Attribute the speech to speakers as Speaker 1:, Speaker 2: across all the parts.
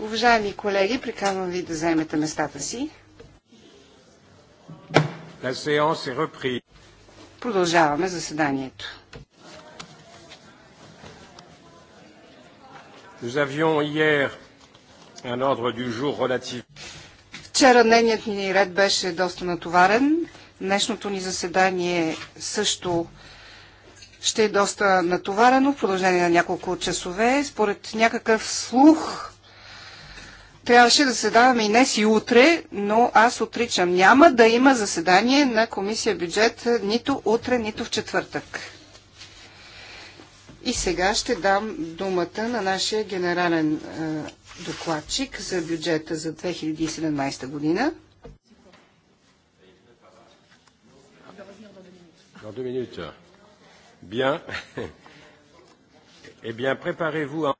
Speaker 1: Уважаеми колеги, приканвам ви да заемете местата си. Продължаваме заседанието. Вчера дневният ни ред беше доста натоварен. Днешното ни заседание също ще е доста натоварено в продължение на няколко часове. Според някакъв слух трябваше да заседаваме и днес и утре, но аз отричам. Няма да има заседание на комисия бюджет нито утре, нито в четвъртък. И сега ще дам думата на нашия генерален докладчик за бюджета за 2017 година.
Speaker 2: Dans deux minutes. Bien. Eh bien, préparez-vous. À...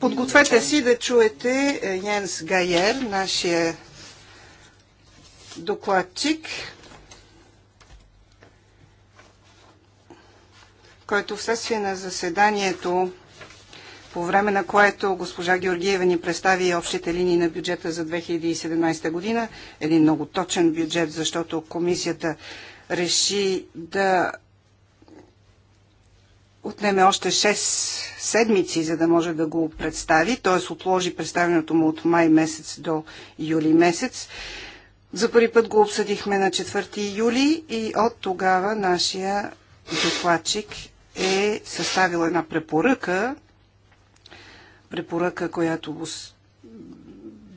Speaker 2: Подгответе си
Speaker 1: да чуете е, Йенс Гайер, нашия докладчик, който вследствие на заседанието, по време на което госпожа Георгиева ни представи общите линии на бюджета за 2017 година, един много точен бюджет, защото комисията реши да отнеме още 6 седмици, за да може да го представи, т.е. отложи представянето му от май месец до юли месец. За първи път го обсъдихме на 4 юли и от тогава нашия докладчик е съставил една препоръка, препоръка, която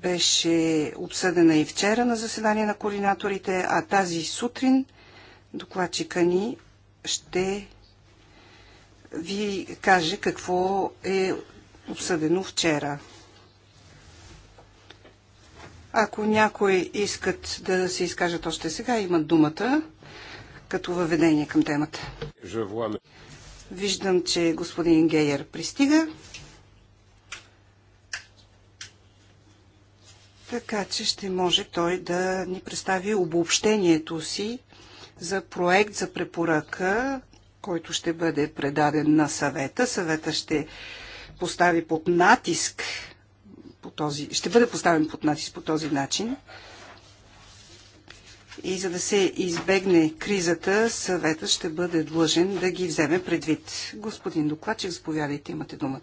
Speaker 1: беше обсъдена и вчера на заседание на координаторите, а тази сутрин – докладчика ни ще ви каже какво е обсъдено вчера. Ако някои искат да се изкажат още сега, имат думата като въведение към темата. Виждам, че господин Гейер пристига. Така че ще може той да ни представи обобщението си за проект за препоръка, който ще бъде предаден на съвета. Съвета ще постави под натиск по този, ще бъде поставен под натиск по този начин. И за да се избегне кризата, съвета ще бъде длъжен да ги вземе предвид. Господин докладчик, заповядайте, имате думата.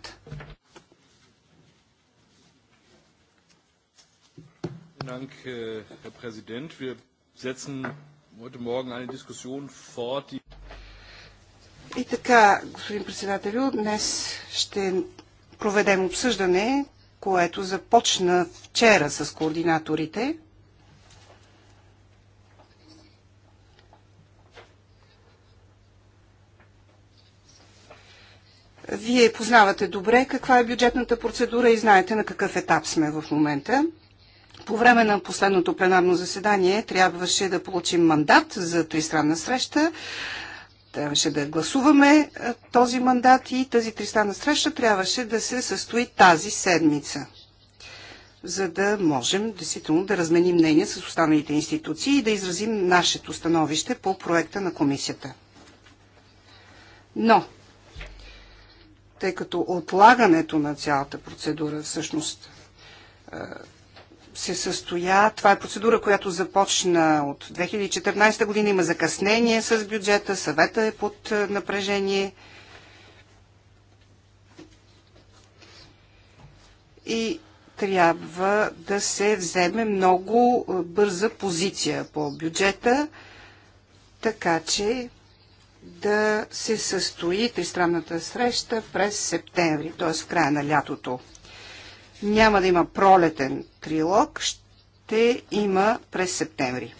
Speaker 3: Dank,
Speaker 4: Herr Präsident. Wir setzen
Speaker 1: и така, господин председателю, днес ще проведем обсъждане, което започна вчера с координаторите. Вие познавате добре каква е бюджетната процедура и знаете на какъв етап сме в момента. По време на последното пленарно заседание трябваше да получим мандат за тристранна среща. Трябваше да гласуваме е, този мандат и тази тристранна среща трябваше да се състои тази седмица за да можем действително да разменим мнение с останалите институции и да изразим нашето становище по проекта на комисията. Но, тъй като отлагането на цялата процедура всъщност е, се състоя. Това е процедура, която започна от 2014 година. Има закъснение с бюджета, съвета е под е, напрежение. И трябва да се вземе много е, бърза позиция по бюджета, така че да се състои тристранната среща през септември, т.е. в края на лятото. Няма да има пролетен трилог, ще има през септември.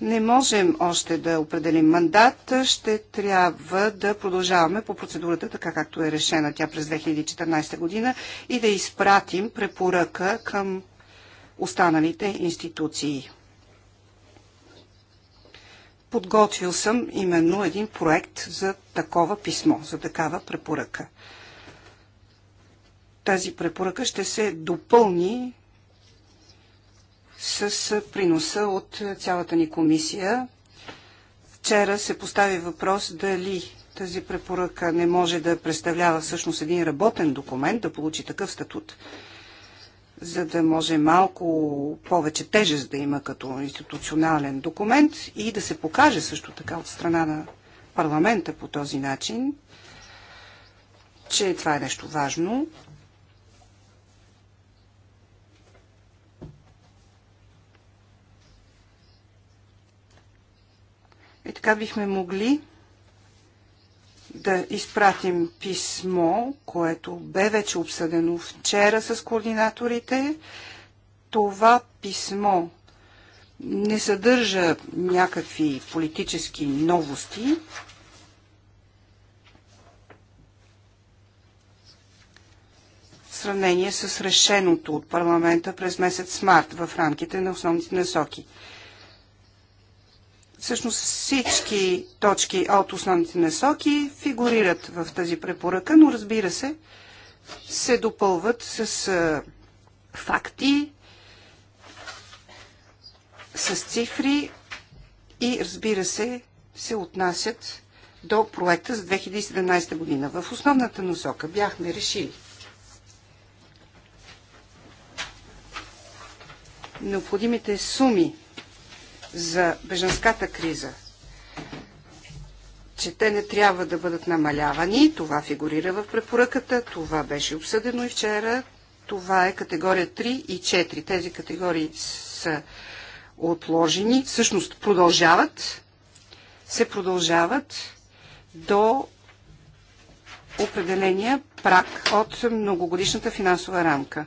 Speaker 1: Не можем още да определим мандат, ще трябва да продължаваме по процедурата, така както е решена тя през 2014 година и да изпратим препоръка към останалите институции. Подготвил съм именно един проект за такова писмо, за такава препоръка тази препоръка ще се допълни с приноса от цялата ни комисия. Вчера се постави въпрос дали тази препоръка не може да представлява всъщност един работен документ, да получи такъв статут, за да може малко повече тежест да има като институционален документ и да се покаже също така от страна на парламента по този начин, че това е нещо важно И така бихме могли да изпратим писмо, което бе вече обсъдено вчера с координаторите. Това писмо не съдържа някакви политически новости. В сравнение с решеното от парламента през месец март в рамките на основните насоки. Всъщност всички точки от основните насоки фигурират в тази препоръка, но разбира се, се допълват с факти, с цифри и разбира се, се отнасят до проекта за 2017 година. В основната насока бяхме решили необходимите суми за беженската криза, че те не трябва да бъдат намалявани. Това фигурира в препоръката, това беше обсъдено и вчера. Това е категория 3 и 4. Тези категории са отложени, всъщност продължават, се продължават до определения прак от многогодишната финансова рамка.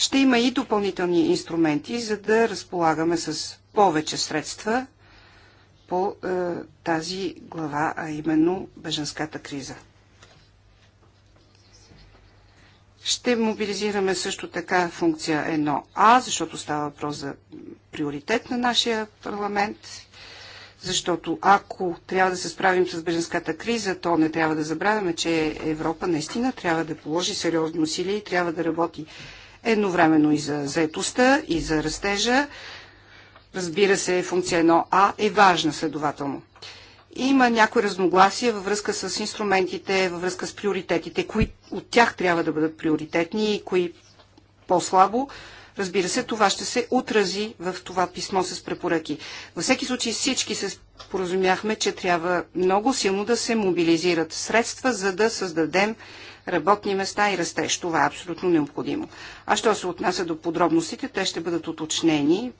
Speaker 1: Ще има и допълнителни инструменти, за да разполагаме с повече средства по е, тази глава, а именно беженската криза. Ще мобилизираме също така функция 1А, защото става въпрос за приоритет на нашия парламент, защото ако трябва да се справим с беженската криза, то не трябва да забравяме, че Европа наистина трябва да положи сериозни усилия и трябва да работи едновременно и за заетостта, и за растежа. Разбира се, функция 1А е важна следователно. Има някои разногласия във връзка с инструментите, във връзка с приоритетите, кои от тях трябва да бъдат приоритетни и кои по-слабо. Разбира се, това ще се отрази в това писмо с препоръки. Във всеки случай всички се споразумяхме, че трябва много силно да се мобилизират средства, за да създадем работни места и растеж. Това е абсолютно необходимо. А що се отнася до подробностите, те ще бъдат уточнени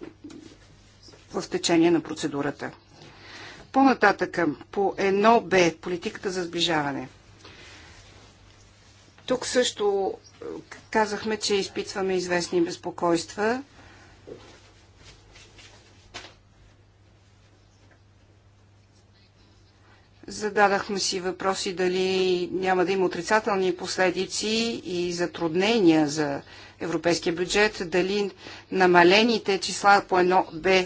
Speaker 1: в течение на процедурата. По-нататъка, по нататък по 1 б политиката за сближаване. Тук също казахме, че изпитваме известни безпокойства Зададахме си въпроси дали няма да има отрицателни последици и затруднения за европейския бюджет, дали намалените числа по едно Б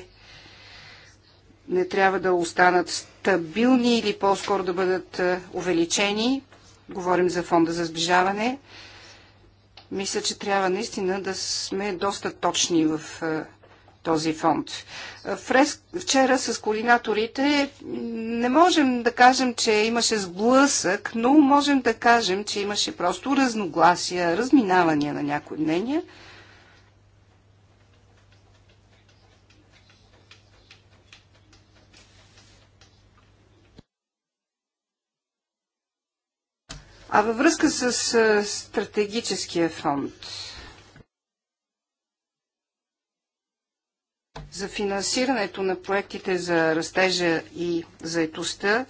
Speaker 1: не трябва да останат стабилни или по-скоро да бъдат е, увеличени. Говорим за фонда за сближаване. Мисля, че трябва наистина да сме доста точни в е, този фонд. Фрес... Вчера с координаторите не можем да кажем, че имаше сблъсък, но можем да кажем, че имаше просто разногласия, разминавания на някои мнения. А във връзка с стратегическия фонд, за финансирането на проектите за растежа и заетостта,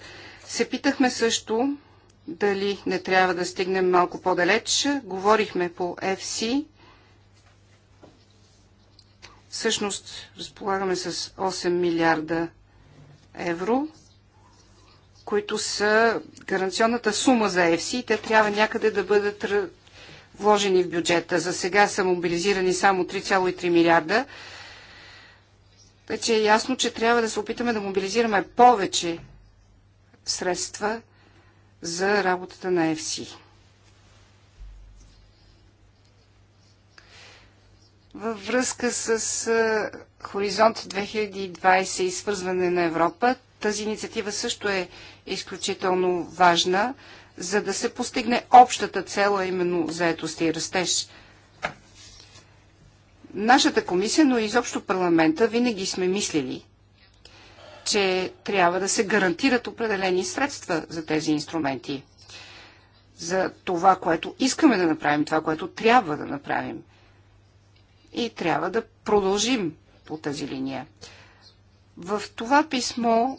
Speaker 1: се питахме също дали не трябва да стигнем малко по-далеч. Говорихме по FC. Всъщност разполагаме с 8 милиарда евро, които са гаранционната сума за FC и те трябва някъде да бъдат вложени в бюджета. За сега са мобилизирани само 3,3 милиарда. Вече е ясно, че трябва да се опитаме да мобилизираме повече средства за работата на ЕФСИ. Във връзка с Хоризонт 2020 и свързване на Европа, тази инициатива също е изключително важна, за да се постигне общата цела, именно заетост и растеж – нашата комисия, но и изобщо парламента винаги сме мислили, че трябва да се гарантират определени средства за тези инструменти, за това, което искаме да направим, това, което трябва да направим. И трябва да продължим по тази линия. В това писмо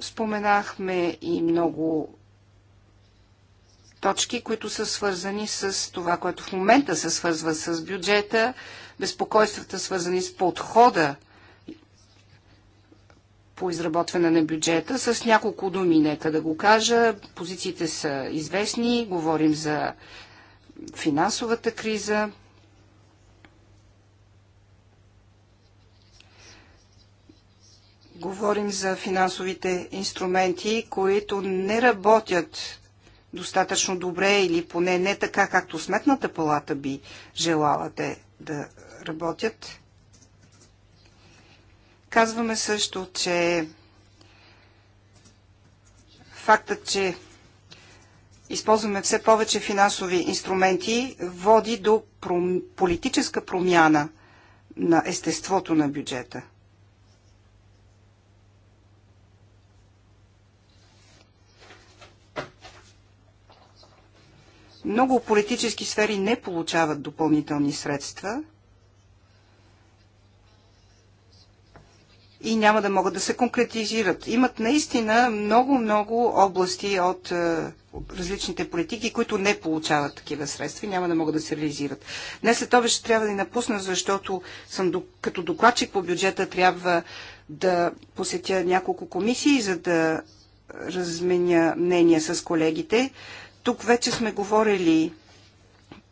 Speaker 1: споменахме и много точки, които са свързани с това, което в момента се свързва с бюджета, безпокойствата, свързани с подхода по изработване на бюджета. С няколко думи, нека да го кажа. Позициите са известни. Говорим за финансовата криза. Говорим за финансовите инструменти, които не работят достатъчно добре или поне не така, както Сметната палата би желала те да работят. Казваме също, че фактът, че използваме все повече финансови инструменти, води до пром... политическа промяна на естеството на бюджета. Много политически сфери не получават допълнителни средства – и няма да могат да се конкретизират. Имат наистина много-много области от е, различните политики, които не получават такива средства и няма да могат да се реализират. Днес след това ще трябва да ни напусна, защото съм като докладчик по бюджета трябва да посетя няколко комисии, за да разменя мнения с колегите. Тук вече сме говорили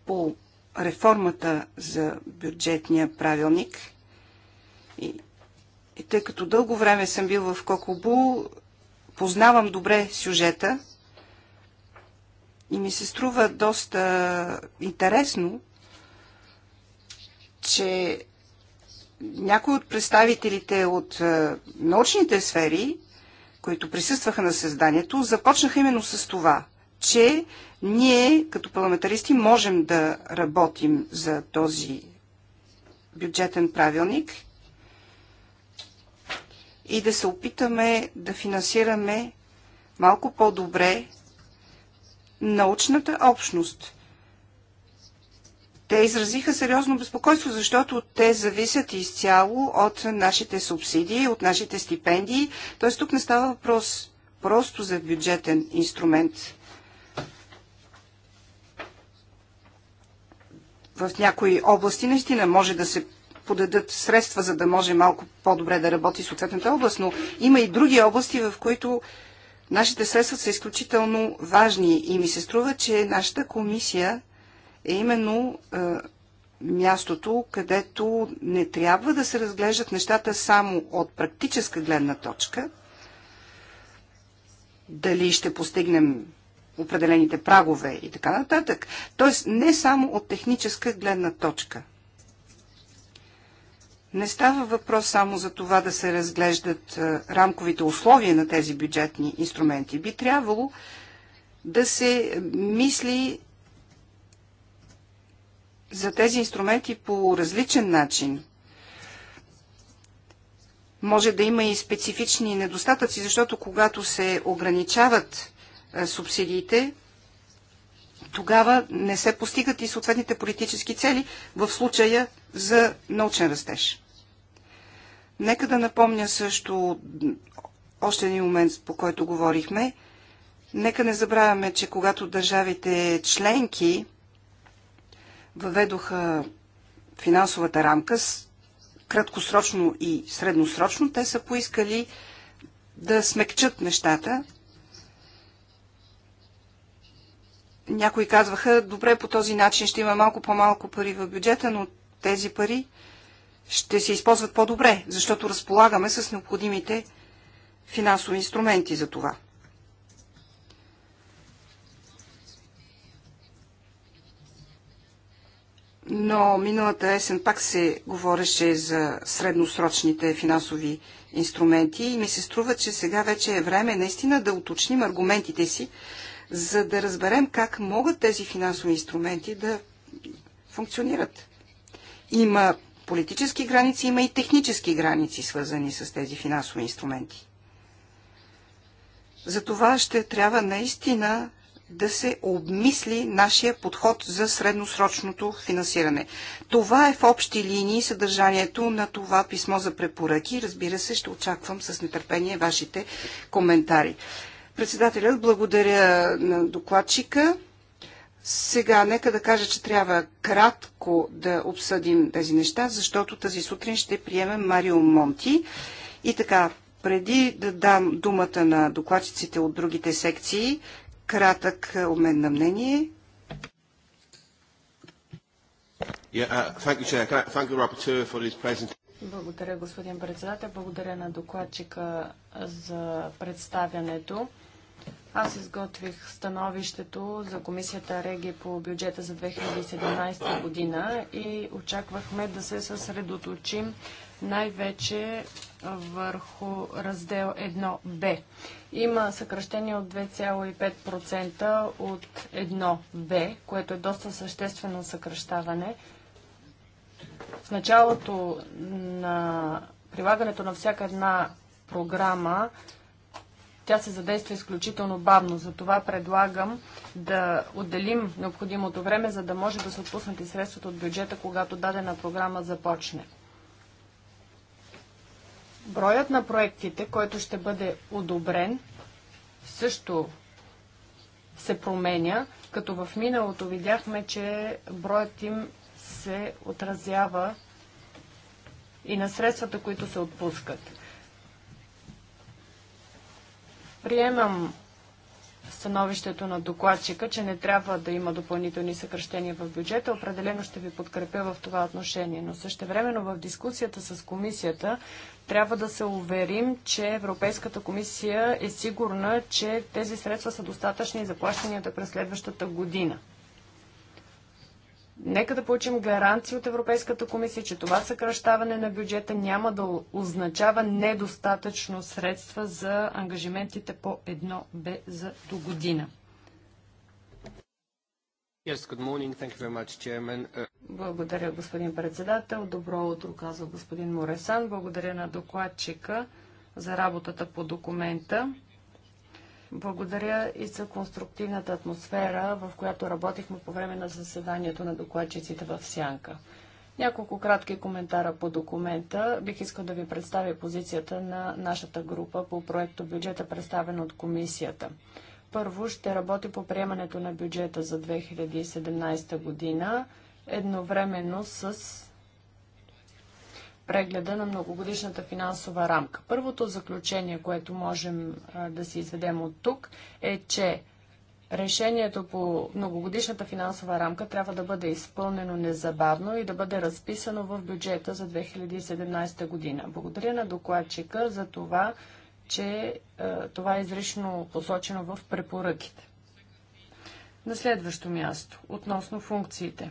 Speaker 1: по реформата за бюджетния правилник и и тъй като дълго време съм бил в Кокобу, познавам добре сюжета и ми се струва доста интересно, че някои от представителите от е, научните сфери, които присъстваха на създанието, започнаха именно с това, че ние като парламентаристи можем да работим за този бюджетен правилник – и да се опитаме да финансираме малко по-добре научната общност. Те изразиха сериозно безпокойство, защото те зависят изцяло от нашите субсидии, от нашите стипендии. Т.е. тук не става въпрос просто за бюджетен инструмент. В някои области наистина може да се подадат средства, за да може малко по-добре да работи съответната област, но има и други области, в които нашите средства са изключително важни и ми се струва, че нашата комисия е именно е, мястото, където не трябва да се разглеждат нещата само от практическа гледна точка, дали ще постигнем определените прагове и така нататък. Тоест не само от техническа гледна точка – не става въпрос само за това да се разглеждат е, рамковите условия на тези бюджетни инструменти. Би трябвало да се мисли за тези инструменти по различен начин. Може да има и специфични недостатъци, защото когато се ограничават е, субсидиите, тогава не се постигат и съответните политически цели, в случая за научен растеж. Нека да напомня също още един момент, по който говорихме. Нека не забравяме, че когато държавите членки въведоха финансовата рамка, краткосрочно и средносрочно, те са поискали да смекчат нещата, някои казваха, добре, по този начин ще има малко по-малко пари в бюджета, но тези пари ще се използват по-добре, защото разполагаме с необходимите финансови инструменти за това. Но миналата есен пак се говореше за средносрочните финансови инструменти и ми се струва, че сега вече е време наистина да уточним аргументите си, за да разберем как могат тези финансови инструменти да функционират. Има политически граници, има и технически граници, свързани с тези финансови инструменти. Затова ще трябва наистина да се обмисли нашия подход за средносрочното финансиране. Това е в общи линии съдържанието на това писмо за препоръки. Разбира се, ще очаквам с нетърпение вашите коментари. Председателят благодаря на докладчика. Сега нека да кажа, че трябва кратко да обсъдим тези неща, защото тази сутрин ще приемем Марио Монти. И така, преди да дам думата на докладчиците от другите секции, кратък обмен на мнение.
Speaker 4: Uh,
Speaker 2: благодаря, господин председател. Благодаря на докладчика за представянето. Аз изготвих становището за комисията Реги по бюджета за 2017 година и очаквахме да се съсредоточим най-вече върху раздел 1Б. Има съкръщение от 2,5% от 1Б, което е доста съществено съкръщаване. В началото на прилагането на всяка една програма тя се задейства изключително бавно. Затова предлагам да отделим необходимото време, за да може да се отпуснат и средствата от бюджета, когато дадена програма започне. Броят на проектите, който ще бъде одобрен, също се променя, като в миналото видяхме, че броят им се отразява и на средствата, които се отпускат. Приемам становището на докладчика, че не трябва да има допълнителни съкръщения в бюджета. Определено ще ви подкрепя в това отношение. Но същевременно в дискусията с комисията трябва да се уверим, че Европейската комисия е сигурна, че тези средства са достатъчни за плащанията през следващата година. Нека да получим гаранции от Европейската комисия, че това съкръщаване на бюджета няма да означава недостатъчно средства за ангажиментите по 1Б за до година. Yes, good morning. Thank you very much, chairman. Uh, Благодаря, господин председател. Добро утро, казва господин Моресан. Благодаря на докладчика за работата по документа. Благодаря и за конструктивната атмосфера, в която работихме по време на заседанието на докладчиците в Сянка. Няколко кратки коментара по документа. Бих искал да ви представя позицията на нашата група по проекто бюджета, представен от комисията. Първо ще работи по приемането на бюджета за 2017 година, едновременно с прегледа на многогодишната финансова рамка. Първото заключение, което можем да си изведем от тук, е, че решението по многогодишната финансова рамка трябва да бъде изпълнено незабавно и да бъде разписано в бюджета за 2017 година. Благодаря на докладчика за това, че това е изрично посочено в препоръките. На следващо място, относно функциите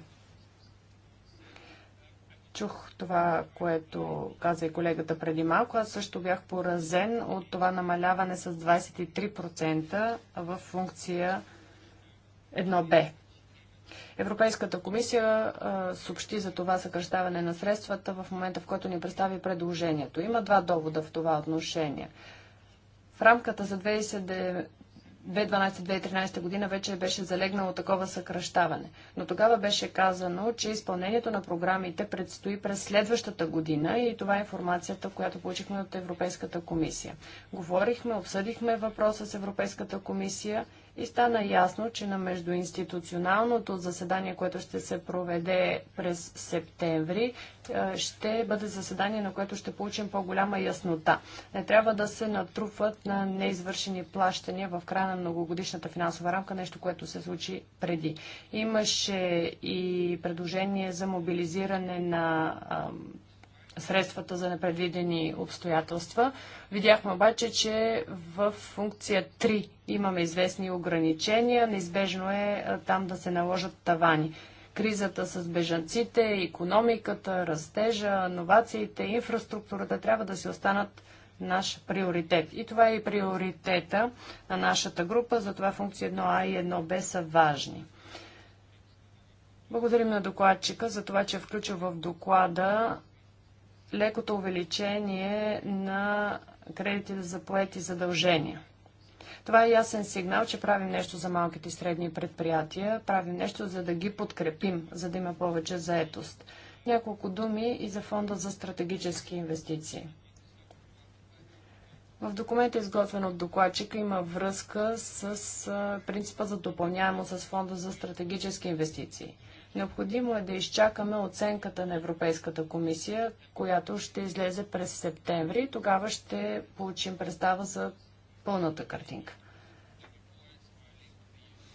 Speaker 2: чух това, което каза и колегата преди малко. Аз също бях поразен от това намаляване с 23% в функция 1Б. Европейската комисия а, съобщи за това съкръщаване на средствата в момента, в който ни представи предложението. Има два довода в това отношение. В рамката за 2012-2013 година вече беше залегнало такова съкръщаване. Но тогава беше казано, че изпълнението на програмите предстои през следващата година и това е информацията, която получихме от Европейската комисия. Говорихме, обсъдихме въпроса с Европейската комисия и стана ясно, че на междуинституционалното заседание, което ще се проведе през септември, е, ще бъде заседание, на което ще получим по-голяма яснота. Не трябва да се натрупват на неизвършени плащания в края на многогодишната финансова рамка, нещо, което се случи преди. Имаше и предложение за мобилизиране на средствата за непредвидени обстоятелства. Видяхме обаче, че в функция 3 имаме известни ограничения. Неизбежно е там да се наложат тавани. Кризата с бежанците, економиката, растежа, новациите, инфраструктурата трябва да си останат наш приоритет. И това е и приоритета на нашата група, затова функция 1А и 1Б са важни. Благодарим на докладчика за това, че е включил в доклада лекото увеличение на кредитите за поети задължения. Това е ясен сигнал, че правим нещо за малките и средни предприятия, правим нещо за да ги подкрепим, за да има повече заетост. Няколко думи и за фонда за стратегически инвестиции. В документа, изготвен от докладчика, има връзка с принципа за допълняемо с фонда за стратегически инвестиции. Необходимо е да изчакаме оценката на Европейската комисия, която ще излезе през септември. Тогава ще получим представа за пълната картинка.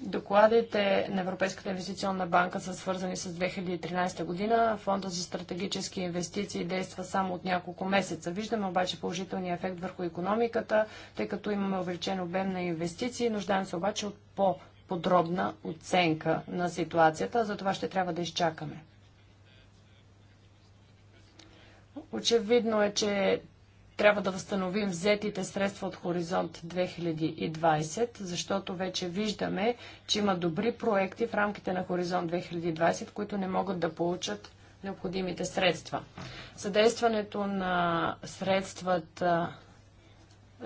Speaker 2: Докладите на Европейската инвестиционна банка са свързани с 2013 година. Фонда за стратегически инвестиции действа само от няколко месеца. Виждаме обаче положителния ефект върху економиката, тъй като имаме увеличен обем на инвестиции. Нуждаем се обаче от по- подробна оценка на ситуацията, за това ще трябва да изчакаме. Очевидно е, че трябва да възстановим взетите средства от Хоризонт 2020, защото вече виждаме, че има добри проекти в рамките на Хоризонт 2020, които не могат да получат необходимите средства. Съдействането на средствата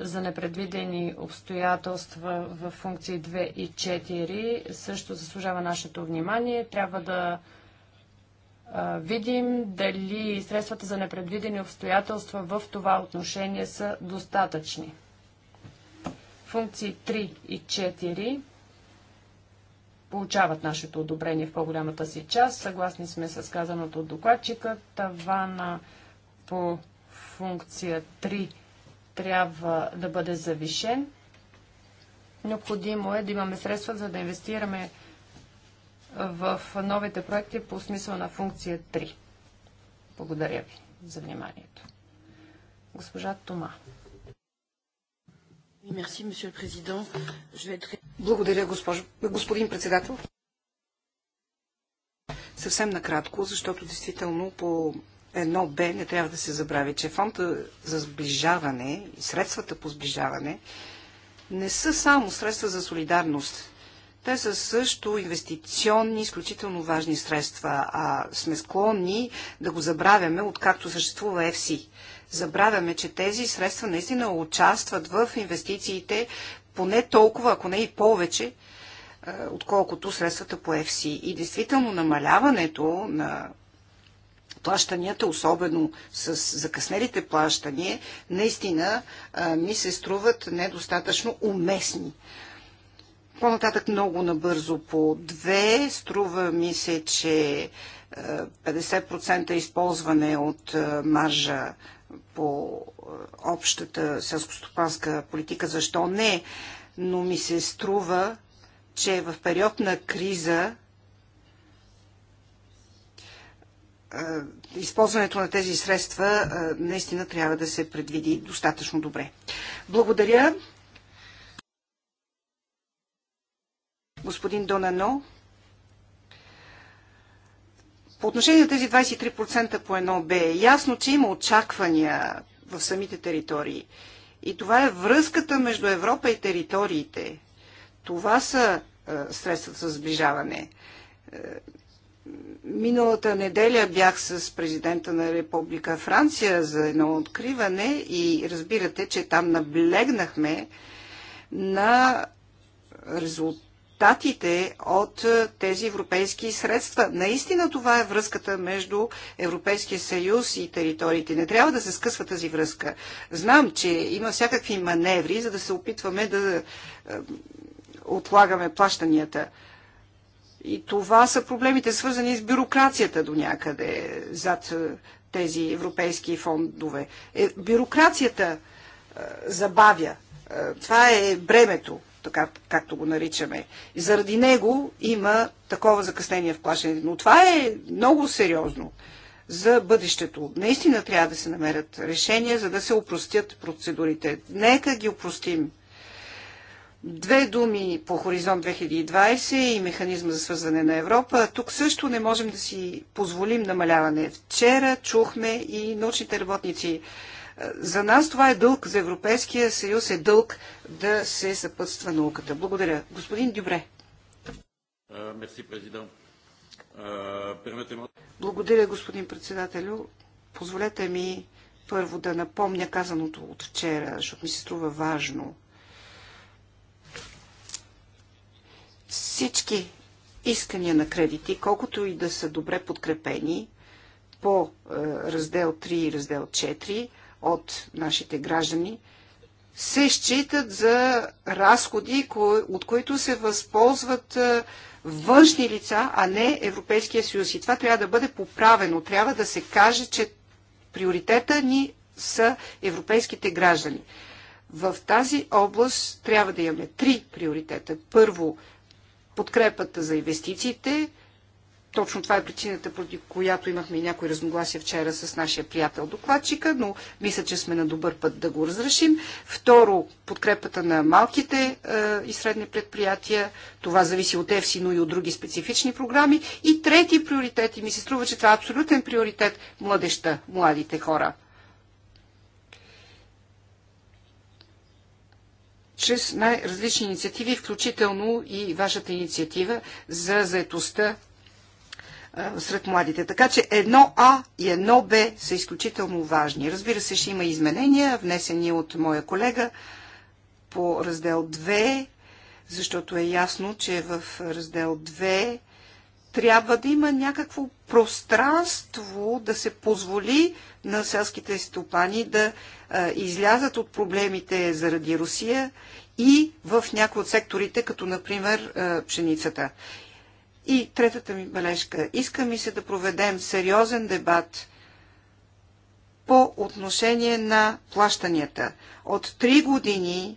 Speaker 2: за непредвидени обстоятелства в функции 2 и 4 също заслужава нашето внимание. Трябва да видим дали средствата за непредвидени обстоятелства в това отношение са достатъчни. Функции 3 и 4 получават нашето одобрение в по-голямата си част. Съгласни сме с казаното от докладчика. Тавана по функция 3 трябва да бъде завишен. Необходимо е да имаме средства, за да инвестираме в новите проекти по смисъл на функция 3. Благодаря ви за вниманието. Госпожа Тома.
Speaker 1: Благодаря, госпожо, господин председател. Съвсем накратко, защото действително по едно Б не трябва да се забрави, че фонда за сближаване и средствата по сближаване не са само средства за солидарност. Те са също инвестиционни, изключително важни средства, а сме склонни да го забравяме, откакто съществува ЕФСИ. Забравяме, че тези средства наистина участват в инвестициите поне толкова, ако не и повече, е, отколкото средствата по ЕФСИ. И действително намаляването на плащанията, особено с закъснелите плащания, наистина ми се струват недостатъчно уместни. По-нататък много набързо по две. Струва ми се, че 50% използване от маржа по общата селскостопанска политика. Защо не? Но ми се струва, че в период на криза Е, използването на тези средства е, наистина трябва да се предвиди достатъчно добре. Благодаря. Господин Донано. По отношение на тези 23% по едно Б, е ясно, че има очаквания в самите територии. И това е връзката между Европа и териториите. Това са е, средствата за сближаване. Миналата неделя бях с президента на Република Франция за едно откриване и разбирате, че там наблегнахме на резултатите от тези европейски средства. Наистина това е връзката между Европейския съюз и териториите. Не трябва да се скъсва тази връзка. Знам, че има всякакви маневри, за да се опитваме да е, отлагаме плащанията. И това са проблемите, свързани с бюрокрацията до някъде зад е, тези европейски фондове. Е, бюрокрацията е, забавя. Е, това е бремето, така както го наричаме. И заради него има такова закъснение в плащането. Но това е много сериозно за бъдещето. Наистина трябва да се намерят решения, за да се опростят процедурите. Нека ги опростим. Две думи по Хоризонт 2020 и механизма за свързване на Европа. Тук също не можем да си позволим намаляване. Вчера чухме и научните работници. Е, за нас това е дълг, за Европейския съюз е дълг да се съпътства науката. Благодаря. Господин Дюбре.
Speaker 4: Е, мерси, президент. Е,
Speaker 1: Благодаря, господин председателю. Позволете ми първо да напомня казаното от вчера, защото ми се струва важно – Всички искания на кредити, колкото и да са добре подкрепени по е, раздел 3 и раздел 4 от нашите граждани, се считат за разходи, от които се възползват е, външни лица, а не Европейския съюз. И това трябва да бъде поправено. Трябва да се каже, че приоритета ни са европейските граждани. В тази област трябва да имаме три приоритета. Първо, подкрепата за инвестициите. Точно това е причината, поради която имахме някои разногласия вчера с нашия приятел докладчика, но мисля, че сме на добър път да го разрешим. Второ, подкрепата на малките е, и средни предприятия. Това зависи от ЕФСИ, но и от други специфични програми. И трети приоритет, и ми се струва, че това е абсолютен приоритет, младеща, младите хора – чрез най-различни инициативи, включително и вашата инициатива за заетостта сред младите. Така че едно А и едно Б са изключително важни. Разбира се, ще има изменения, внесени от моя колега по раздел 2, защото е ясно, че в раздел 2 трябва да има някакво пространство да се позволи на селските стопани да а, е, излязат от проблемите заради Русия и в някои от секторите, като например а, е, пшеницата. И третата ми бележка. Иска ми се да проведем сериозен дебат по отношение на плащанията. От три години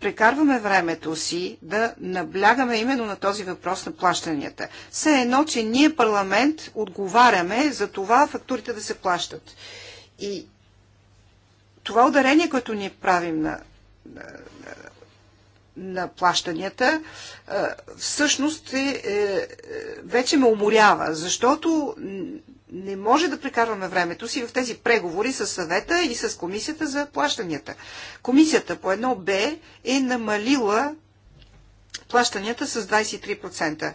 Speaker 1: прекарваме времето си да наблягаме именно на този въпрос на плащанията. Все едно, че ние парламент отговаряме за това фактурите да се плащат. И това ударение, което ние правим на, на, на плащанията, всъщност е, е, вече ме уморява, защото не може да прекарваме времето си в тези преговори с съвета и с комисията за плащанията. Комисията по едно б е намалила плащанията с 23%.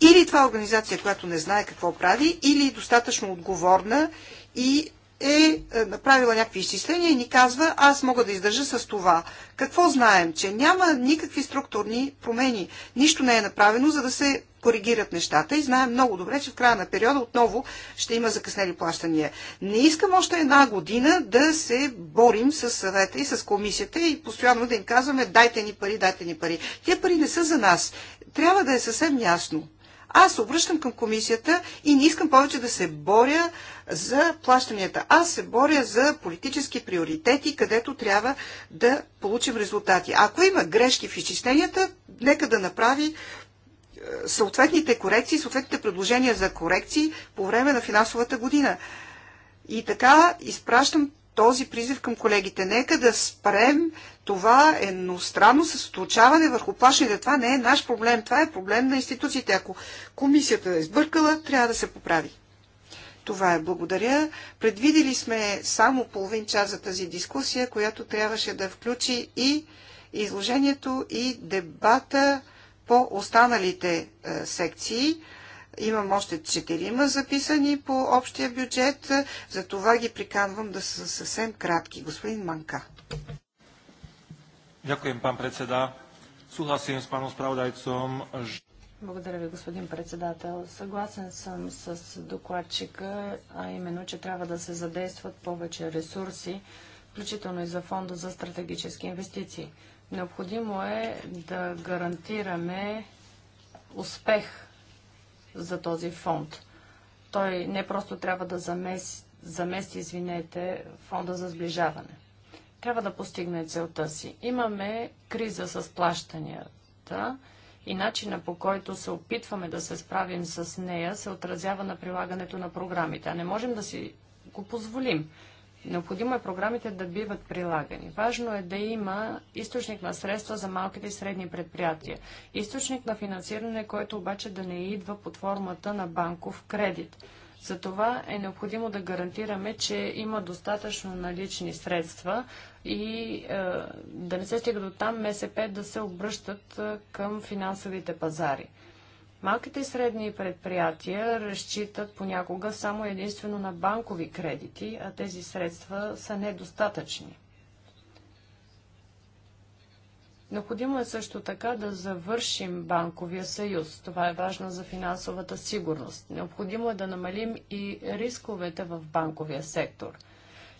Speaker 1: Или това е организация, която не знае какво прави, или е достатъчно отговорна и е, е направила някакви изчисления и ни казва, аз мога да издържа с това. Какво знаем? Че няма никакви структурни промени. Нищо не е направено, за да се коригират нещата и знаем много добре, че в края на периода отново ще има закъснели плащания. Не искам още една година да се борим с съвета и с комисията и постоянно да им казваме дайте ни пари, дайте ни пари. Те пари не са за нас. Трябва да е съвсем ясно. Аз обръщам към комисията и не искам повече да се боря за плащанията. Аз се боря за политически приоритети, където трябва да получим резултати. Ако има грешки в изчисленията, нека да направи е, съответните корекции, съответните предложения за корекции по време на финансовата година. И така изпращам този призив към колегите. Нека да спрем това едностранно съсоточаване върху плащаните. Това не е наш проблем, това е проблем на институциите. Ако комисията е сбъркала, трябва да се поправи. Това е. Благодаря. Предвидели сме само половин час за тази дискусия, която трябваше да включи и изложението, и дебата по останалите е, секции. Имам още четирима записани по общия бюджет, е, за това ги приканвам да са съвсем кратки. Господин Манка.
Speaker 4: Дякуем, пан председа. Сухасим с паном справдайцом.
Speaker 2: Благодаря ви, господин председател. Съгласен съм с докладчика, а именно, че трябва да се задействат повече ресурси, включително и за фонда за стратегически инвестиции. Необходимо е да гарантираме успех за този фонд. Той не просто трябва да замести, замести извинете, фонда за сближаване. Трябва да постигне целта си. Имаме криза с плащанията и начина по който се опитваме да се справим с нея се отразява на прилагането на програмите. А не можем да си го позволим. Необходимо е програмите да биват прилагани. Важно е да има източник на средства за малките и средни предприятия. Източник на финансиране, който обаче да не идва под формата на банков кредит. Затова е необходимо да гарантираме, че има достатъчно налични средства и е, да не се стига до там МСП да се обръщат е, към финансовите пазари. Малките и средни предприятия разчитат понякога само единствено на банкови кредити, а тези средства са недостатъчни. Необходимо е също така да завършим банковия съюз. Това е важно за финансовата сигурност. Необходимо е да намалим и рисковете в банковия сектор.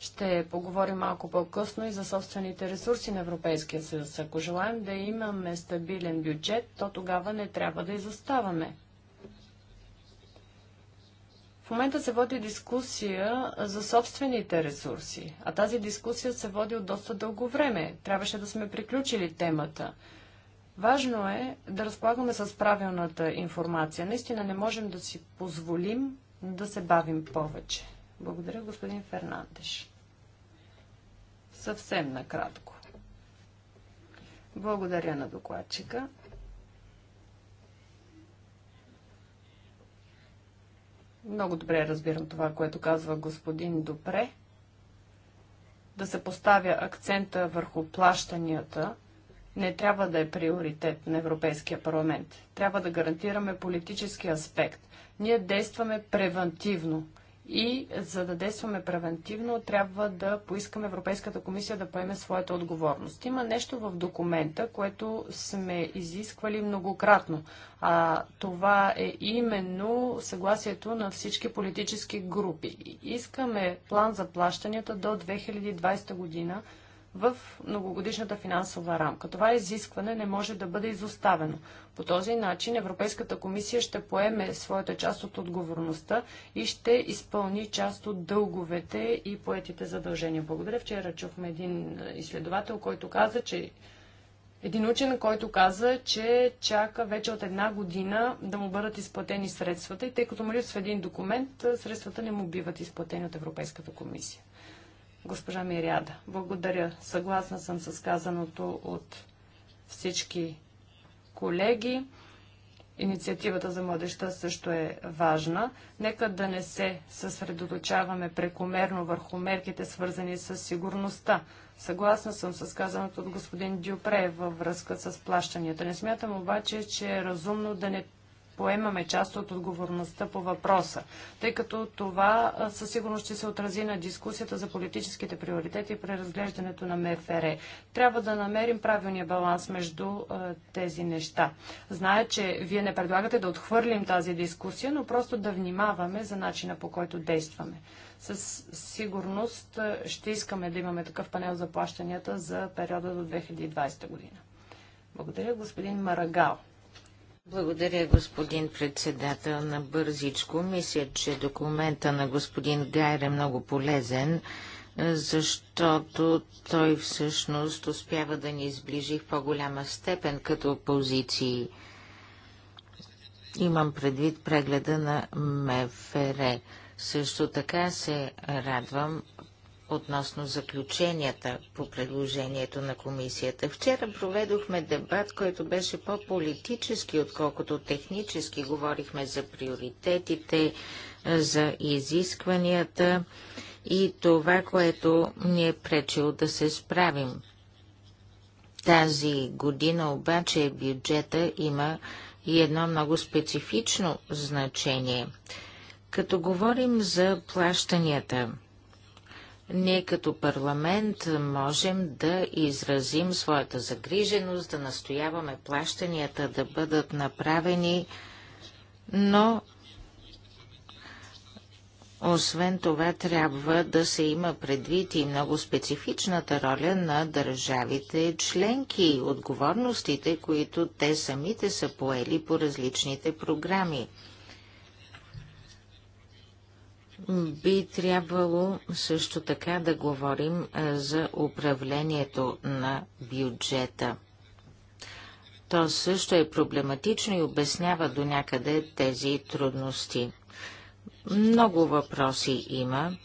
Speaker 2: Ще поговорим малко по-късно и за собствените ресурси на Европейския съюз. Ако желаем да имаме стабилен бюджет, то тогава не трябва да изоставаме. В момента се води дискусия за собствените ресурси, а тази дискусия се води от доста дълго време. Трябваше да сме приключили темата. Важно е да разполагаме с правилната информация. Наистина не можем да си позволим да се бавим повече. Благодаря, господин Фернандеш. Съвсем накратко. Благодаря на докладчика. Много добре разбирам това, което казва господин Допре. Да се поставя акцента върху плащанията не трябва да е приоритет на Европейския парламент. Трябва да гарантираме политически аспект. Ние действаме превантивно – и за да действаме превентивно, трябва да поискаме Европейската комисия да поеме своята отговорност. Има нещо в документа, което сме изисквали многократно. А, това е именно съгласието на всички политически групи. Искаме план за плащанията до 2020 година в многогодишната финансова рамка. Това изискване не може да бъде изоставено. По този начин Европейската комисия ще поеме своята част от отговорността и ще изпълни част от дълговете и поетите задължения. Благодаря. Вчера чухме един изследовател, който каза, че един учен, който каза, че чака вече от една година да му бъдат изплатени средствата и тъй като му липсва един документ, средствата не му биват изплатени от Европейската комисия. Госпожа Миряда, благодаря. Съгласна съм с казаното от всички колеги. Инициативата за младеща също е важна. Нека да не се съсредоточаваме прекомерно върху мерките, свързани с сигурността. Съгласна съм с казаното от господин Дюпре във връзка с плащанията. Не смятам обаче, че е разумно да не поемаме част от отговорността по въпроса, тъй като това със сигурност ще се отрази на дискусията за политическите приоритети при разглеждането на МФР. Трябва да намерим правилния баланс между тези неща. Зная, че вие не предлагате да отхвърлим тази дискусия, но просто да внимаваме за начина по който действаме със сигурност ще искаме да имаме такъв панел за плащанията за периода до 2020
Speaker 3: година. Благодаря, господин Марагал. Благодаря, господин председател на Бързичко. Мисля, че документа на господин Гайр е много полезен, защото той всъщност успява да ни изближи в по-голяма степен като позиции. Имам предвид прегледа на МФР. Също така се радвам относно заключенията по предложението на комисията. Вчера проведохме дебат, който беше по-политически, отколкото технически. Говорихме за приоритетите, за изискванията и това, което ни е пречило да се справим. Тази година обаче бюджета има и едно много специфично значение. Като говорим за плащанията – ние като парламент можем да изразим своята загриженост, да настояваме плащанията да бъдат направени, но освен това трябва да се има предвид и много специфичната роля на държавите членки, отговорностите, които те самите са поели по различните програми. Би трябвало също така да говорим за управлението на бюджета. То също е проблематично и обяснява до някъде тези трудности. Много въпроси има.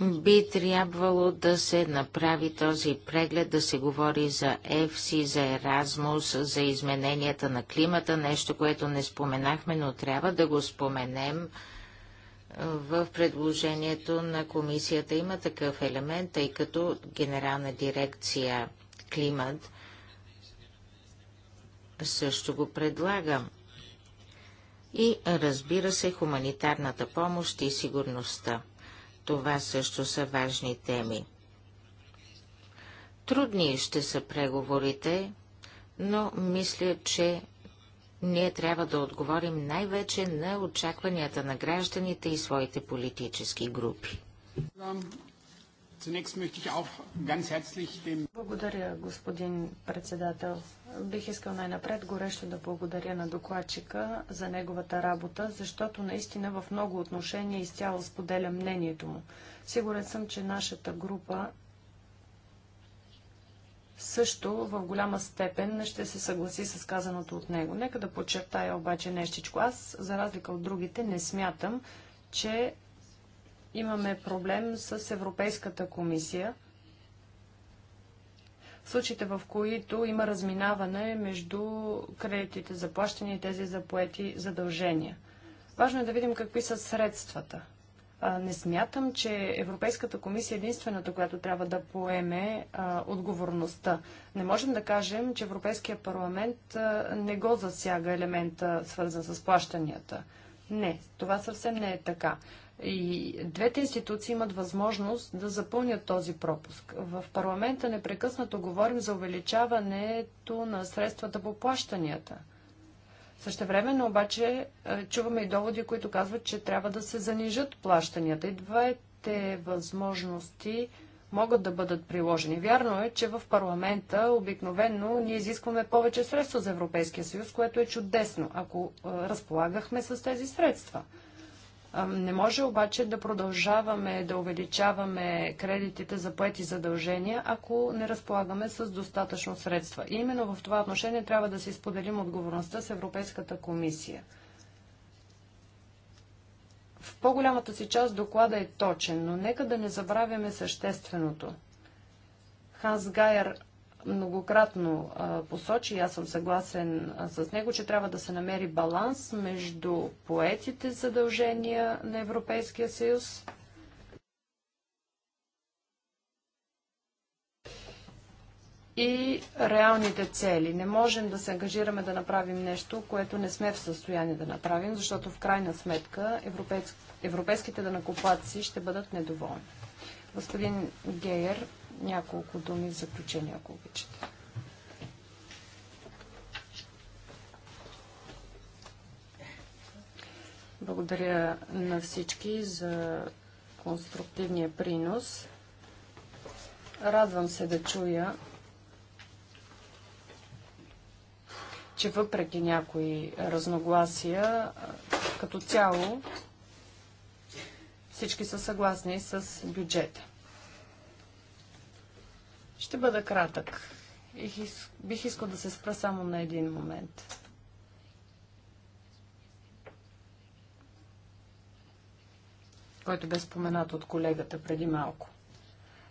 Speaker 3: би трябвало да се направи този преглед, да се говори за ЕФСИ, за Еразмус, за измененията на климата, нещо, което не споменахме, но трябва да го споменем в предложението на комисията. Има такъв елемент, тъй като Генерална дирекция климат също го предлага. И разбира се, хуманитарната помощ и сигурността. Това също са важни теми. Трудни ще са преговорите, но мисля, че ние трябва да отговорим най-вече на очакванията на гражданите и своите политически групи.
Speaker 2: Благодаря, господин председател. Бих искал най-напред горещо да благодаря на докладчика за неговата работа, защото наистина в много отношения изцяло споделя мнението му. Сигурен съм, че нашата група също в голяма степен ще се съгласи с казаното от него. Нека да подчертая обаче нещичко. Аз, за разлика от другите, не смятам, че имаме проблем с Европейската комисия. В случаите, в които има разминаване между кредитите за плащане и тези за поети задължения. Важно е да видим какви са средствата. не смятам, че Европейската комисия е единствената, която трябва да поеме а, отговорността. Не можем да кажем, че Европейския парламент а, не го засяга елемента, свързан с плащанията. Не, това съвсем не е така. И двете институции имат възможност да запълнят този пропуск. В парламента непрекъснато говорим за увеличаването на средствата по плащанията. Същевременно обаче е, чуваме и доводи, които казват, че трябва да се занижат плащанията. И двете възможности могат да бъдат приложени. Вярно е, че в парламента обикновенно ние изискваме повече средства за Европейския съюз, което е чудесно, ако е, разполагахме с тези средства – не може обаче да продължаваме да увеличаваме кредитите за поети задължения, ако не разполагаме с достатъчно средства. И именно в това отношение трябва да си споделим отговорността с Европейската комисия. В по-голямата си част доклада е точен, но нека да не забравяме същественото. Ханс Гайер многократно посочи, аз съм съгласен с него, че трябва да се намери баланс между поетите задължения на Европейския съюз и реалните цели. Не можем да се ангажираме да направим нещо, което не сме в състояние да направим, защото в крайна сметка европейските данакоплаци ще бъдат недоволни. Господин Гейер, няколко думи в заключение, ако обичате. Благодаря на всички за конструктивния принос. Радвам се да чуя, че въпреки някои разногласия, като цяло всички са съгласни с бюджета. Ще бъда кратък. Бих искал да се спра само на един момент. който бе споменат от колегата преди малко.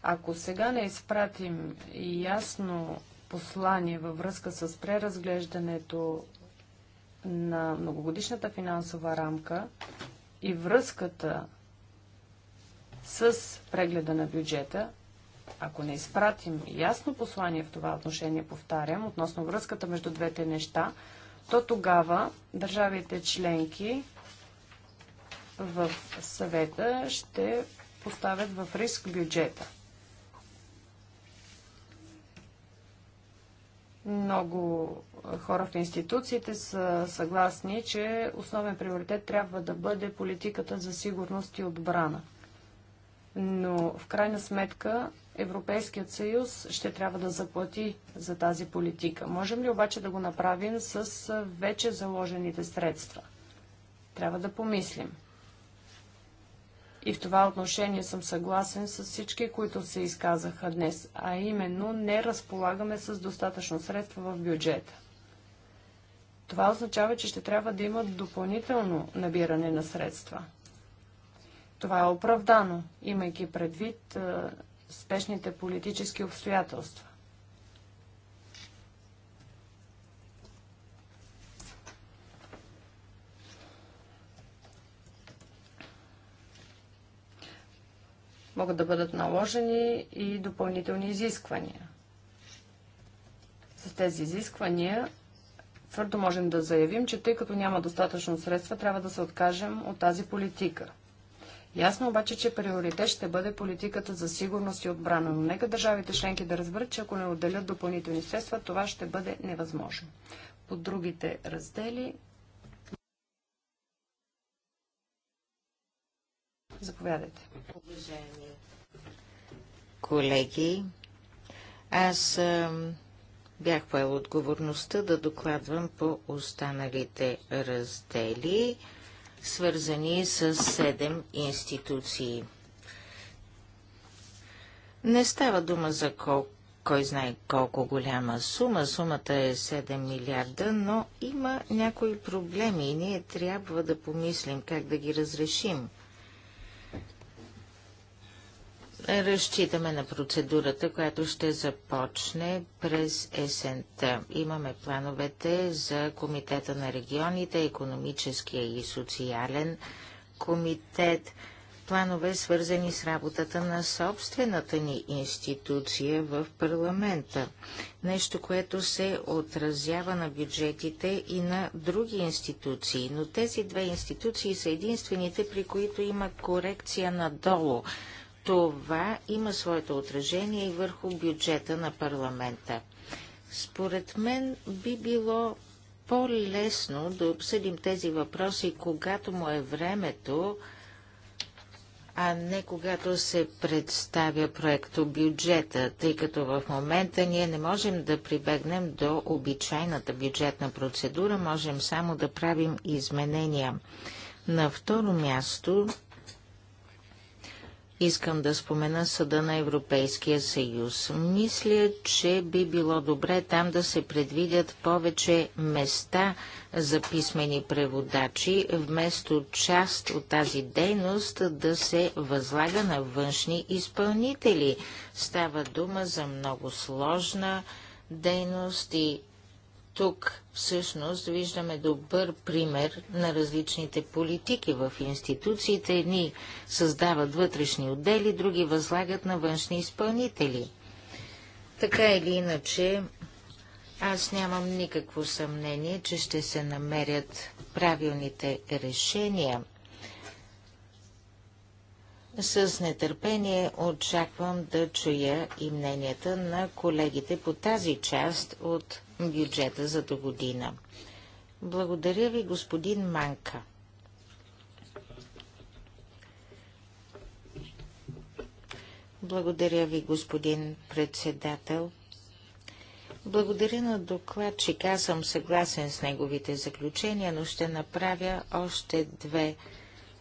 Speaker 2: Ако сега не изпратим ясно послание във връзка с преразглеждането на многогодишната финансова рамка и връзката с прегледа на бюджета, ако не изпратим ясно послание в това отношение, повтарям, относно връзката между двете неща, то тогава държавите членки в съвета ще поставят в риск бюджета. Много хора в институциите са съгласни, че основен приоритет трябва да бъде политиката за сигурност и отбрана. Но в крайна сметка Европейският съюз ще трябва да заплати за тази политика. Можем ли обаче да го направим с вече заложените средства? Трябва да помислим. И в това отношение съм съгласен с всички, които се изказаха днес, а именно не разполагаме с достатъчно средства в бюджета. Това означава, че ще трябва да има допълнително набиране на средства. Това е оправдано, имайки предвид спешните политически обстоятелства. Могат да бъдат наложени и допълнителни изисквания. С тези изисквания твърдо можем да заявим, че тъй като няма достатъчно средства, трябва да се откажем от тази политика – Ясно обаче, че приоритет ще бъде политиката за сигурност и отбрана, но нека държавите членки да разберат, че ако не отделят допълнителни средства, това ще бъде невъзможно. По другите раздели.
Speaker 3: Заповядайте. Уважаеми колеги, аз бях поел отговорността да докладвам по останалите раздели свързани с седем институции. Не става дума за кол... кой знае колко голяма сума. Сумата е 7 милиарда, но има някои проблеми и ние трябва да помислим как да ги разрешим. Разчитаме на процедурата, която ще започне през есента. Имаме плановете за Комитета на регионите, економическия и социален комитет, планове свързани с работата на собствената ни институция в парламента. Нещо, което се отразява на бюджетите и на други институции. Но тези две институции са единствените, при които има корекция надолу това има своето отражение и върху бюджета на парламента. Според мен би било по-лесно да обсъдим тези въпроси, когато му е времето, а не когато се представя проекто бюджета, тъй като в момента ние не можем да прибегнем до обичайната бюджетна процедура, можем само да правим изменения. На второ място Искам да спомена Съда на Европейския съюз. Мисля, че би било добре там да се предвидят повече места за писмени преводачи, вместо част от тази дейност да се възлага на външни изпълнители. Става дума за много сложна дейност и тук всъщност виждаме добър пример на различните политики в институциите. Едни създават вътрешни отдели, други възлагат на външни изпълнители. Така или иначе, аз нямам никакво съмнение, че ще се намерят правилните решения. С нетърпение очаквам да чуя и мненията на колегите по тази част от бюджета за до година. Благодаря ви, господин Манка. Благодаря ви, господин председател. Благодаря на докладчика Аз съм съгласен с неговите заключения, но ще направя още две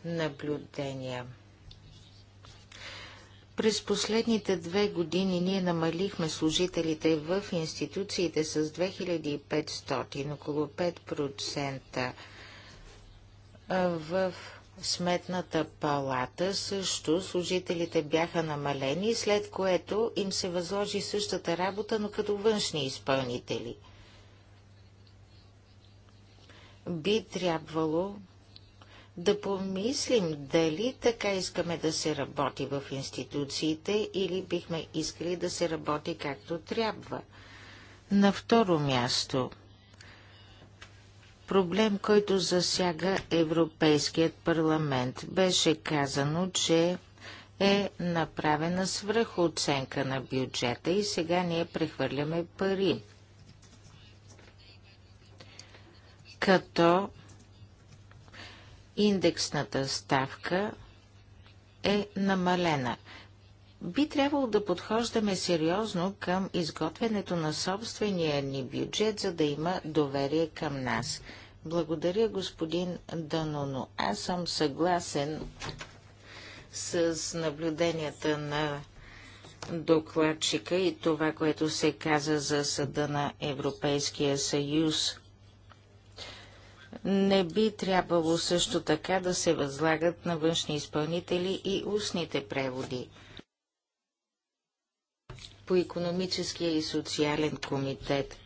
Speaker 3: наблюдения. През последните две години ние намалихме служителите в институциите с 2500, около 5%. В Сметната палата също служителите бяха намалени, след което им се възложи същата работа, но като външни изпълнители. Би трябвало да помислим дали така искаме да се работи в институциите или бихме искали да се работи както трябва. На второ място проблем, който засяга Европейският парламент. Беше казано, че е направена свръхоценка на бюджета и сега ние прехвърляме пари. Като индексната ставка е намалена. Би трябвало да подхождаме сериозно към изготвянето на собствения ни бюджет, за да има доверие към нас. Благодаря, господин Даноно. Аз съм съгласен с наблюденията на докладчика и това, което се каза за съда на Европейския съюз. Не би трябвало също така да се възлагат на външни изпълнители и устните преводи. По економическия и социален комитет.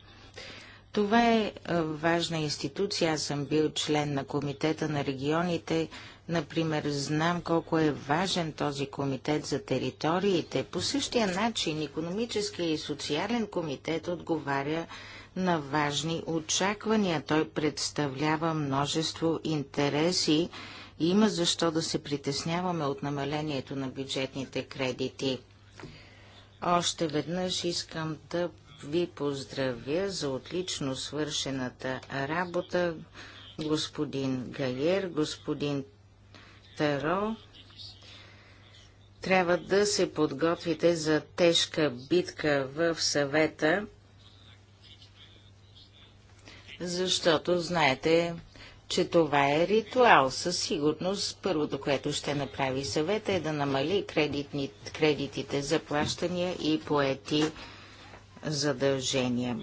Speaker 3: Това е важна институция. Аз съм бил член на Комитета на регионите. Например, знам колко е важен този комитет за териториите. По същия начин, економическия и социален комитет отговаря на важни очаквания. Той представлява множество интереси и има защо да се притесняваме от намалението на бюджетните кредити. Още веднъж искам да ви поздравя за отлично свършената работа, господин Гайер, господин Таро. Трябва да се подготвите за тежка битка в съвета защото знаете, че това е ритуал. Със сигурност първото, което ще направи съвета е да намали кредитни, кредитите за плащания и поети задължения.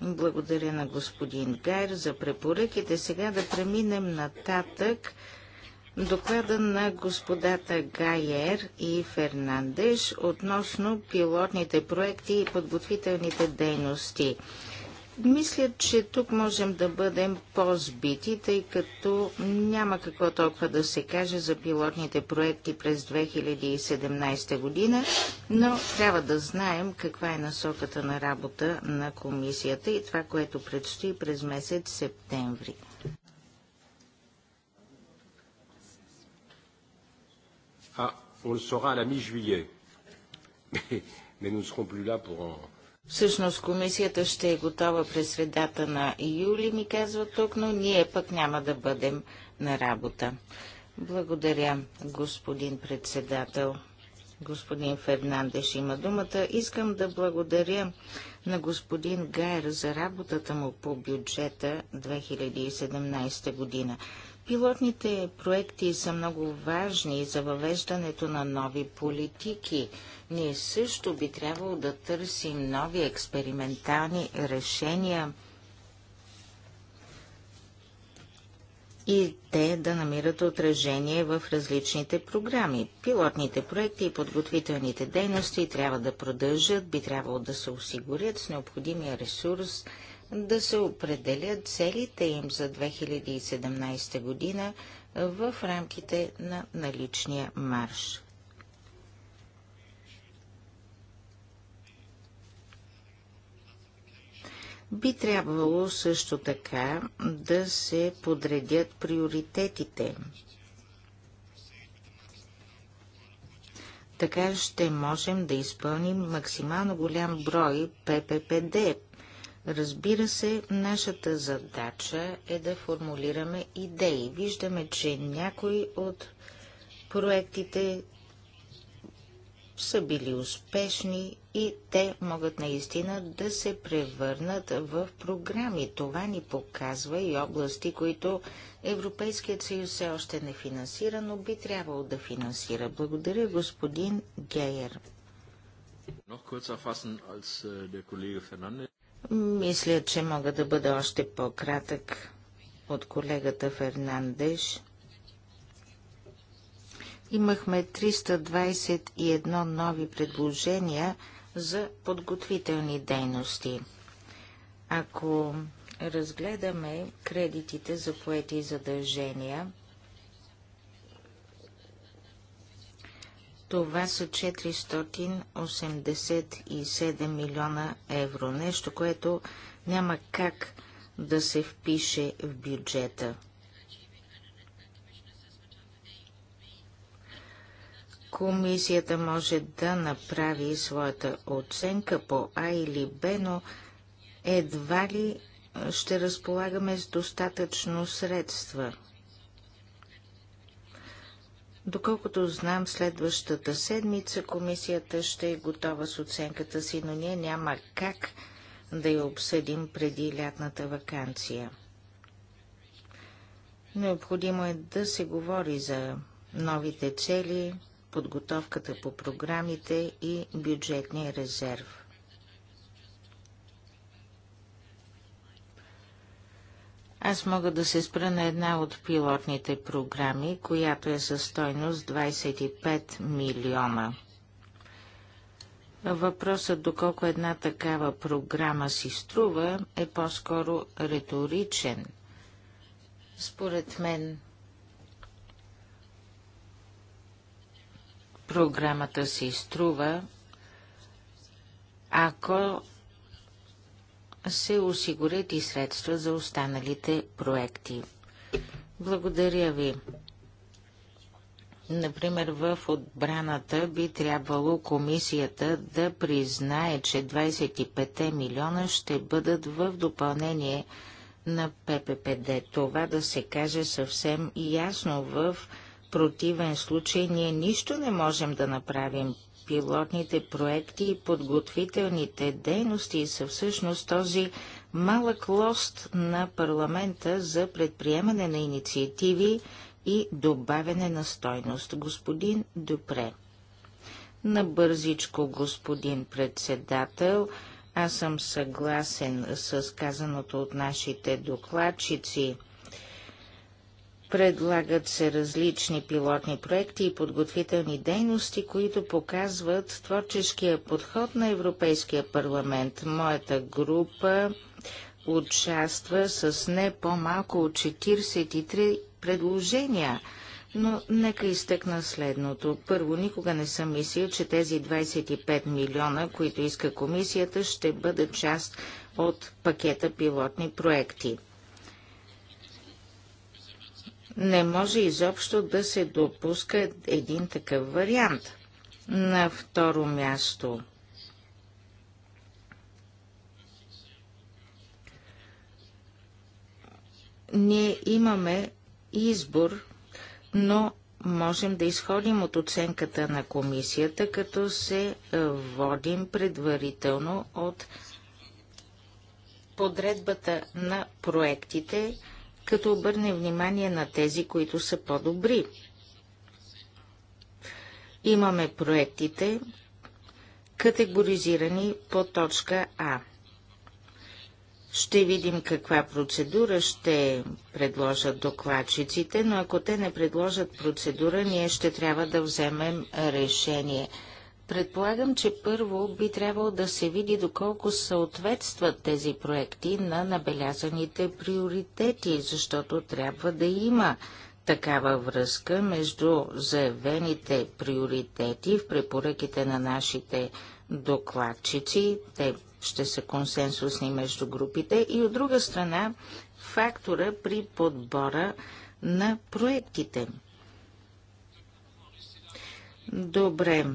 Speaker 3: Благодаря на господин Гайр за препоръките. Сега да преминем нататък. Доклада на господата Гайер и Фернандеш относно пилотните проекти и подготвителните дейности мисля, че тук можем да бъдем по-збити, тъй като няма какво толкова да се каже за пилотните проекти през 2017 година, но трябва да знаем каква е насоката на работа на комисията и това, което предстои през месец септември.
Speaker 2: А, ah, on le saura à la mi-juillet. Mais, mais nous ne serons plus là pour en
Speaker 3: Всъщност комисията ще е готова през средата на юли, ми казва тук, но ние пък няма да бъдем на работа. Благодаря, господин председател. Господин Фернандеш има думата. Искам да благодаря на господин Гайер за работата му по бюджета 2017 година. Пилотните проекти са много важни за въвеждането на нови политики. Ние също би трябвало да търсим нови експериментални решения и те да намират отражение в различните програми. Пилотните проекти и подготвителните дейности трябва да продължат, би трябвало да се осигурят с необходимия ресурс – да се определят целите им за 2017 година в рамките на наличния марш. Би трябвало също така да се подредят приоритетите. Така ще можем да изпълним максимално голям брой ПППД, Разбира се, нашата задача е да формулираме идеи. Виждаме, че някои от проектите са били успешни и те могат наистина да се превърнат в програми. Това ни показва и области, които Европейският съюз все още не финансира, но би трябвало да финансира. Благодаря, господин Гейер. Мисля, че мога да бъда още по-кратък от колегата Фернандеш. Имахме 321 нови предложения за подготвителни дейности. Ако разгледаме кредитите за поети задължения, Това са 487 милиона евро. Нещо, което няма как да се впише в бюджета. Комисията може да направи своята оценка по А или Б, но едва ли ще разполагаме с достатъчно средства. Доколкото знам, следващата седмица комисията ще е готова с оценката си, но ние няма как да я обсъдим преди лятната вакансия. Необходимо е да се говори за новите цели, подготовката по програмите и бюджетния резерв. Аз мога да се спра на една от пилотните програми, която е със стойност 25 милиона. Въпросът доколко една такава програма си струва е по-скоро риторичен. Според мен програмата си струва, ако се осигурят и средства за останалите проекти. Благодаря ви. Например, в отбраната би трябвало комисията да признае, че 25 милиона ще бъдат в допълнение на ПППД. Това да се каже съвсем ясно в противен случай ние нищо не можем да направим пилотните проекти и подготвителните дейности са всъщност този малък лост на парламента за предприемане на инициативи и добавяне на стойност. Господин Дупре. Набързичко, господин председател, аз съм съгласен с казаното от нашите докладчици. Предлагат се различни пилотни проекти и подготвителни дейности, които показват творческия подход на Европейския парламент. Моята група участва с не по-малко от 43 предложения. Но нека изтъкна следното. Първо, никога не съм мислил, че тези 25 милиона, които иска комисията, ще бъдат част от пакета пилотни проекти. Не може изобщо да се допуска един такъв вариант. На второ място ние имаме избор, но можем да изходим от оценката на комисията, като се е, водим предварително от подредбата на проектите като обърнем внимание на тези, които са по-добри. Имаме проектите, категоризирани по точка А. Ще видим каква процедура ще предложат докладчиците, но ако те не предложат процедура, ние ще трябва да вземем решение – Предполагам, че първо би трябвало да се види доколко съответстват тези проекти на набелязаните приоритети, защото трябва да има такава връзка между заявените приоритети в препоръките на нашите докладчици, те ще са консенсусни между групите, и от друга страна фактора при подбора на проектите. Добре,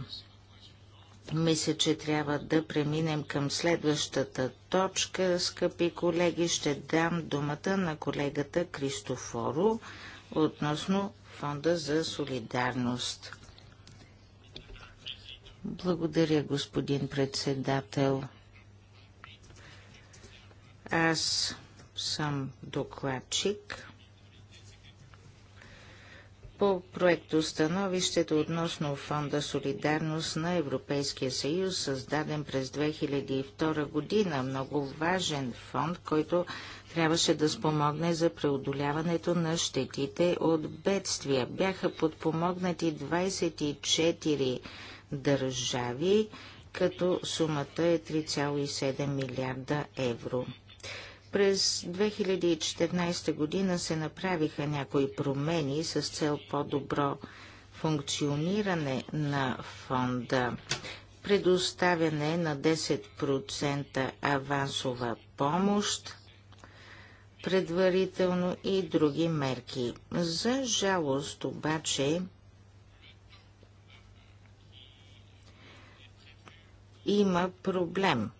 Speaker 3: мисля, че трябва да преминем към следващата точка. Скъпи колеги, ще дам думата на колегата Кристофоро относно Фонда за солидарност. Благодаря, господин председател. Аз съм докладчик по становището относно Фонда Солидарност на Европейския съюз, създаден през 2002 година. Много важен фонд, който трябваше да спомогне за преодоляването на щетите от бедствия. Бяха подпомогнати 24 държави, като сумата е 3,7 милиарда евро. През 2014 година се направиха някои промени с цел по-добро функциониране на фонда, предоставяне на 10% авансова помощ предварително и други мерки. За жалост обаче има проблем –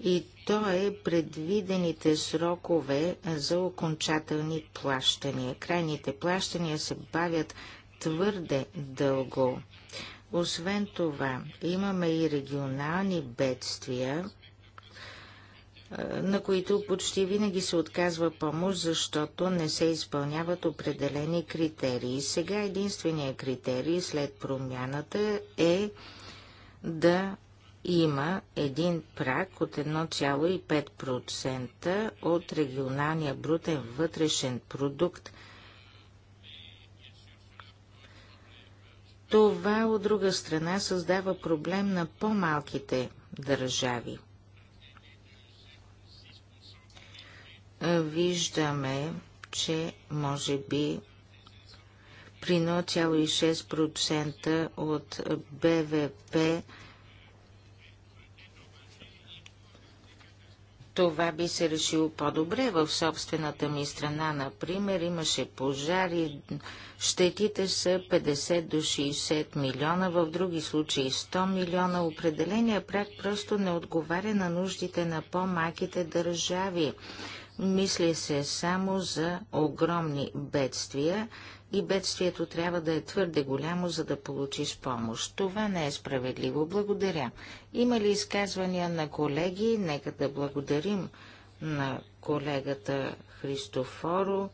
Speaker 3: и то е предвидените срокове за окончателни плащания. Крайните плащания се бавят твърде дълго. Освен това, имаме и регионални бедствия, на които почти винаги се отказва помощ, защото не се изпълняват определени критерии. Сега единственият критерий след промяната е да има един прак от 1,5% от регионалния брутен вътрешен продукт. Това от друга страна създава проблем на по-малките държави. Виждаме, че може би при 0,6% от БВП това би се решило по-добре. В собствената ми страна, например, имаше пожари, щетите са 50 до 60 милиона, в други случаи 100 милиона. Определения прак просто не отговаря на нуждите на по-малките държави. Мисли се само за огромни бедствия и бедствието трябва да е твърде голямо, за да получиш помощ. Това не е справедливо. Благодаря. Има ли изказвания на колеги? Нека да благодарим на колегата Христофоро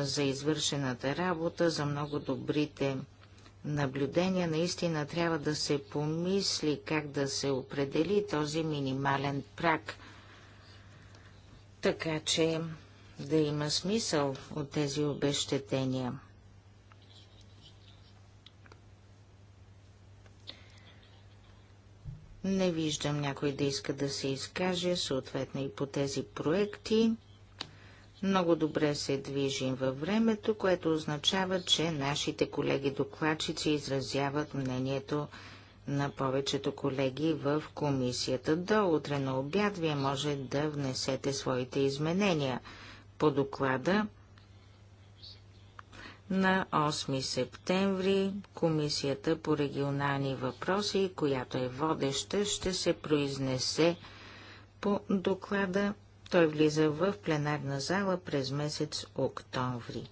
Speaker 3: за извършената работа, за много добрите наблюдения. Наистина трябва да се помисли как да се определи този минимален прак, така че да има смисъл от тези обещетения. Не виждам някой да иска да се изкаже, съответно и по тези проекти. Много добре се движим във времето, което означава, че нашите колеги-докладчици изразяват мнението на повечето колеги в комисията. До утре на обяд вие може да внесете своите изменения по доклада на 8 септември Комисията по регионални въпроси, която е водеща, ще се произнесе по доклада. Той влиза в пленарна зала през месец октомври.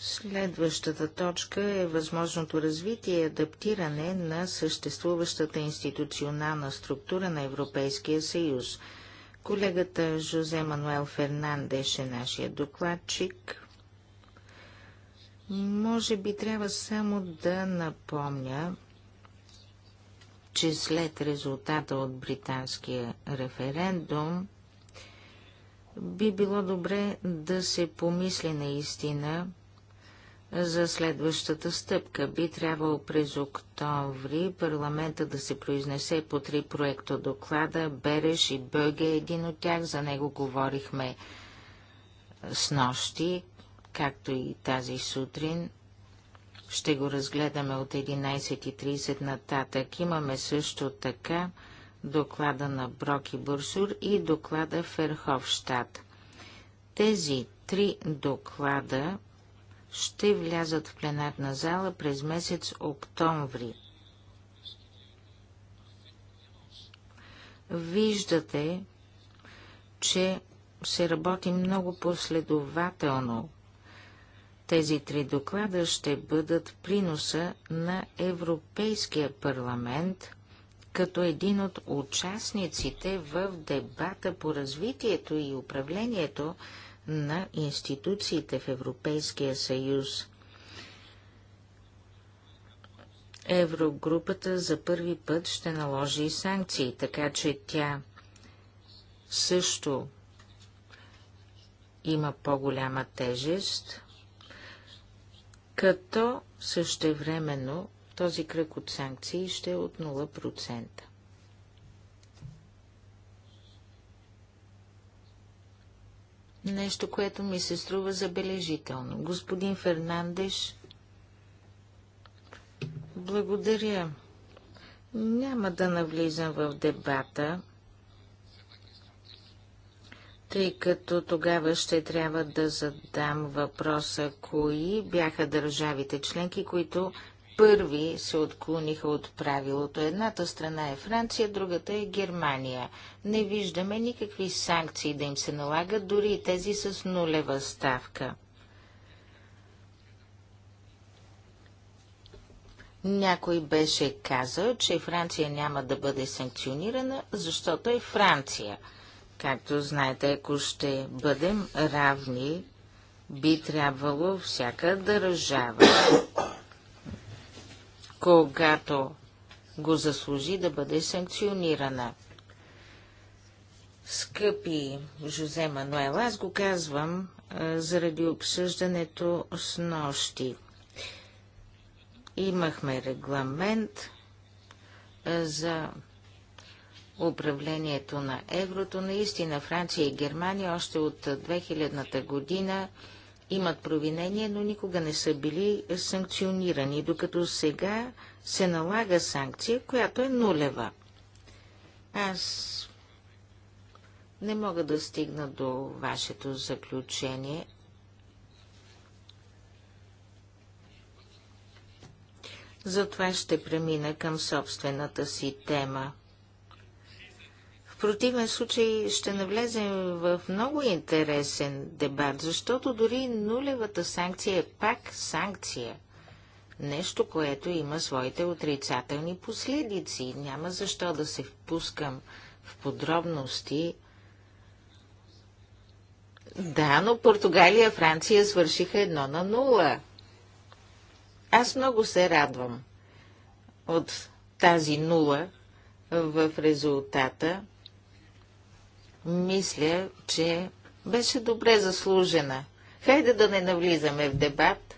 Speaker 3: Следващата точка е възможното развитие и адаптиране на съществуващата институционална структура на Европейския съюз. Колегата Жозе Мануел Фернандеш е нашия докладчик. Може би трябва само да напомня, че след резултата от британския референдум би било добре да се помисли наистина за следващата стъпка. Би трябвало през октомври парламента да се произнесе по три проекта доклада. Береш и Бъге е един от тях. За него говорихме с нощи, както и тази сутрин. Ще го разгледаме от 11.30 нататък. Имаме също така доклада на Брок и Бурсур и доклада Ферховщад. Тези три доклада ще влязат в пленарна зала през месец октомври. Виждате, че се работи много последователно. Тези три доклада ще бъдат приноса на Европейския парламент като един от участниците в дебата по развитието и управлението на институциите в Европейския съюз. Еврогрупата за първи път ще наложи и санкции, така че тя също има по-голяма тежест, като същевременно този кръг от санкции ще е от 0%. нещо, което ми се струва забележително. Господин Фернандеш, благодаря. Няма да навлизам в дебата, тъй като тогава ще трябва да задам въпроса, кои бяха държавите членки, които първи се отклониха от правилото. Едната страна е Франция, другата е Германия. Не виждаме никакви санкции да им се налагат, дори и тези с нулева ставка. Някой беше казал, че Франция няма да бъде санкционирана, защото е Франция. Както знаете, ако ще бъдем равни, би трябвало всяка държава когато го заслужи да бъде санкционирана. Скъпи Жозе Мануел, аз го казвам а, заради обсъждането с нощи. Имахме регламент а, за управлението на еврото. Наистина Франция и Германия още от 2000-та година имат провинение, но никога не са били санкционирани, докато сега се налага санкция, която е нулева. Аз не мога да стигна до вашето заключение. Затова ще премина към собствената си тема – противен случай ще навлезем в много интересен дебат, защото дори нулевата санкция е пак санкция. Нещо, което има своите отрицателни последици. Няма защо да се впускам в подробности. Да, но Португалия и Франция свършиха едно на нула. Аз много се радвам от тази нула в резултата мисля, че беше добре заслужена. Хайде да не навлизаме в дебат.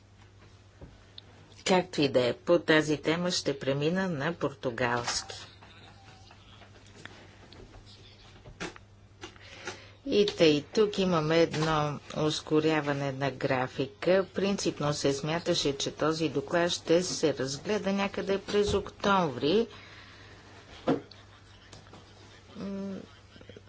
Speaker 3: Както и да е, по тази тема ще премина на португалски. И тъй, тук имаме едно ускоряване на графика. Принципно се смяташе, че този доклад ще се разгледа някъде през октомври,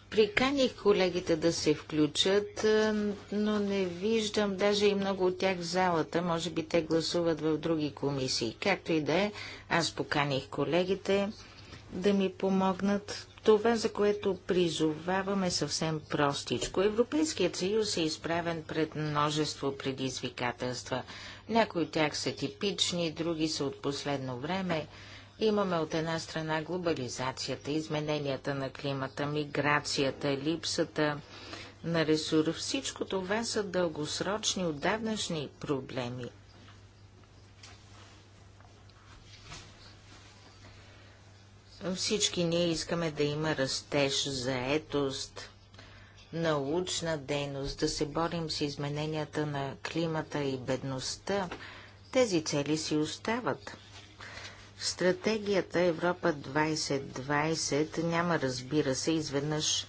Speaker 3: Приканих колегите да се включат, е, но не виждам даже и много от тях в залата. Може би те гласуват в други комисии. Както и да е, аз поканих колегите да ми помогнат. Това, за което призоваваме съвсем простичко. Европейският съюз е изправен пред множество предизвикателства. Някои от тях са типични, други са от последно време. Имаме от една страна глобализацията, измененията на климата, миграцията, липсата на ресурс. Всичко това са дългосрочни, отдавнашни проблеми. Всички ние искаме да има растеж, заетост, научна дейност, да се борим с измененията на климата и бедността. Тези цели си остават – в стратегията Европа 2020 няма, разбира се, изведнъж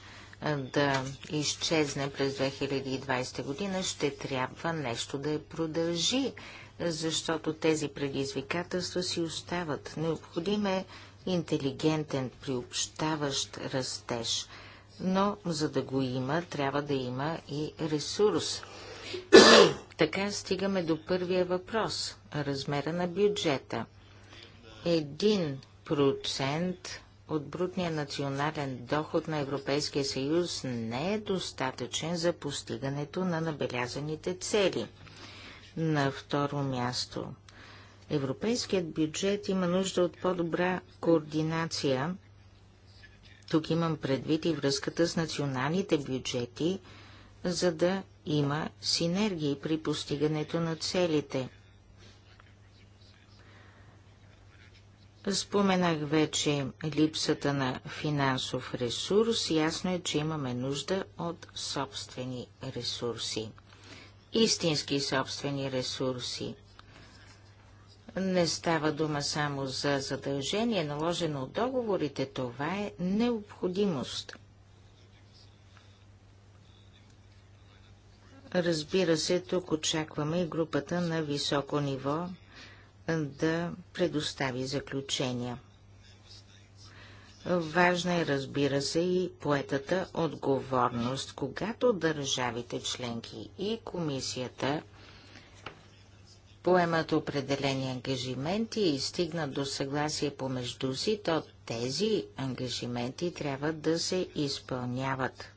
Speaker 3: да изчезне през 2020 година, ще трябва нещо да я продължи, защото тези предизвикателства си остават. Необходим е интелигентен, приобщаващ растеж. Но за да го има, трябва да има и ресурс. И така стигаме до първия въпрос – размера на бюджета. 1% от брутния национален доход на Европейския съюз не е достатъчен за постигането на набелязаните цели. На второ място, Европейският бюджет има нужда от по-добра координация. Тук имам предвид и връзката с националните бюджети, за да има синергии при постигането на целите – Споменах вече липсата на финансов ресурс. Ясно е, че имаме нужда от собствени ресурси. Истински собствени ресурси. Не става дума само за задължение, наложено от договорите. Това е необходимост. Разбира се, тук очакваме и групата на високо ниво да предостави заключения. Важна е, разбира се, и поетата отговорност, когато държавите членки и комисията поемат определени ангажименти и стигнат до съгласие помежду си, то тези ангажименти трябва да се изпълняват.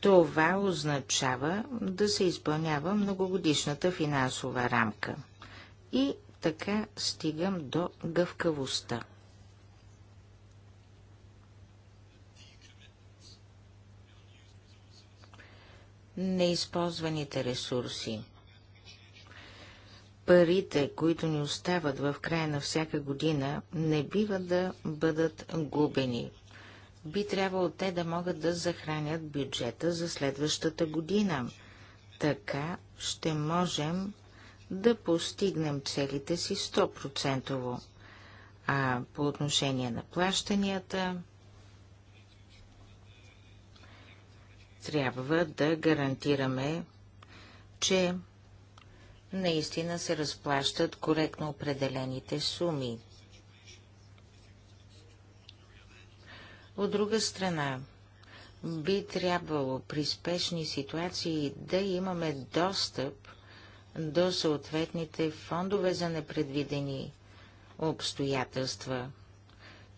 Speaker 3: Това означава да се изпълнява многогодишната финансова рамка. И така стигам до гъвкавостта. Неизползваните ресурси Парите, които ни остават в края на всяка година, не бива да бъдат губени би трябвало те да могат да захранят бюджета за следващата година. Така ще можем да постигнем целите си 100%. А по отношение на плащанията, трябва да гарантираме, че наистина се разплащат коректно определените суми. От друга страна, би трябвало при спешни ситуации да имаме достъп до съответните фондове за непредвидени обстоятелства.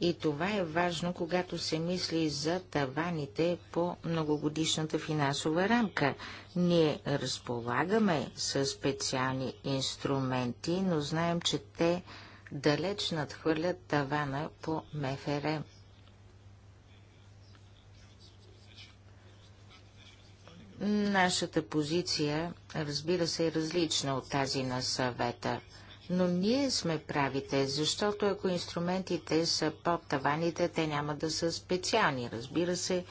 Speaker 3: И това е важно, когато се мисли за таваните по многогодишната финансова рамка. Ние разполагаме с специални инструменти, но знаем, че те далеч надхвърлят тавана по МФРМ. Нашата позиция, разбира се, е различна от тази на съвета. Но ние сме правите, защото ако инструментите са под таваните, те няма да са специални. Разбира се,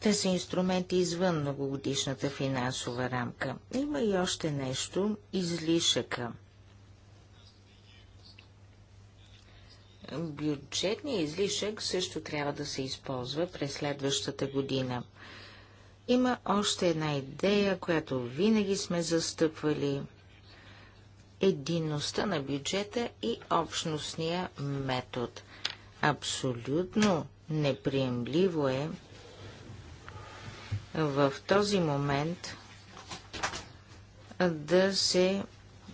Speaker 3: те са инструменти извън многогодишната финансова рамка. Има и още нещо – излишъка. Бюджетният излишък също трябва да се използва през следващата година. Има още една идея, която винаги сме застъпвали единността на бюджета и общностния метод. Абсолютно неприемливо е в този момент да се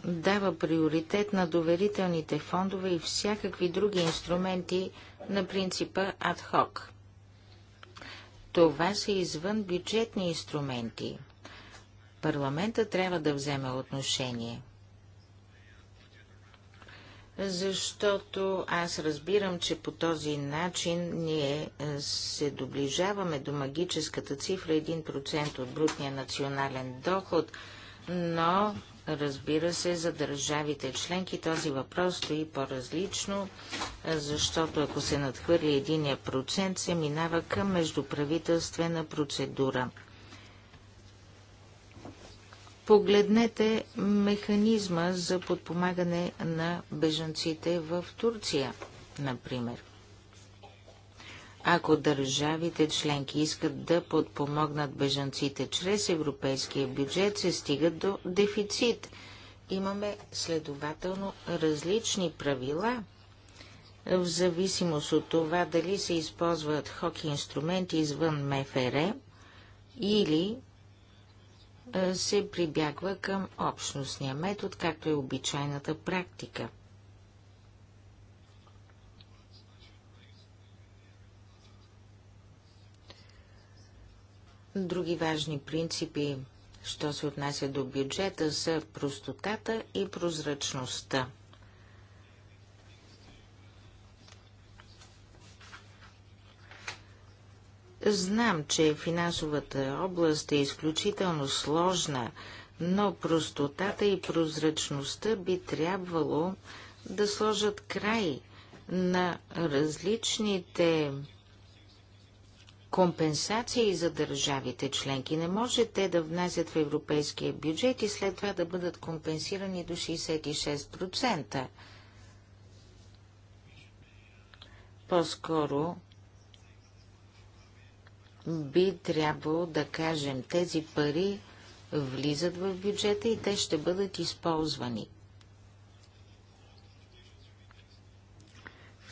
Speaker 3: дава приоритет на доверителните фондове и всякакви други инструменти на принципа адхок. Това са извън бюджетни инструменти. Парламента трябва да вземе отношение. Защото аз разбирам, че по този начин ние е, се доближаваме до магическата цифра 1% от брутния национален доход, но Разбира се, за държавите членки този въпрос стои по-различно, защото ако се надхвърли единия процент, се минава към междуправителствена процедура. Погледнете механизма за подпомагане на бежанците в Турция, например. Ако държавите членки искат да подпомогнат бежанците чрез европейския бюджет, се стигат до дефицит. Имаме следователно различни правила в зависимост от това дали се използват хоки инструменти извън МФР или се прибягва към общностния метод, както е обичайната практика. Други важни принципи, що се отнася до бюджета, са простотата и прозрачността. Знам, че финансовата област е изключително сложна, но простотата и прозрачността би трябвало да сложат край на различните компенсации за държавите членки. Не може те да внасят в европейския бюджет и след това да бъдат компенсирани до 66%. По-скоро би трябвало да кажем, тези пари влизат в бюджета и те ще бъдат използвани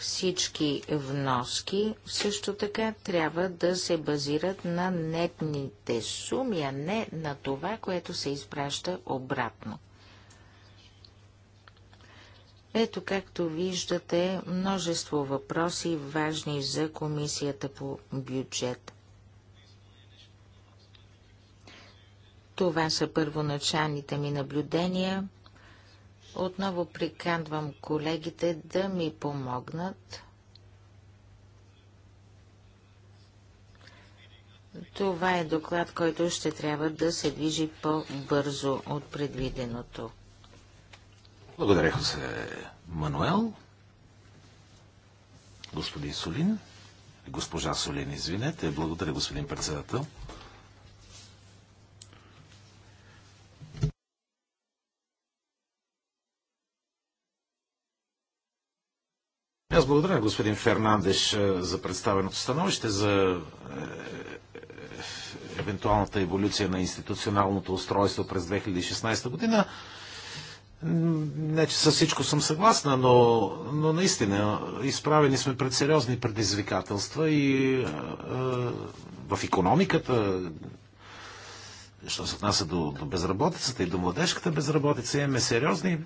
Speaker 3: Всички вноски също така трябва да се базират на нетните суми, а не на това, което се изпраща обратно. Ето, както виждате, множество въпроси, важни за Комисията по бюджет. Това са първоначалните ми наблюдения. Отново приканвам колегите да ми помогнат. Това е доклад, който ще трябва да се движи по-бързо от предвиденото.
Speaker 4: Благодаря, Хосе Мануел. Господин Солин. Госпожа Солин, извинете. Благодаря, господин председател. Аз благодаря господин Фернандеш е, за представеното становище, за е, евентуалната еволюция на институционалното устройство през 2016 година. Не, че със всичко съм съгласна, но, но наистина изправени сме пред сериозни предизвикателства и а, е, в економиката, що се отнася до, до безработицата и до младежката безработица, имаме сериозни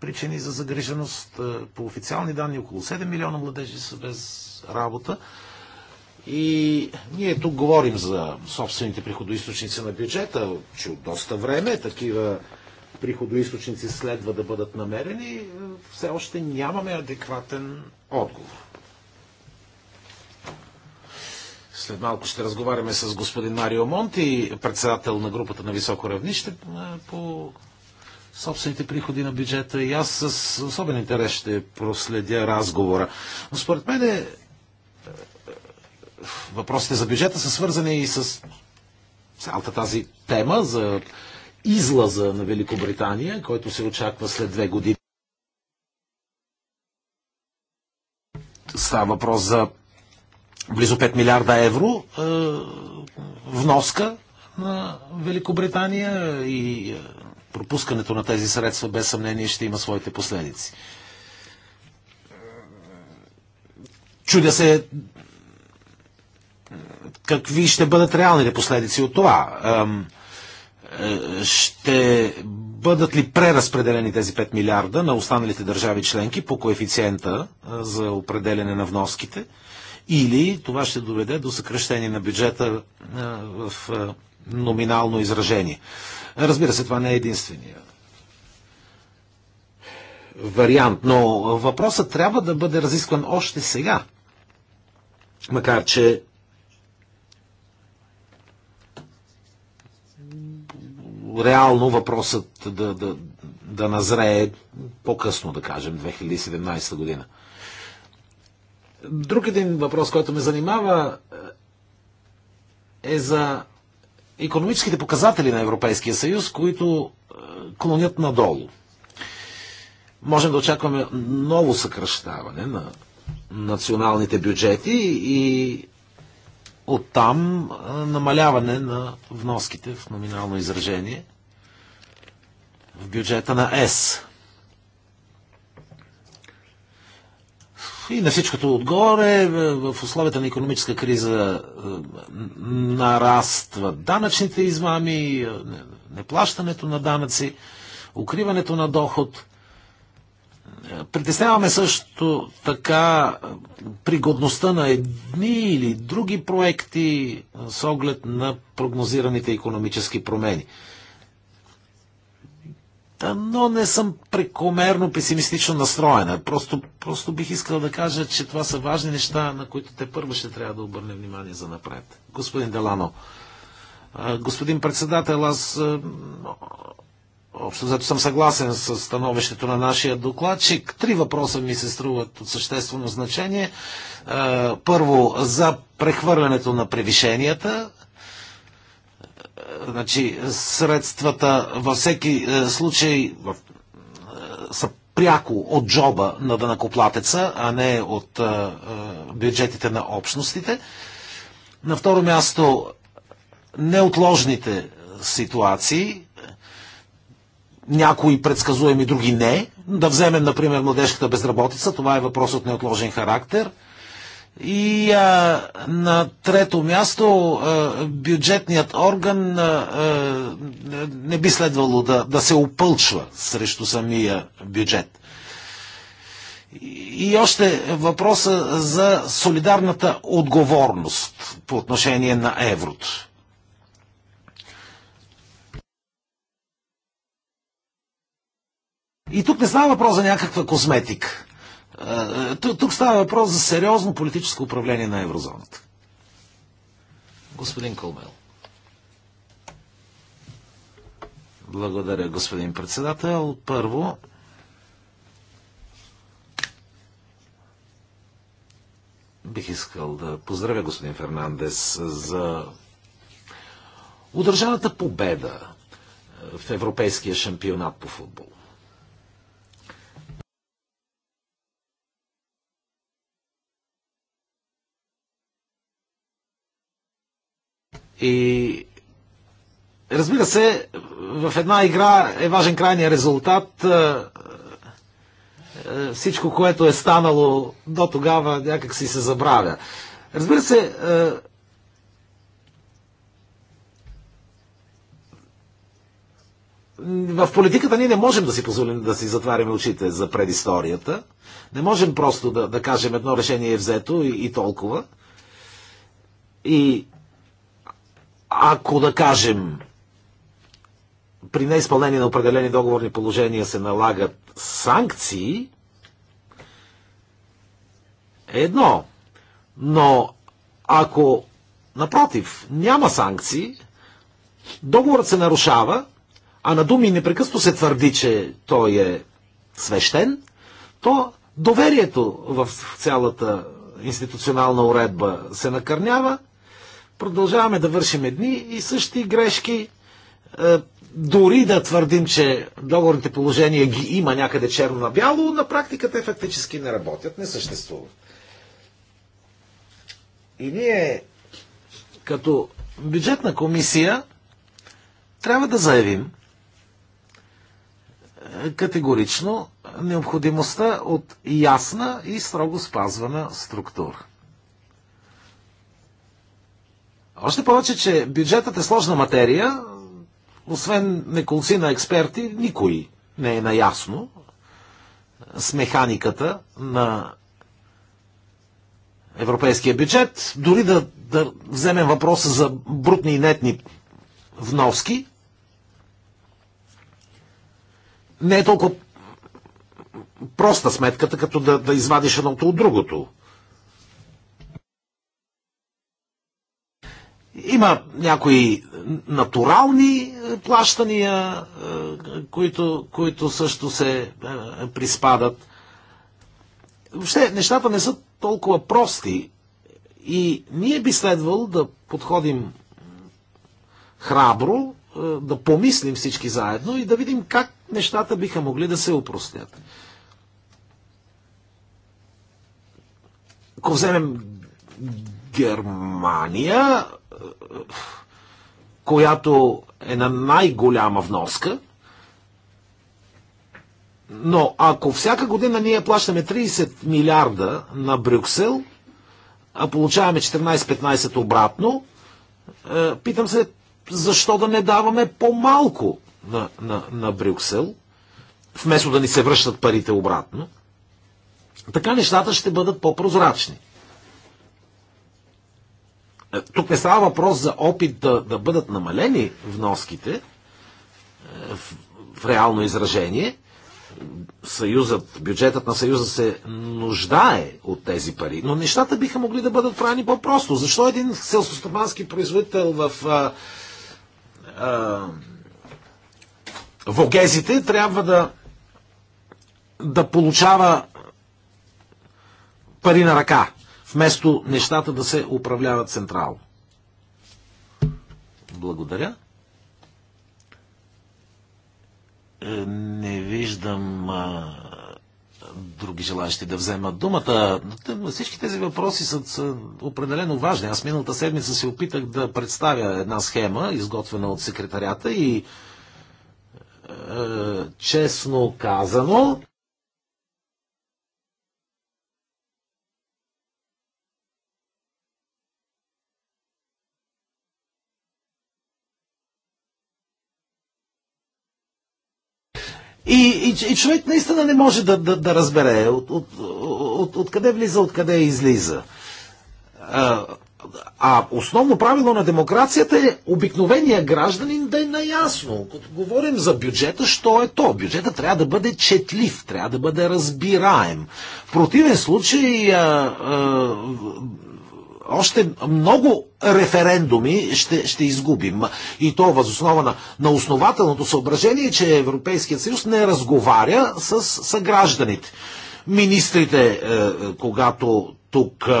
Speaker 4: причини за загриженост. Е, по официални данни около 7 милиона младежи са без работа. И ние тук говорим за собствените приходоисточници на бюджета, че от доста време такива приходоисточници следва да бъдат намерени. Е, все още нямаме адекватен отговор. След малко ще разговаряме с господин Марио Монти, председател на групата на високо равнище е, по собствените приходи на бюджета и аз с особен интерес ще проследя разговора. Но според мен е, е, въпросите за бюджета са свързани и с цялата тази тема за излаза на Великобритания, който се очаква след две години. Става въпрос за близо 5 милиарда евро е, вноска на Великобритания и е, пропускането на тези средства без съмнение ще има своите последици. Чудя се какви ще бъдат реалните последици от това. Е, ще бъдат ли преразпределени тези 5 милиарда на останалите държави членки по коефициента е, за определене на вноските? Или това ще доведе до съкръщение на бюджета е, в номинално изражение? Разбира се, това не е единствения вариант, но въпросът трябва да бъде разискван още сега. Макар, че реално въпросът да, да, да назрее по-късно, да кажем, 2017 година. Друг един въпрос, който ме занимава е за економическите показатели на Европейския съюз, които е, клонят надолу. Можем да очакваме ново съкръщаване на националните бюджети и оттам е, намаляване на вноските в номинално изражение в бюджета на ЕС. И на всичкото отгоре, е, в условията на економическа криза е, нарастват данъчните измами, е, неплащането на данъци, укриването на доход. Притесняваме също така пригодността на едни или други проекти с оглед на прогнозираните економически промени но не съм прекомерно песимистично настроена. Просто, просто бих искал да кажа, че това са важни неща, на които те първо ще трябва да обърне внимание за напред. Господин Делано, господин председател, аз общо зато съм съгласен с становището на нашия докладчик. Три въпроса ми се струват от съществено значение. Първо, за прехвърлянето на превишенията Значи, средствата във всеки е, случай е, са пряко от джоба на дънакоплатеца, а не от е, бюджетите на общностите. На второ място, неотложните ситуации, някои предсказуеми, други не. Да вземем, например, младежката безработица, това е въпрос от неотложен характер – и а, на трето място а, бюджетният орган а, а, не би следвало да, да се опълчва срещу самия бюджет. И още въпроса за солидарната отговорност по отношение на еврото. И тук не става въпрос за някаква козметика. Е, тук става въпрос за сериозно политическо управление на еврозоната. Господин Колмел. Благодаря, господин председател. Първо, бих искал да поздравя господин Фернандес за удържаната победа в Европейския шампионат по футбол. И разбира се, в една игра е важен крайния резултат. Е, е, всичко, което е станало до тогава, някак си се забравя. Разбира се, е, в политиката ние не можем да си позволим да си затваряме очите за предисторията. Не можем просто да, да кажем едно решение е взето и, и толкова. И ако да кажем при неизпълнение на определени договорни положения се налагат санкции, е едно. Но ако, напротив, няма санкции, договорът се нарушава, а на думи непрекъсто се твърди, че той е свещен, то доверието в цялата институционална уредба се накърнява – продължаваме да вършим едни и същи грешки, е, дори да твърдим, че договорните положения ги има някъде черно на бяло, на практика те фактически не работят, не съществуват. И ние, като бюджетна комисия, трябва да заявим е, категорично необходимостта от ясна и строго спазвана структура. Още повече, че бюджетът е сложна материя, освен неколци на експерти, никой не е наясно с механиката на европейския бюджет. Дори да, да вземем въпроса за брутни и нетни вноски, не е толкова проста сметката, като да, да извадиш едното от другото. Има някои натурални е, плащания, е, които, които също се е, приспадат. Въобще, нещата не са толкова прости. И ние би следвало да подходим храбро, да помислим всички заедно и да видим как нещата биха могли да се упростят. Ако вземем Германия, която е на най-голяма вноска, но ако всяка година ние плащаме 30 милиарда на Брюксел, а получаваме 14-15 обратно, е, питам се, защо да не даваме по-малко на, на, на Брюксел, вместо да ни се връщат парите обратно. Така нещата ще бъдат по-прозрачни. Тук не става въпрос за опит да, да бъдат намалени вноските е, в, в реално изражение. Съюзът, бюджетът на Съюза се нуждае от тези пари, но нещата биха могли да бъдат правени по-просто. Защо един селсостопански производител в а, а, вогезите трябва да, да получава пари на ръка? вместо нещата да се управляват централно. Благодаря. Е, не виждам а, други желаящи да вземат думата. Всички тези въпроси са, са определено важни. Аз миналата седмица се опитах да представя една схема, изготвена от секретарята и а, е, честно казано, И, и, и човек наистина не може да, да, да разбере от, от, от, от къде влиза, от къде излиза. А, а основно правило на демокрацията е обикновения гражданин да е наясно. Като говорим за бюджета, що е то? Бюджета трябва да бъде четлив, трябва да бъде разбираем. В противен случай а, а, още много референдуми ще, ще изгубим. И то възоснова на, на основателното съображение, че Европейският съюз не разговаря с съгражданите. Министрите, е, е, когато тук е,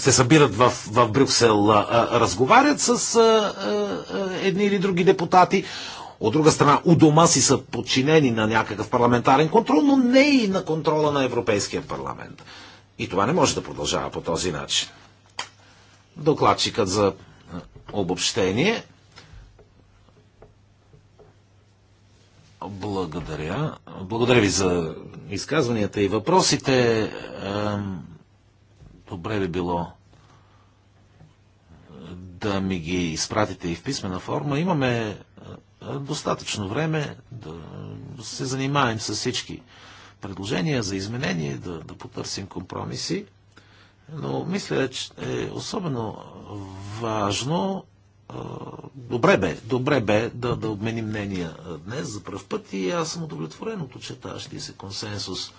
Speaker 4: се събират в, в Брюксел, разговарят с едни или други депутати. От друга страна, у дома си са подчинени на някакъв парламентарен контрол, но не и на контрола на Европейския парламент. И това не може да продължава по този начин. Докладчикът за обобщение. Благодаря. Благодаря ви за изказванията и въпросите. Добре би било да ми ги изпратите и в писмена форма. Имаме достатъчно време да се занимаем с всички предложения за изменение, да, да потърсим компромиси. Но мисля, че е особено важно. Добре бе, добре бе да, да обменим мнения днес за пръв път и аз съм удовлетворен от очетащия се консенсус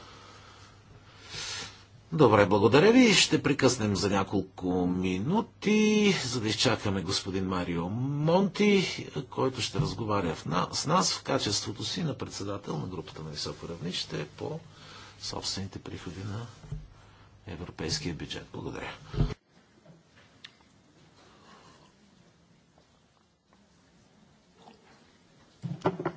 Speaker 4: Добре, благодаря ви. Ще прекъснем за няколко минути, за да изчакаме господин Марио Монти, който ще разговаря с нас в качеството си на председател на групата на високо равнище по собствените приходи на европейския бюджет. Благодаря. Thank you.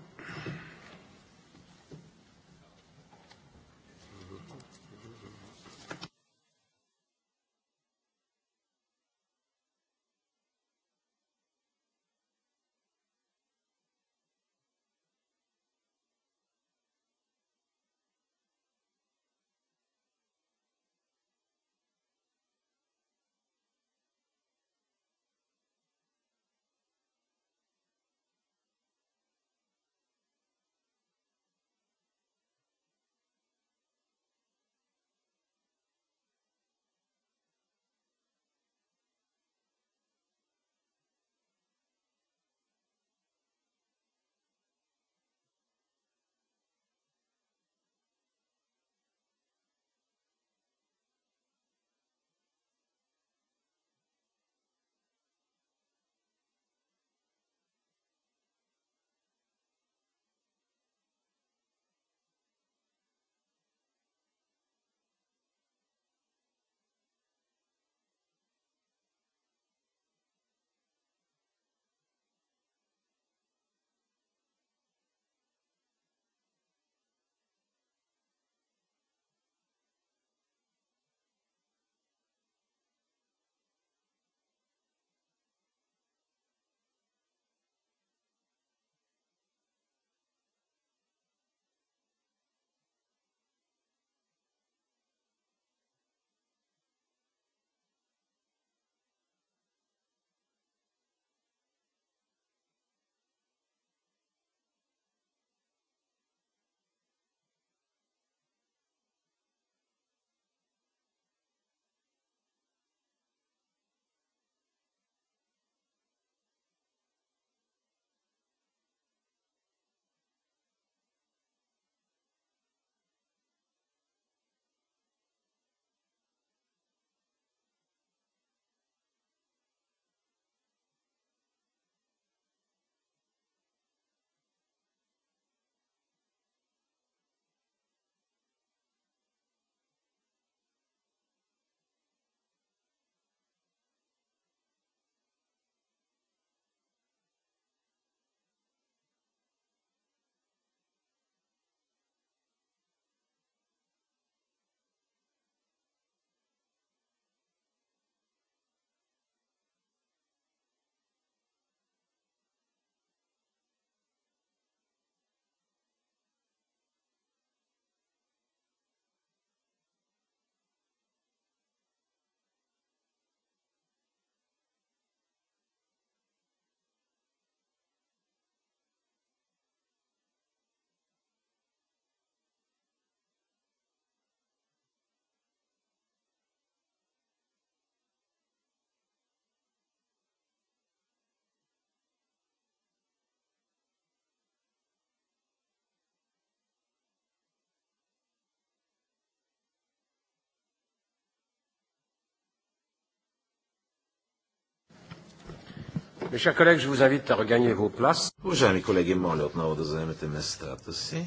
Speaker 4: Уважаеми колеги, моля отново да заемете местата си.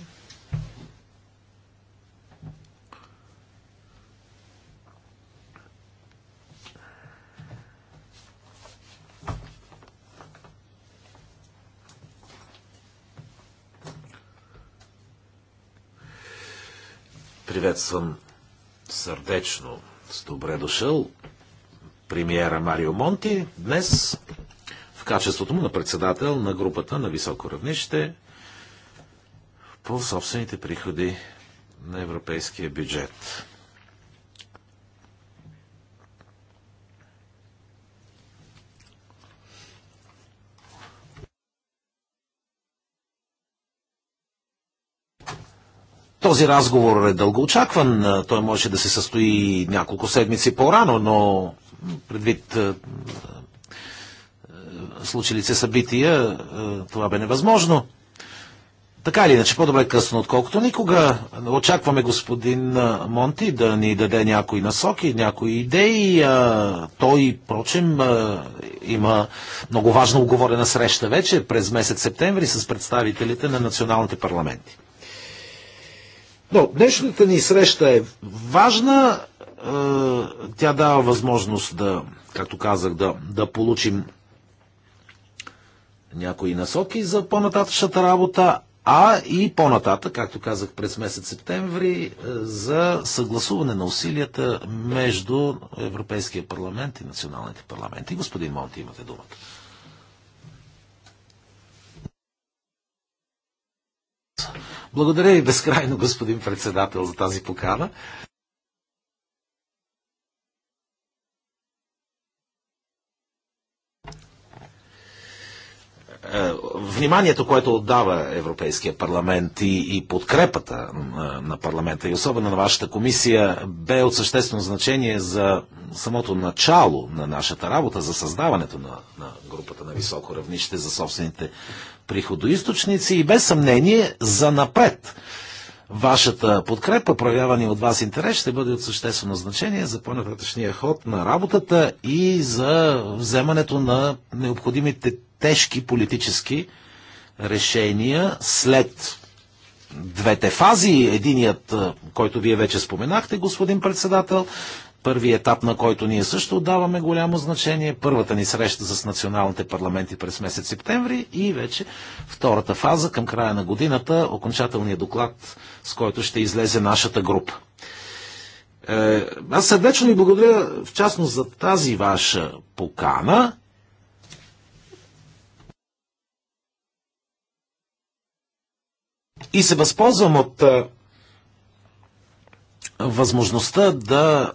Speaker 4: Приветствам сърдечно с добре дошъл премиера Марио Монти днес качеството му на председател на групата на високо равнище по собствените приходи на европейския бюджет. Този разговор е дългоочакван. Той може да се състои няколко седмици по-рано, но предвид случили се събития, е, това бе невъзможно. Така или иначе, по-добре късно, отколкото никога. Очакваме господин е, Монти да ни даде някои насоки, някои идеи. Е, той, прочим, има много важно оговорена среща вече през месец септември с представителите на националните парламенти. Но днешната ни среща е важна. Тя дава възможност да, както казах, да, да получим някои насоки за по-нататъчната работа, а и по-нататък, както казах през месец септември, е, за съгласуване на усилията между Европейския парламент и националните парламенти. Господин Монти, имате думата. Благодаря и безкрайно, господин председател, за тази покана. Е, вниманието, което отдава Европейския парламент и, и подкрепата е, на парламента, и особено на вашата комисия, бе от съществено значение за самото начало на нашата работа, за създаването на, на групата на високо равнище за собствените приходоисточници и без съмнение за напред. Вашата подкрепа, проявявани от вас интерес, ще бъде от съществено значение за по-нататъчния ход на работата и за вземането на необходимите тежки политически решения след двете фази. Единият, който вие вече споменахте, господин председател, първи етап, на който ние също отдаваме голямо значение, първата ни среща с националните парламенти през месец септември и вече втората фаза към края на годината, окончателният доклад, с който ще излезе нашата група. Е, аз сърдечно ви благодаря в частност за тази ваша покана И се възползвам от а, възможността да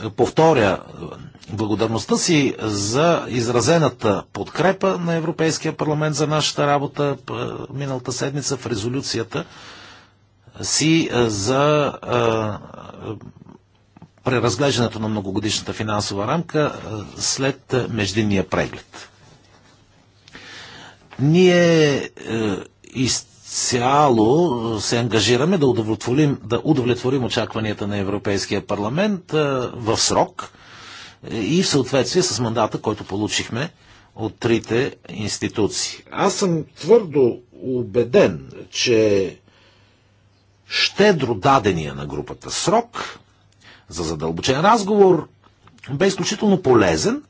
Speaker 4: а, повторя благодарността си за изразената подкрепа на Европейския парламент за нашата работа миналата седмица в резолюцията си за а, преразглеждането на многогодишната финансова рамка след междинния преглед. Ние е, изцяло се ангажираме да удовлетворим, да удовлетворим очакванията на Европейския парламент в срок и в съответствие с мандата, който получихме от трите институции. Аз съм твърдо убеден, че щедро дадения на групата срок за задълбочен разговор бе изключително полезен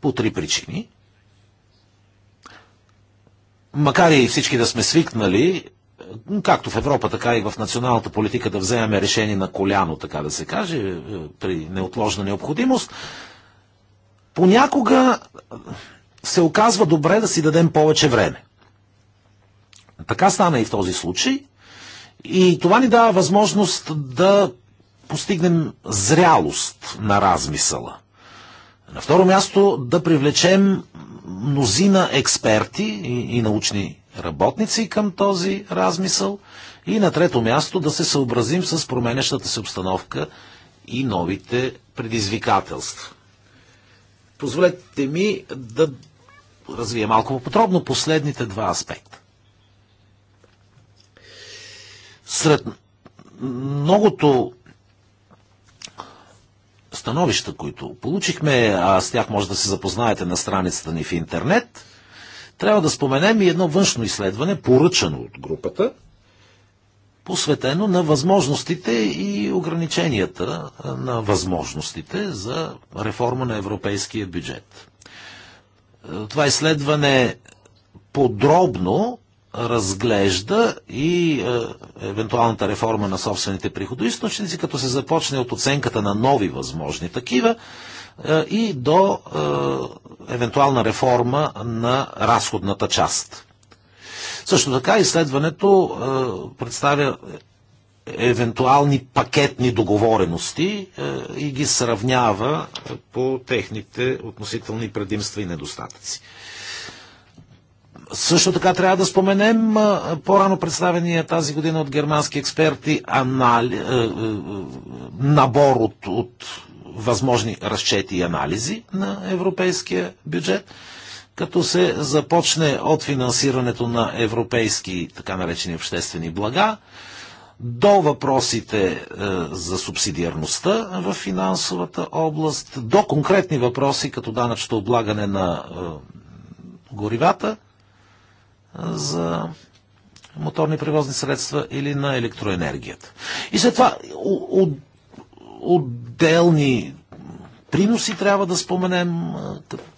Speaker 4: по три причини макар и всички да сме свикнали, както в Европа, така и в националната политика да вземеме решение на коляно, така да се каже, при неотложна необходимост, понякога се оказва добре да си дадем повече време. Така стана и в този случай. И това ни дава възможност да постигнем зрялост на размисъла. На второ място да привлечем мнозина експерти и, и научни работници към този размисъл. И на трето място да се съобразим с променящата се обстановка и новите предизвикателства. Позволете ми да развия малко по-подробно последните два аспекта. Сред многото становища, които получихме, а с тях може да се запознаете на страницата ни в интернет, трябва да споменем и едно външно изследване, поръчано от групата, посветено на възможностите и ограниченията на възможностите за реформа на европейския бюджет. Е, това изследване подробно разглежда и е, евентуалната реформа на собствените приходоисточници, като се започне от оценката на нови възможни такива е, и до е, евентуална реформа на разходната част. Също така изследването е, представя евентуални пакетни договорености е, и ги сравнява по техните относителни предимства и недостатъци. Също така трябва да споменем по-рано представения тази година от германски експерти анали... Е, е, набор от, от възможни разчети и анализи на европейския бюджет, като се започне от финансирането на европейски така наречени обществени блага, до въпросите е, за субсидиарността в финансовата област, до конкретни въпроси, като данъчното облагане на е, горивата за моторни превозни средства или на електроенергията. И след това отделни приноси трябва да споменем,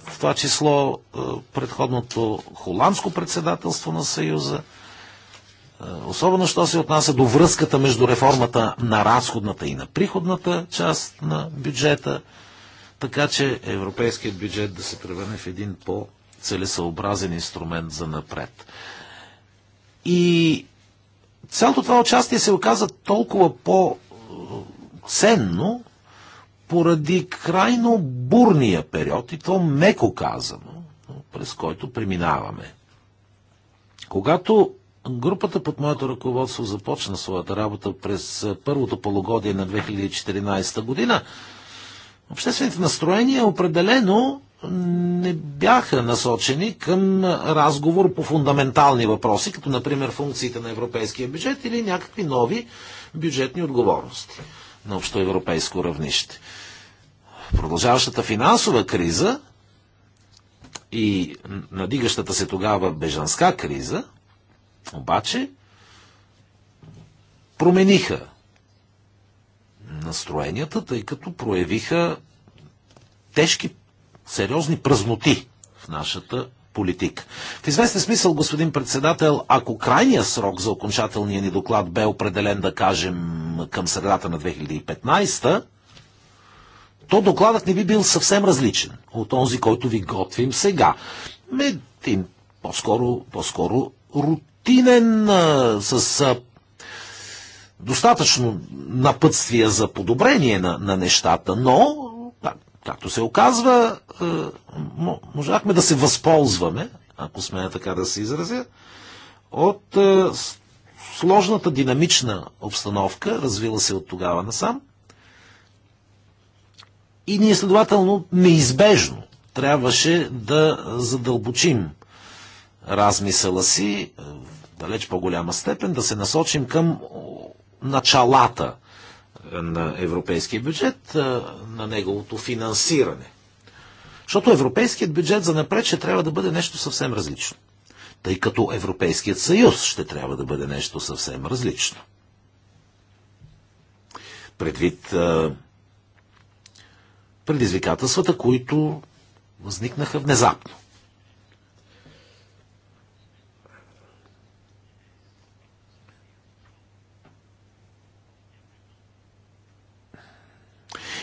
Speaker 4: в това число предходното холандско председателство на Съюза, особено що се отнася до връзката между реформата на разходната и на приходната част на бюджета, така че европейският бюджет да се превърне в един по- целесъобразен инструмент за напред. И цялото това участие се оказа толкова по-ценно, поради крайно бурния период, и то меко казано, през който преминаваме. Когато групата под моето ръководство започна своята работа през първото полугодие на 2014 година, обществените настроения определено не бяха насочени към разговор по фундаментални въпроси, като например функциите на европейския бюджет или някакви нови бюджетни отговорности на общоевропейско равнище. Продължаващата финансова криза и надигащата се тогава бежанска криза, обаче, промениха настроенията, тъй като проявиха тежки сериозни празноти в нашата политика. В известен смисъл, господин председател, ако крайният срок за окончателния ни доклад бе определен, да кажем, към средата на 2015 то докладът ни би бил съвсем различен от този, който ви готвим сега. Един по-скоро, по-скоро рутинен, а, с а, достатъчно напътствия за подобрение на, на нещата, но Както се оказва, е, можахме да се възползваме, ако сме така да се изразя, от е, сложната динамична обстановка, развила се от тогава насам. И ние следователно неизбежно трябваше да задълбочим размисъла си е, в далеч по-голяма степен, да се насочим към началата на европейския бюджет, на неговото финансиране. Защото европейският бюджет за напред ще трябва да бъде нещо съвсем различно. Тъй като Европейският съюз ще трябва да бъде нещо съвсем различно. Предвид предизвикателствата, които възникнаха внезапно.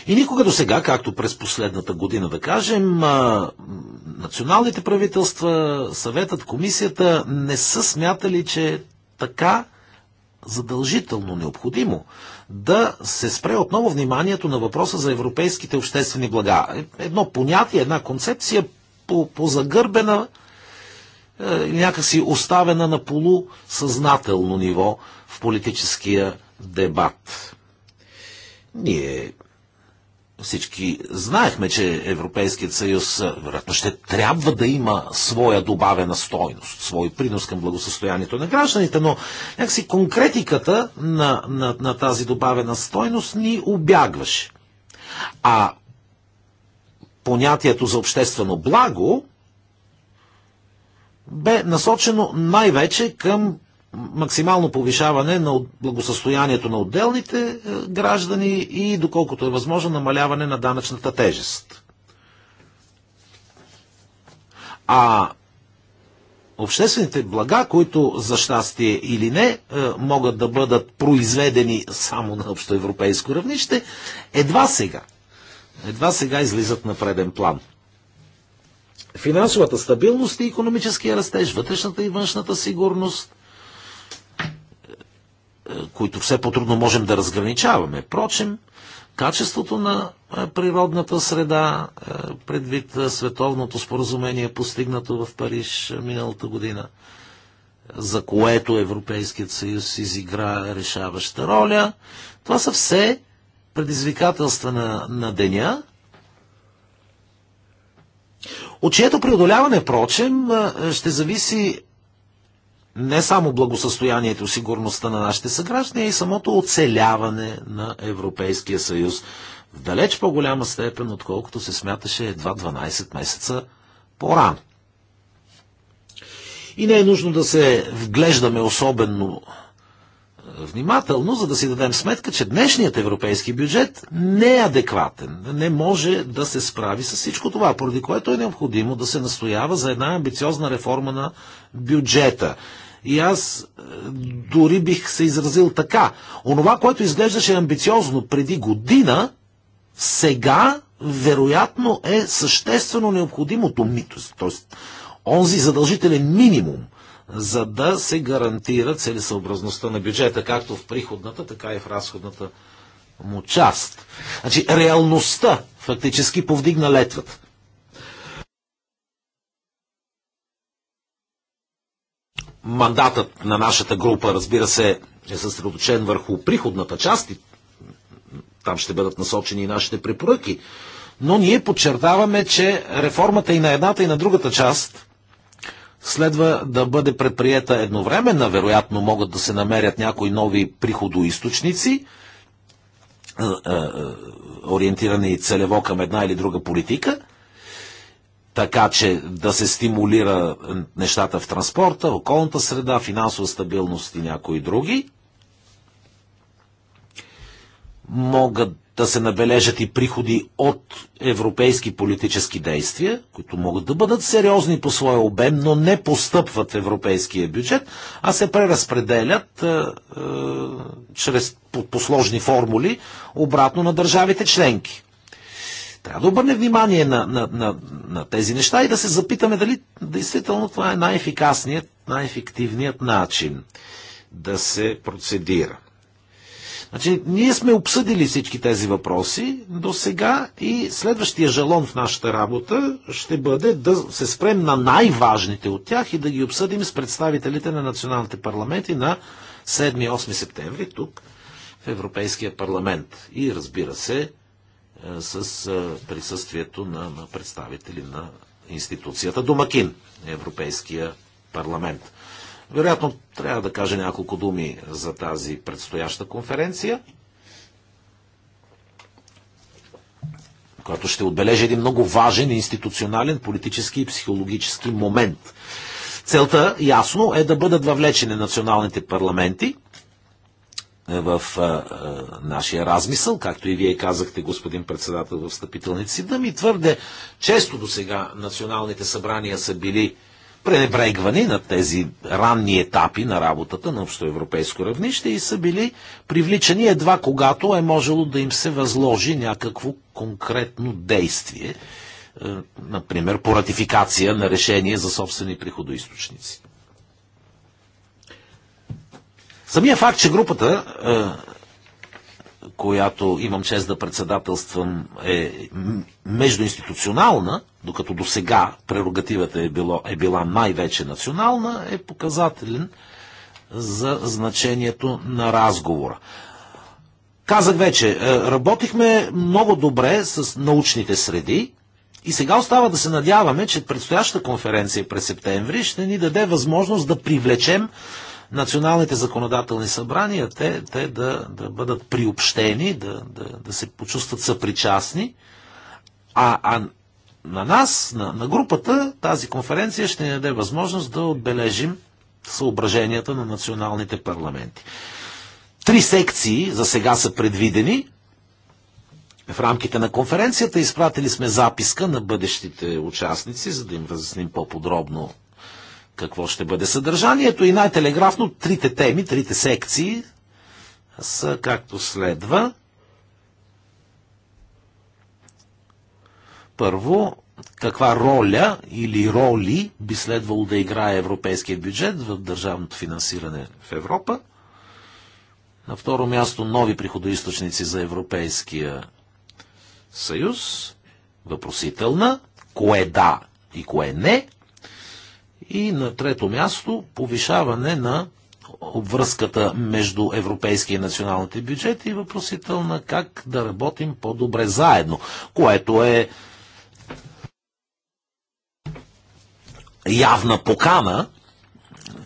Speaker 4: И никога до сега, както през последната година да кажем, националните правителства, съветът, комисията не са смятали, че е така задължително необходимо да се спре отново вниманието на въпроса за европейските обществени блага. Е, едно понятие, една концепция по, позагърбена е, или някакси оставена на полусъзнателно ниво в политическия дебат. Ние всички знаехме, че Европейският съюз е, вероятно ще трябва да има своя добавена стойност, свой принос към благосъстоянието на гражданите, но някакси конкретиката на, на, на тази добавена стойност ни обягваше. А понятието за обществено благо бе насочено най-вече към максимално повишаване на благосъстоянието на отделните е, граждани и, доколкото е възможно, намаляване на данъчната тежест. А обществените блага, които за щастие или не е, могат да бъдат произведени само на общоевропейско равнище, едва сега. Едва сега излизат на преден план. Финансовата стабилност и економическия растеж, вътрешната и външната сигурност, които все по-трудно можем да разграничаваме. Впрочем, качеството на е, природната среда, е, предвид е, световното споразумение, постигнато в Париж миналата година, за което Европейският съюз изигра решаваща роля. Това са все предизвикателства на, на деня, от чието преодоляване, впрочем, ще зависи не само благосъстоянието и сигурността на нашите съграждани, а и самото оцеляване на Европейския съюз в далеч по-голяма степен, отколкото се смяташе едва 12 месеца по-рано. И не е нужно да се вглеждаме особено е, внимателно, за да си дадем сметка, че днешният европейски бюджет не е адекватен, не може да се справи с всичко това, поради което е необходимо да се настоява за една амбициозна реформа на бюджета. И аз е, дори бих се изразил така. Онова, което изглеждаше амбициозно преди година, сега вероятно е съществено необходимото мито, т.е. онзи задължителен минимум, за да се гарантира целесъобразността на бюджета, както в приходната, така и в разходната му част. Значи, реалността фактически повдигна летвата. Мандатът на нашата група, разбира се, е съсредоточен върху приходната част и там ще бъдат насочени и нашите препоръки. Но ние подчертаваме, че реформата и на едната и на другата част следва да бъде предприета едновременно. Вероятно могат да се намерят някои нови приходоисточници, е, е, е, ориентирани целево към една или друга политика – така че да се стимулира нещата в транспорта, околната среда, финансова стабилност и някои други. Могат да се набележат и приходи от европейски политически действия, които могат да бъдат сериозни по своя обем, но не постъпват в европейския бюджет, а се преразпределят е, е, чрез, по, по сложни формули обратно на държавите членки. Трябва да обърнем внимание на, на, на, на тези неща и да се запитаме дали действително това е най-ефикасният, най-ефективният начин да се процедира. Значи, ние сме обсъдили всички тези въпроси до сега и следващия жалон в нашата работа ще бъде да се спрем на най-важните от тях и да ги обсъдим с представителите на националните парламенти на 7-8 септември тук в Европейския парламент. И разбира се, е, с е, присъствието на, представители на институцията Домакин, Европейския парламент. Вероятно, трябва да кажа няколко думи за тази предстояща конференция, която ще отбележи един много важен институционален, политически и психологически момент. Целта, ясно, е да бъдат въвлечени националните парламенти в а, а, нашия размисъл, както и вие казахте, господин председател, в встъпителните си дъми. Твърде често до сега националните събрания са били пренебрегвани на тези ранни етапи на работата на общоевропейско равнище и са били привличани едва когато е можело да им се възложи някакво конкретно действие, е, например по ратификация на решение за собствени приходоисточници. Самия факт, че групата, е, която имам чест да председателствам, е междуинституционална, докато до сега прерогативата е, било, е била най-вече национална, е показателен за значението на разговора. Казах вече, е, работихме много добре с научните среди и сега остава да се надяваме, че предстоящата конференция през септември ще ни даде възможност да привлечем националните законодателни събрания, те, те да, да бъдат приобщени, да, да, да се почувстват съпричастни, а, а на нас, на, на групата, тази конференция ще ни даде възможност да отбележим съображенията на националните парламенти. Три секции за сега са предвидени. В рамките на конференцията изпратили сме записка на бъдещите участници, за да им разясним по-подробно какво ще бъде съдържанието и най-телеграфно трите теми, трите секции са както следва. Първо, каква роля или роли би следвало да играе европейския бюджет в държавното финансиране в Европа. На второ място нови приходоисточници за Европейския съюз. Въпросителна. Кое да и кое не. И на трето място повишаване на обвръзката между европейския и националните бюджети и въпросителна как да работим по-добре заедно, което е явна покана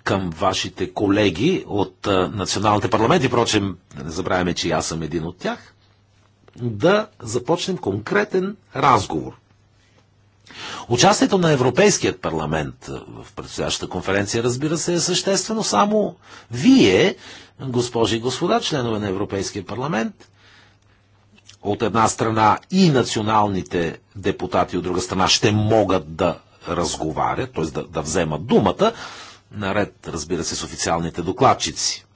Speaker 4: към вашите колеги от националните парламенти, прочем, не забравяме, че аз съм един от тях, да започнем конкретен разговор Участието на Европейският парламент в предстоящата конференция, разбира се, е съществено само вие, госпожи и господа, членове на Европейския парламент, от една страна и националните депутати от друга страна ще могат да разговарят, т.е. Да, да вземат думата, наред, разбира се, с официалните докладчици.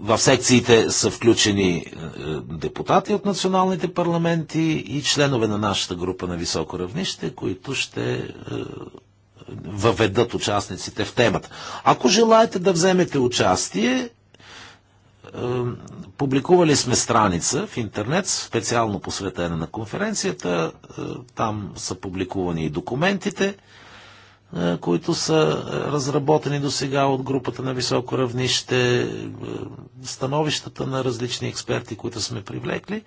Speaker 4: В секциите са включени е, депутати от националните парламенти и членове на нашата група на високо равнище, които ще е, въведат участниците в темата. Ако желаете да вземете участие, е, публикували сме страница в интернет, специално посветена на конференцията. Там са публикувани и документите. Е, които са е, разработени до сега от групата на високо равнище, е, становищата на различни експерти, които сме привлекли.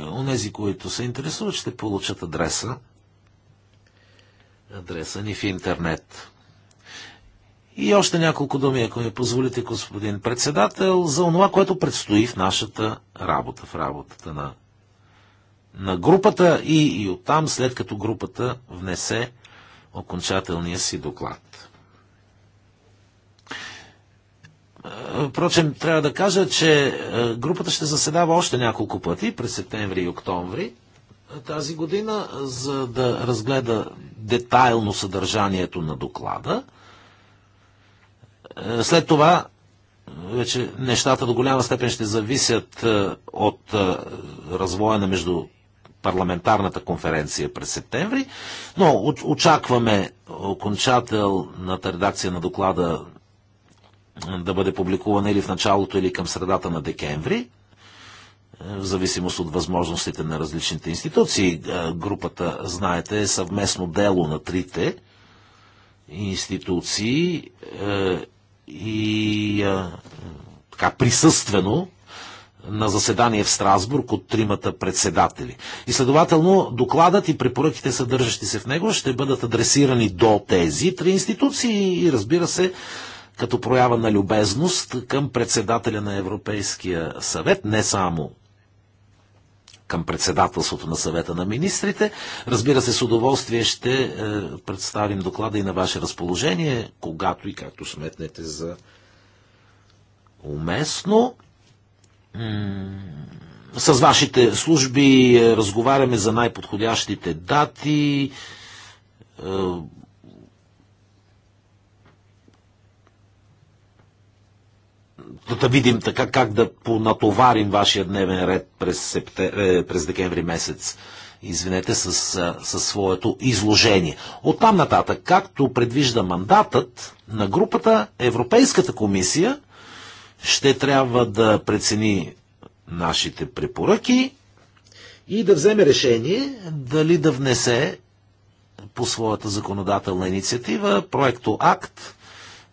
Speaker 4: Онези, които се интересуват, ще получат адреса. Адреса ни в интернет. И още няколко думи, ако ми позволите, господин председател, за това, което предстои в нашата работа, в работата на на групата и, и оттам, след като групата внесе окончателния си доклад. Е, впрочем, трябва да кажа, че е, групата ще заседава още няколко пъти през септември и октомври тази година, за да разгледа детайлно съдържанието на доклада. Е, след това вече нещата до голяма степен ще зависят от развоя на между парламентарната конференция през септември, но очакваме окончателната редакция на доклада да бъде публикувана или в началото, или към средата на декември, е, в зависимост от възможностите на различните институции. Е, групата, знаете, е съвместно дело на трите институции е, и така присъствено на заседание в Страсбург от тримата председатели. И следователно докладът и препоръките, съдържащи се в него, ще бъдат адресирани до тези три институции и разбира се, като проява на любезност към председателя на Европейския съвет, не само към председателството на съвета на министрите. Разбира се, с удоволствие ще е, представим доклада и на ваше разположение, когато и както сметнете за уместно с вашите служби е, разговаряме за най-подходящите дати. Е, да видим така как да понатоварим вашия дневен ред през, септем... Е, през декември месец. Извинете, с, с своето изложение. От там нататък, както предвижда мандатът на групата, Европейската комисия ще трябва да прецени нашите препоръки и да вземе решение дали да внесе по своята законодателна инициатива проекто акт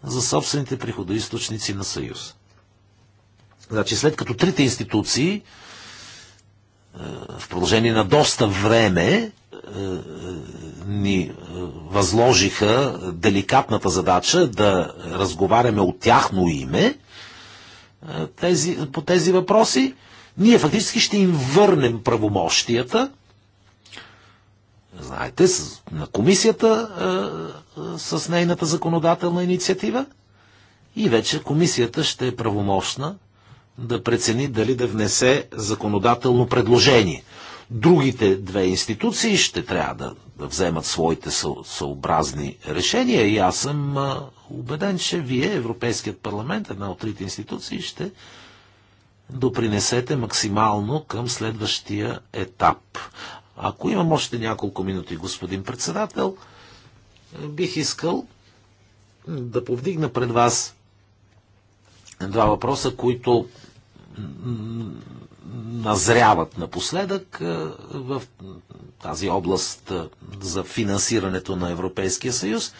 Speaker 4: за собствените приходоисточници на Съюз. Значи след като трите институции е, в продължение на доста време е, ни е, възложиха деликатната задача да разговаряме от тяхно име, тези, по тези въпроси, ние фактически ще им върнем правомощията, знаете, на комисията с нейната законодателна инициатива и вече комисията ще е правомощна да прецени дали да внесе законодателно предложение. Другите две институции ще трябва да, да вземат своите съобразни решения и аз съм убеден, че вие, Европейският парламент, една от трите институции, ще допринесете максимално към следващия етап. Ако имам още няколко минути, господин председател, бих искал да повдигна пред вас два въпроса, които назряват напоследък е, в тази област е, за финансирането на Европейския съюз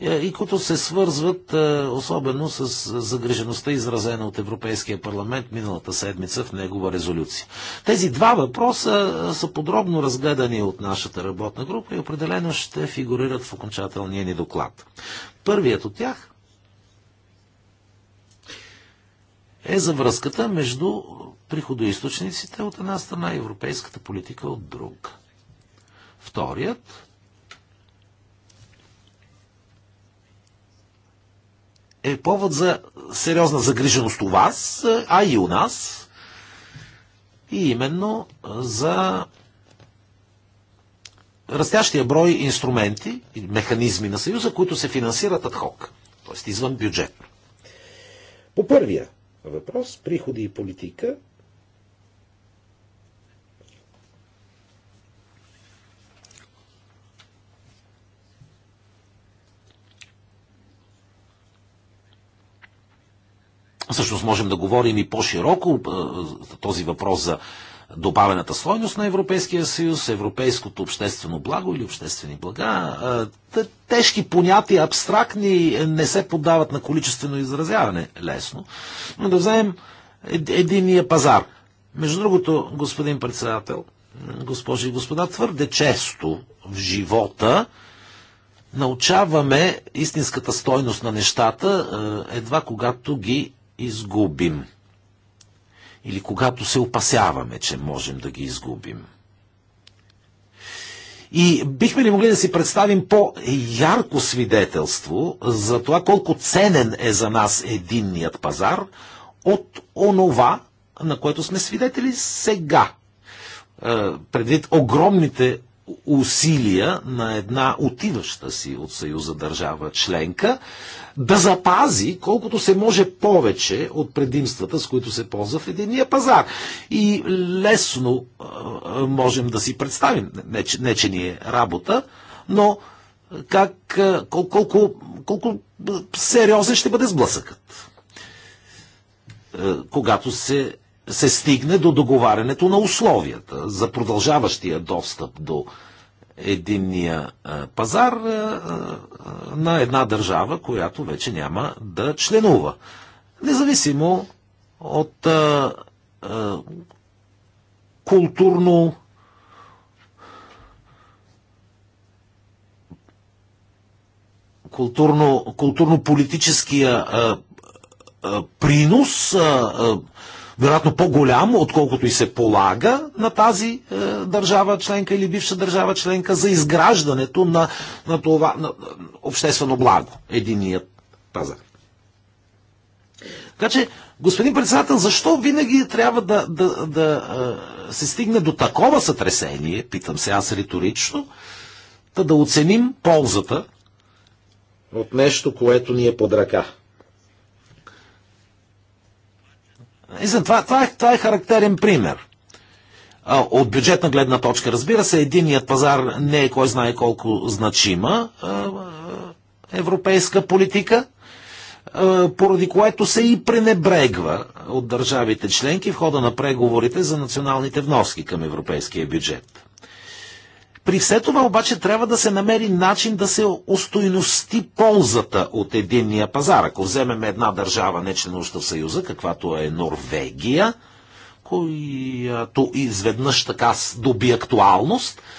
Speaker 4: е, и които се свързват особено с загрижеността, изразена от Европейския парламент миналата седмица в негова резолюция. Тези два въпроса са подробно разгледани от нашата работна група и определено ще фигурират в окончателния ни доклад. Първият от тях е за връзката между приходоисточниците от една страна и европейската политика от друг. Вторият е повод за сериозна загриженост у вас, а и у нас, и именно за растящия брой инструменти и механизми на Съюза, които се финансират адхок, т.е. извън бюджетно. По първия въпрос, приходи и политика, Всъщност можем да говорим и по-широко този въпрос за добавената стойност на Европейския съюз, европейското обществено благо или обществени блага. Тежки понятия, абстрактни, не се поддават на количествено изразяване лесно. Но да вземем единия пазар. Между другото, господин председател, госпожи и господа, твърде често в живота научаваме истинската стойност на нещата едва когато ги изгубим. Или когато се опасяваме, че можем да ги изгубим. И бихме ли могли да си представим по-ярко свидетелство за това колко ценен е за нас единният пазар от онова, на което сме свидетели сега, е, предвид огромните усилия на една отиваща си от Съюза държава членка да запази колкото се може повече от предимствата, с които се ползва в единия пазар. И лесно можем да си представим, не, не че ни е работа, но как, кол, колко, колко сериозен ще бъде сблъсъкът, когато се се стигне до договарянето на условията за продължаващия достъп до единния пазар на една държава, която вече няма да членува. Независимо от културно културно, културно-политическия принос, а, а, вероятно по-голям, отколкото и се полага на тази е, държава членка или бивша държава членка за изграждането на, на това на, обществено благо, единият пазар. Така че, господин председател, защо винаги трябва да, да, да е, се стигне до такова сътресение, питам се аз риторично, да, да оценим ползата от нещо, което ни е под ръка. Това, това, е, това е характерен пример. От бюджетна гледна точка, разбира се, единият пазар не е кой знае колко значима европейска политика, поради което се и пренебрегва от държавите членки в хода на преговорите за националните вноски към европейския бюджет. При все това обаче трябва да се намери начин да се устойности ползата от единния пазар. Ако вземем една държава, не членуваща в Съюза, каквато е Норвегия, която изведнъж така доби актуалност –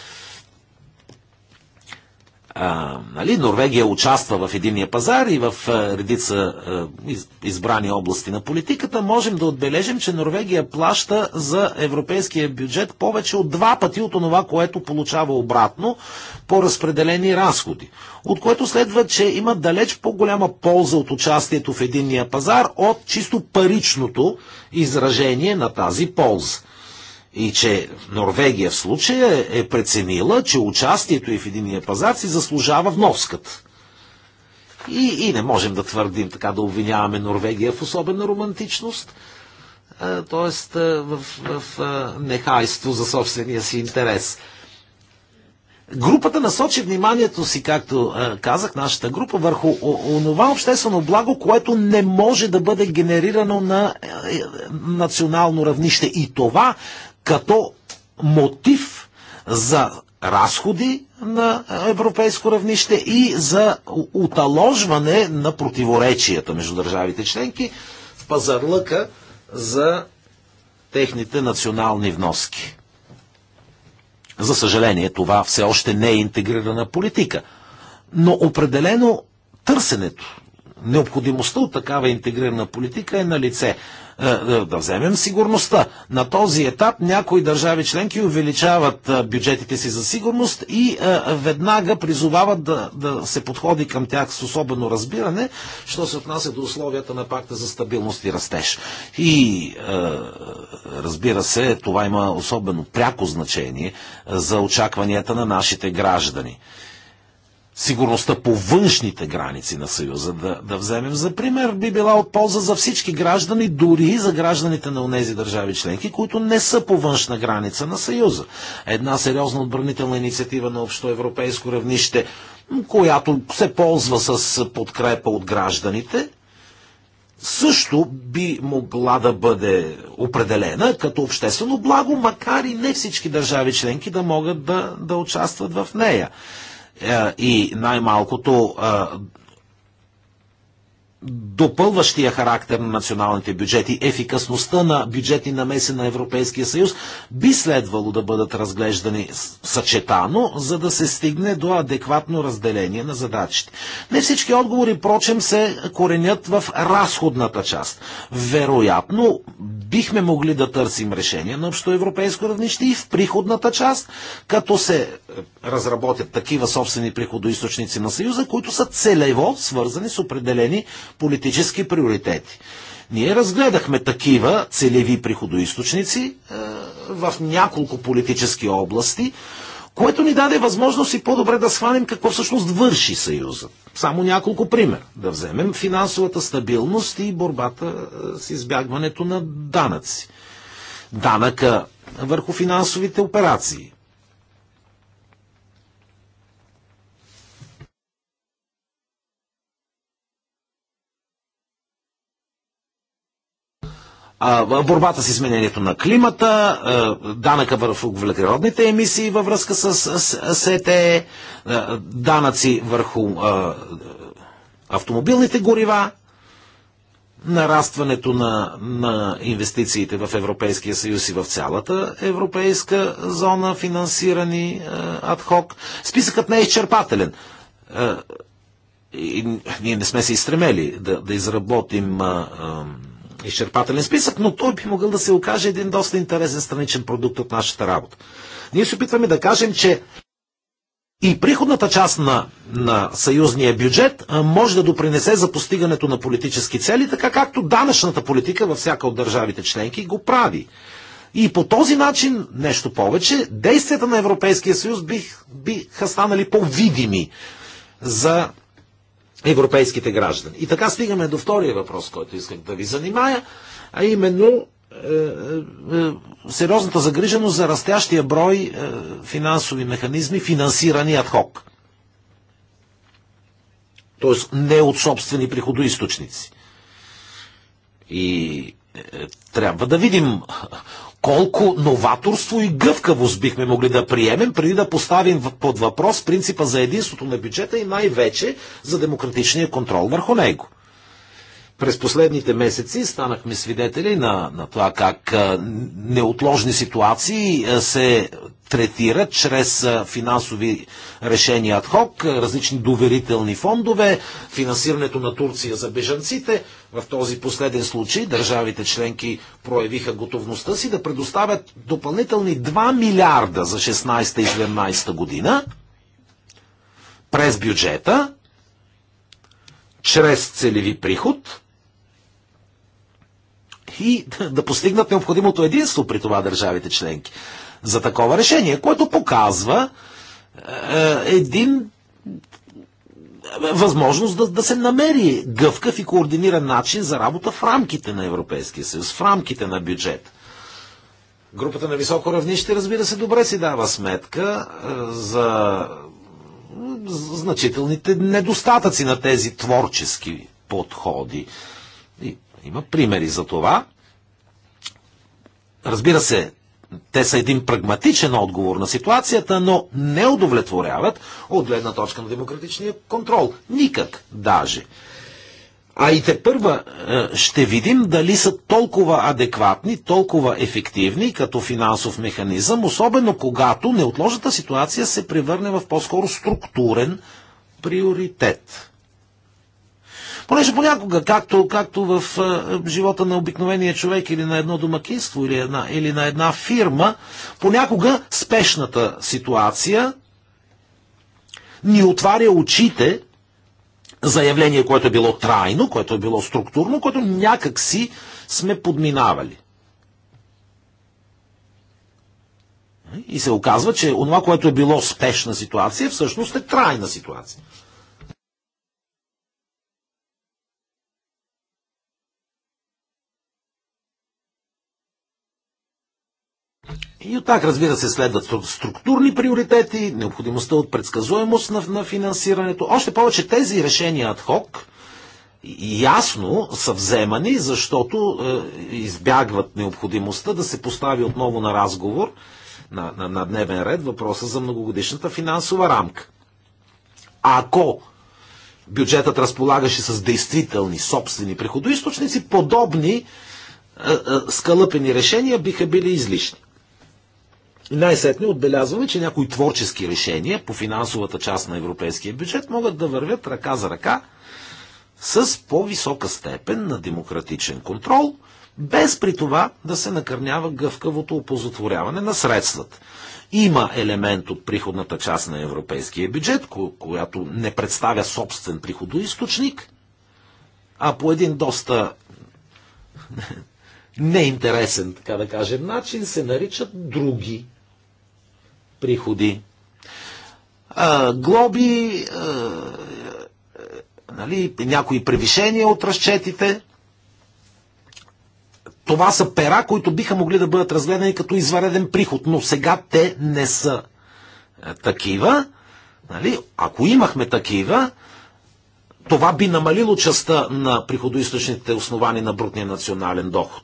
Speaker 4: а, нали, Норвегия участва в единия пазар и в а, редица а, из, избрани области на политиката. Можем да отбележим, че Норвегия плаща за европейския бюджет повече от два пъти от това, което получава обратно по разпределени разходи. От което следва, че има далеч по-голяма полза от участието в единния пазар от чисто паричното изражение на тази полза и че Норвегия в случая е преценила, че участието и в единия пазар си заслужава вноската. И, и не можем да твърдим така, да обвиняваме Норвегия в особена романтичност, т.е. в, в, в нехайство за собствения си интерес. Групата насочи вниманието си, както казах, нашата група, върху онова обществено благо, което не може да бъде генерирано на е, е, национално равнище. И това като мотив за разходи на европейско равнище и за уталожване на противоречията между държавите членки в пазарлъка за техните национални вноски. За съжаление, това все още не е интегрирана политика. Но определено търсенето Необходимостта от такава интегрирана политика е на лице. Е, е, да вземем сигурността. На този етап някои държави членки увеличават е, бюджетите си за сигурност и веднага призовават да, да се подходи към тях с особено разбиране, що се отнася до условията на пакта за стабилност и растеж. И разбира се, това има особено пряко значение за очакванията на нашите граждани сигурността по външните граници на Съюза, да, да вземем за пример, би била от полза за всички граждани, дори и за гражданите на тези държави членки, които не са по външна граница на Съюза. Една сериозна отбранителна инициатива на общоевропейско равнище, която се ползва с подкрепа от гражданите, също би могла да бъде определена като обществено благо, макар и не всички държави членки да могат да, да участват в нея. Е, и най-малкото е, допълващия характер на националните бюджети, ефикасността на на меси на Европейския съюз, би следвало да бъдат разглеждани съчетано, за да се стигне до адекватно разделение на задачите. Не всички отговори, прочем, се коренят в разходната част. Вероятно, бихме могли да търсим решение на общоевропейско равнище и в приходната част, като се е, разработят такива собствени приходоисточници на Съюза, които са целево свързани с определени политически приоритети. Ние разгледахме такива целеви приходоисточници е, в няколко политически области, което ни даде възможност и по-добре да схванем какво всъщност върши Съюза. Само няколко пример. Да вземем финансовата стабилност и борбата е, с избягването на данъци. Данъка върху финансовите операции. борбата с изменението на климата, данъка върху въглеродните емисии във връзка с СТЕ, данъци върху автомобилните горива, нарастването на, на инвестициите в Европейския съюз и в цялата европейска зона, финансирани адхок. Списъкът не е изчерпателен. И, ние не сме се изстремели да, да изработим а, а, изчерпателен списък, но той би могъл да се окаже един доста интересен страничен продукт от нашата работа. Ние се опитваме да кажем, че и приходната част на, на съюзния бюджет може да допринесе за постигането на политически цели, така както данъчната политика във всяка от държавите членки го прави. И по този начин, нещо повече, действията на Европейския съюз бих, биха станали по-видими за европейските граждани. И така стигаме до втория въпрос, който исках да ви занимая, а именно е, е, е сериозната загриженост за растящия брой е, финансови механизми, финансирани адхок. Тоест не от собствени приходоисточници. И е, трябва да видим колко новаторство и гъвкавост бихме могли да приемем, преди да поставим под въпрос принципа за единството на бюджета и най-вече за демократичния контрол върху него. През последните месеци станахме свидетели на, на това как неотложни ситуации се третират чрез финансови решения адхок, различни доверителни фондове, финансирането на Турция за бежанците. В този последен случай държавите членки проявиха готовността си да предоставят допълнителни 2 милиарда за 16 и 17 година през бюджета, чрез целеви приход – и да постигнат необходимото единство при това държавите членки за такова решение, което показва е, един е, възможност да, да се намери гъвкав и координиран начин за работа в рамките на Европейския съюз, в рамките на бюджет. Групата на високо равнище, разбира се, добре си дава сметка е, за значителните недостатъци на тези творчески подходи. Има примери за това. Разбира се, те са един прагматичен отговор на ситуацията, но не удовлетворяват от гледна точка на демократичния контрол. Никак даже. А и те първа е, ще видим дали са толкова адекватни, толкова ефективни като финансов механизъм, особено когато неотложната ситуация се превърне в по-скоро структурен приоритет. Понеже понякога, както, както в живота на обикновения човек или на едно домакинство или, една, или на една фирма, понякога спешната ситуация ни отваря очите за явление, което е било трайно, което е било структурно, което някак си сме подминавали. И се оказва, че онова, което е било спешна ситуация, всъщност е трайна ситуация. И от так разбира се, следват структурни приоритети, необходимостта от предсказуемост на, на финансирането. Още повече тези решения адхок ясно са вземани, защото е, избягват необходимостта да се постави отново на разговор на, на, на дневен ред въпроса за многогодишната финансова рамка. А ако бюджетът разполагаше с действителни собствени приходоисточници, подобни е, е, скалъпени решения биха били излишни. И най-сетне отбелязваме, че някои творчески решения по финансовата част на европейския бюджет могат да вървят ръка за ръка с по-висока степен на демократичен контрол, без при това да се накърнява гъвкавото опозотворяване на средствата. Има елемент от приходната част на европейския бюджет, която не представя собствен приходоисточник, а по един доста неинтересен, така да кажем, начин се наричат други приходи. А, глоби, а, нали, някои превишения от разчетите. Това са пера, които биха могли да бъдат разгледани като извареден приход, но сега те не са такива. Нали? Ако имахме такива, това би намалило частта на приходоисточните основани на брутния национален доход.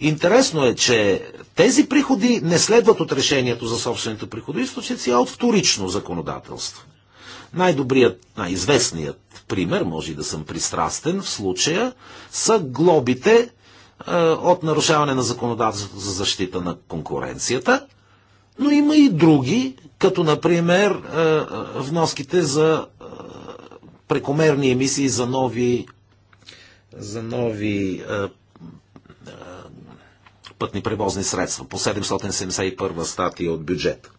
Speaker 4: Интересно е, че тези приходи не следват от решението за собствените приходоисточници, а от вторично законодателство. Най-добрият, най-известният пример, може да съм пристрастен в случая, са глобите е, от нарушаване на законодателството за защита на конкуренцията, но има и други, като например е, е вноските за е, прекомерни емисии за нови, за нови е, пътни превозни средства по 771 статия от бюджет.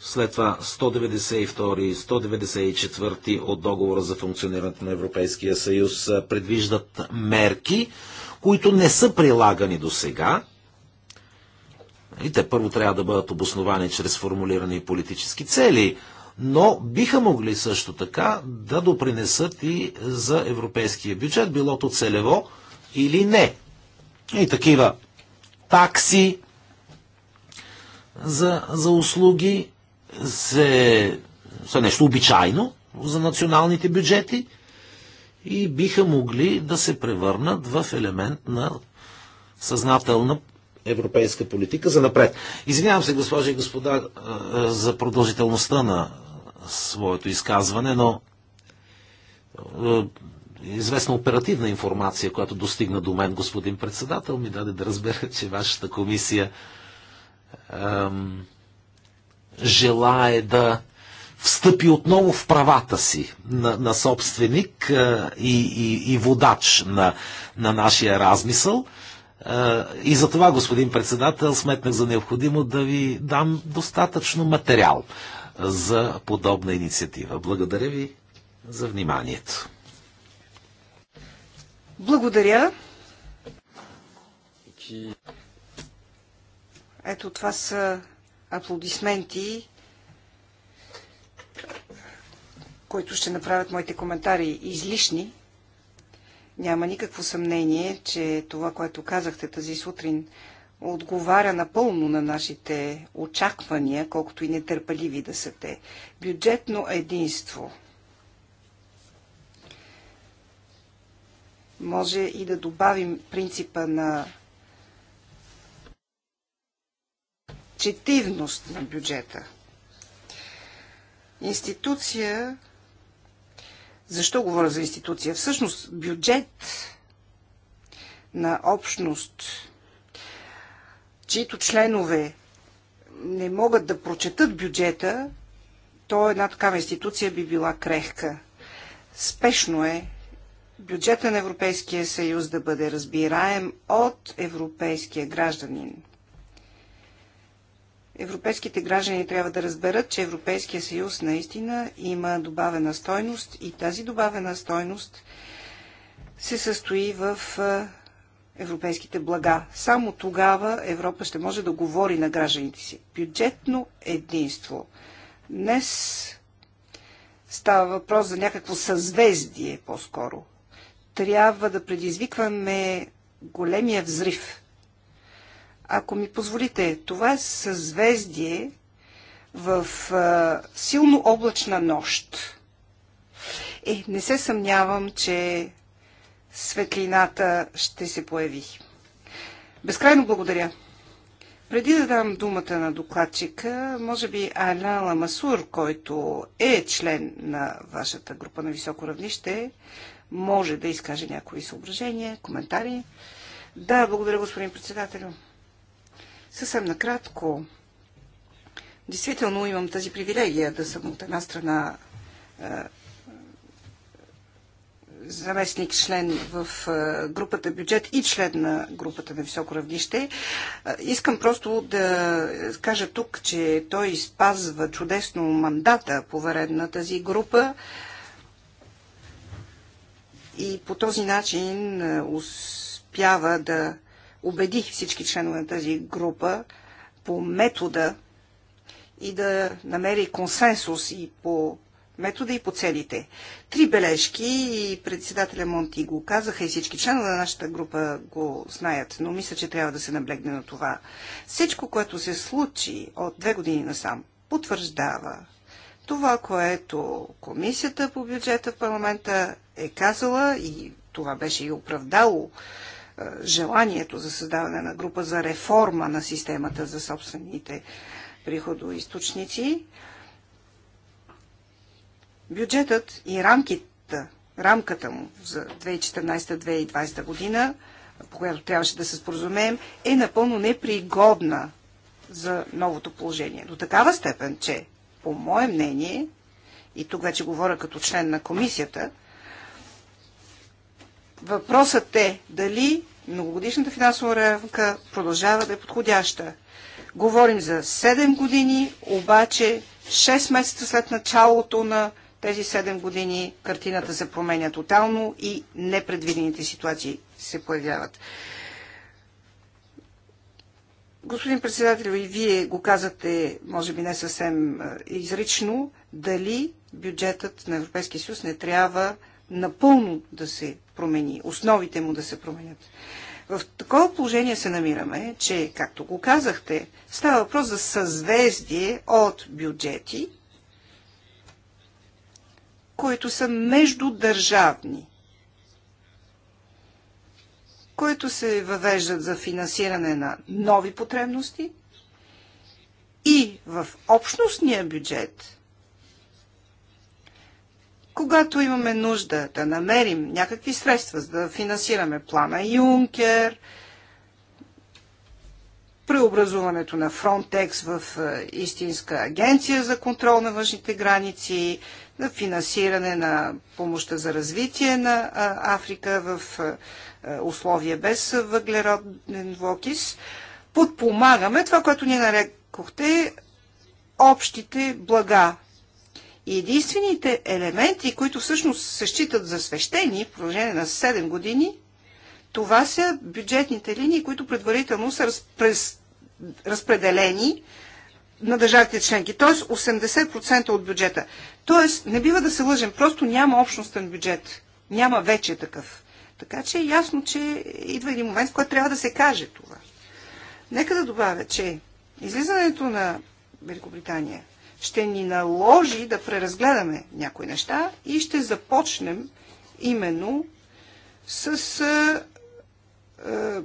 Speaker 4: След това 192 и 194 от договора за функционирането на Европейския съюз предвиждат мерки, които не са прилагани до сега. И те първо трябва да бъдат обосновани чрез формулирани политически цели, но биха могли също така да допринесат и за европейския бюджет, билото целево или не. И такива такси за, за услуги се, са нещо обичайно за националните бюджети и биха могли да се превърнат в елемент на съзнателна европейска политика за напред. Извинявам се, госпожи и господа, за продължителността на своето изказване, но известна оперативна информация, която достигна до мен, господин председател, ми даде да разбера, че вашата комисия ем, желае да встъпи отново в правата си на, на собственик е, и, и, и водач на, на нашия размисъл. и за това, господин председател, сметнах за необходимо да ви дам достатъчно материал за подобна инициатива. Благодаря ви за вниманието.
Speaker 1: Благодаря. Ето това са аплодисменти, които ще направят моите коментари излишни. Няма никакво съмнение, че това, което казахте тази сутрин, отговаря напълно на нашите очаквания, колкото и нетърпеливи да са те. Бюджетно единство – може и да добавим принципа на четивност на бюджета. Институция. Защо говоря за институция? Всъщност бюджет на общност, чието членове не могат да прочетат бюджета, то една такава институция би била крехка. Спешно е бюджета на Европейския съюз да бъде разбираем от европейския гражданин. Европейските граждани трябва да разберат, че Европейския съюз наистина има добавена стойност и тази добавена стойност се състои в европейските блага. Само тогава Европа ще може да говори на гражданите си. Бюджетно единство. Днес става въпрос за някакво съзвездие по-скоро трябва да предизвикваме големия взрив. Ако ми позволите, това е съзвездие в а, силно облачна нощ. Е, не се съмнявам, че светлината ще се появи. Безкрайно благодаря. Преди да дам думата на докладчика, може би Аля Ламасур, който е член на вашата група на високо равнище, може да изкаже някои съображения, коментари. Да, благодаря, господин председател. Съвсем накратко. Действително имам тази привилегия да съм от една страна заместник член в групата бюджет и член на групата на високо равнище. Искам просто да кажа тук, че той спазва чудесно мандата поверен на тази група и по този начин е, успява да убеди всички членове на тази група по метода и да намери консенсус и по метода и по целите. Три бележки и председателя Монти го казаха и всички членове на нашата група го знаят, но мисля, че трябва да се наблегне на това. Всичко, което се случи от две години насам, потвърждава това, което комисията по бюджета в парламента е казала и това беше и оправдало е, желанието за създаване на група за реформа на системата за собствените приходоисточници. Бюджетът и рамките, рамката му за 2014-2020 година, по която трябваше да се споразумеем, е напълно непригодна за новото положение. До такава степен, че, по мое мнение, и тук вече говоря като член на комисията, Въпросът е дали многогодишната финансова рамка продължава да е подходяща. Говорим за 7 години, обаче 6 месеца след началото на тези 7 години картината се променя тотално и непредвидените ситуации се появяват. Господин председател, и вие го казате, може би не съвсем изрично, дали бюджетът на Европейския съюз не трябва напълно да се промени, основите му да се променят. В такова положение се намираме, че, както го казахте, става въпрос за съзвездие от бюджети, които са междудържавни, които се въвеждат за финансиране на нови потребности и в общностния бюджет – когато имаме нужда да намерим някакви средства, за да финансираме плана Юнкер, преобразуването на Frontex в е, истинска агенция за контрол на външните граници, на финансиране на помощта за развитие на Африка в е, е, условия без въглероден вокис, подпомагаме това, което ние нарекохте общите блага и единствените елементи, които всъщност се считат за свещени в продължение на 7 години, това са бюджетните линии, които предварително са разпределени на държавите членки, т.е. 80% от бюджета. Т.е. не бива да се лъжем, просто няма общностен бюджет. Няма вече такъв. Така че е ясно, че идва един момент, в който трябва да се каже това. Нека да добавя, че излизането на Великобритания ще ни наложи да преразгледаме някои неща и ще започнем именно с а, а,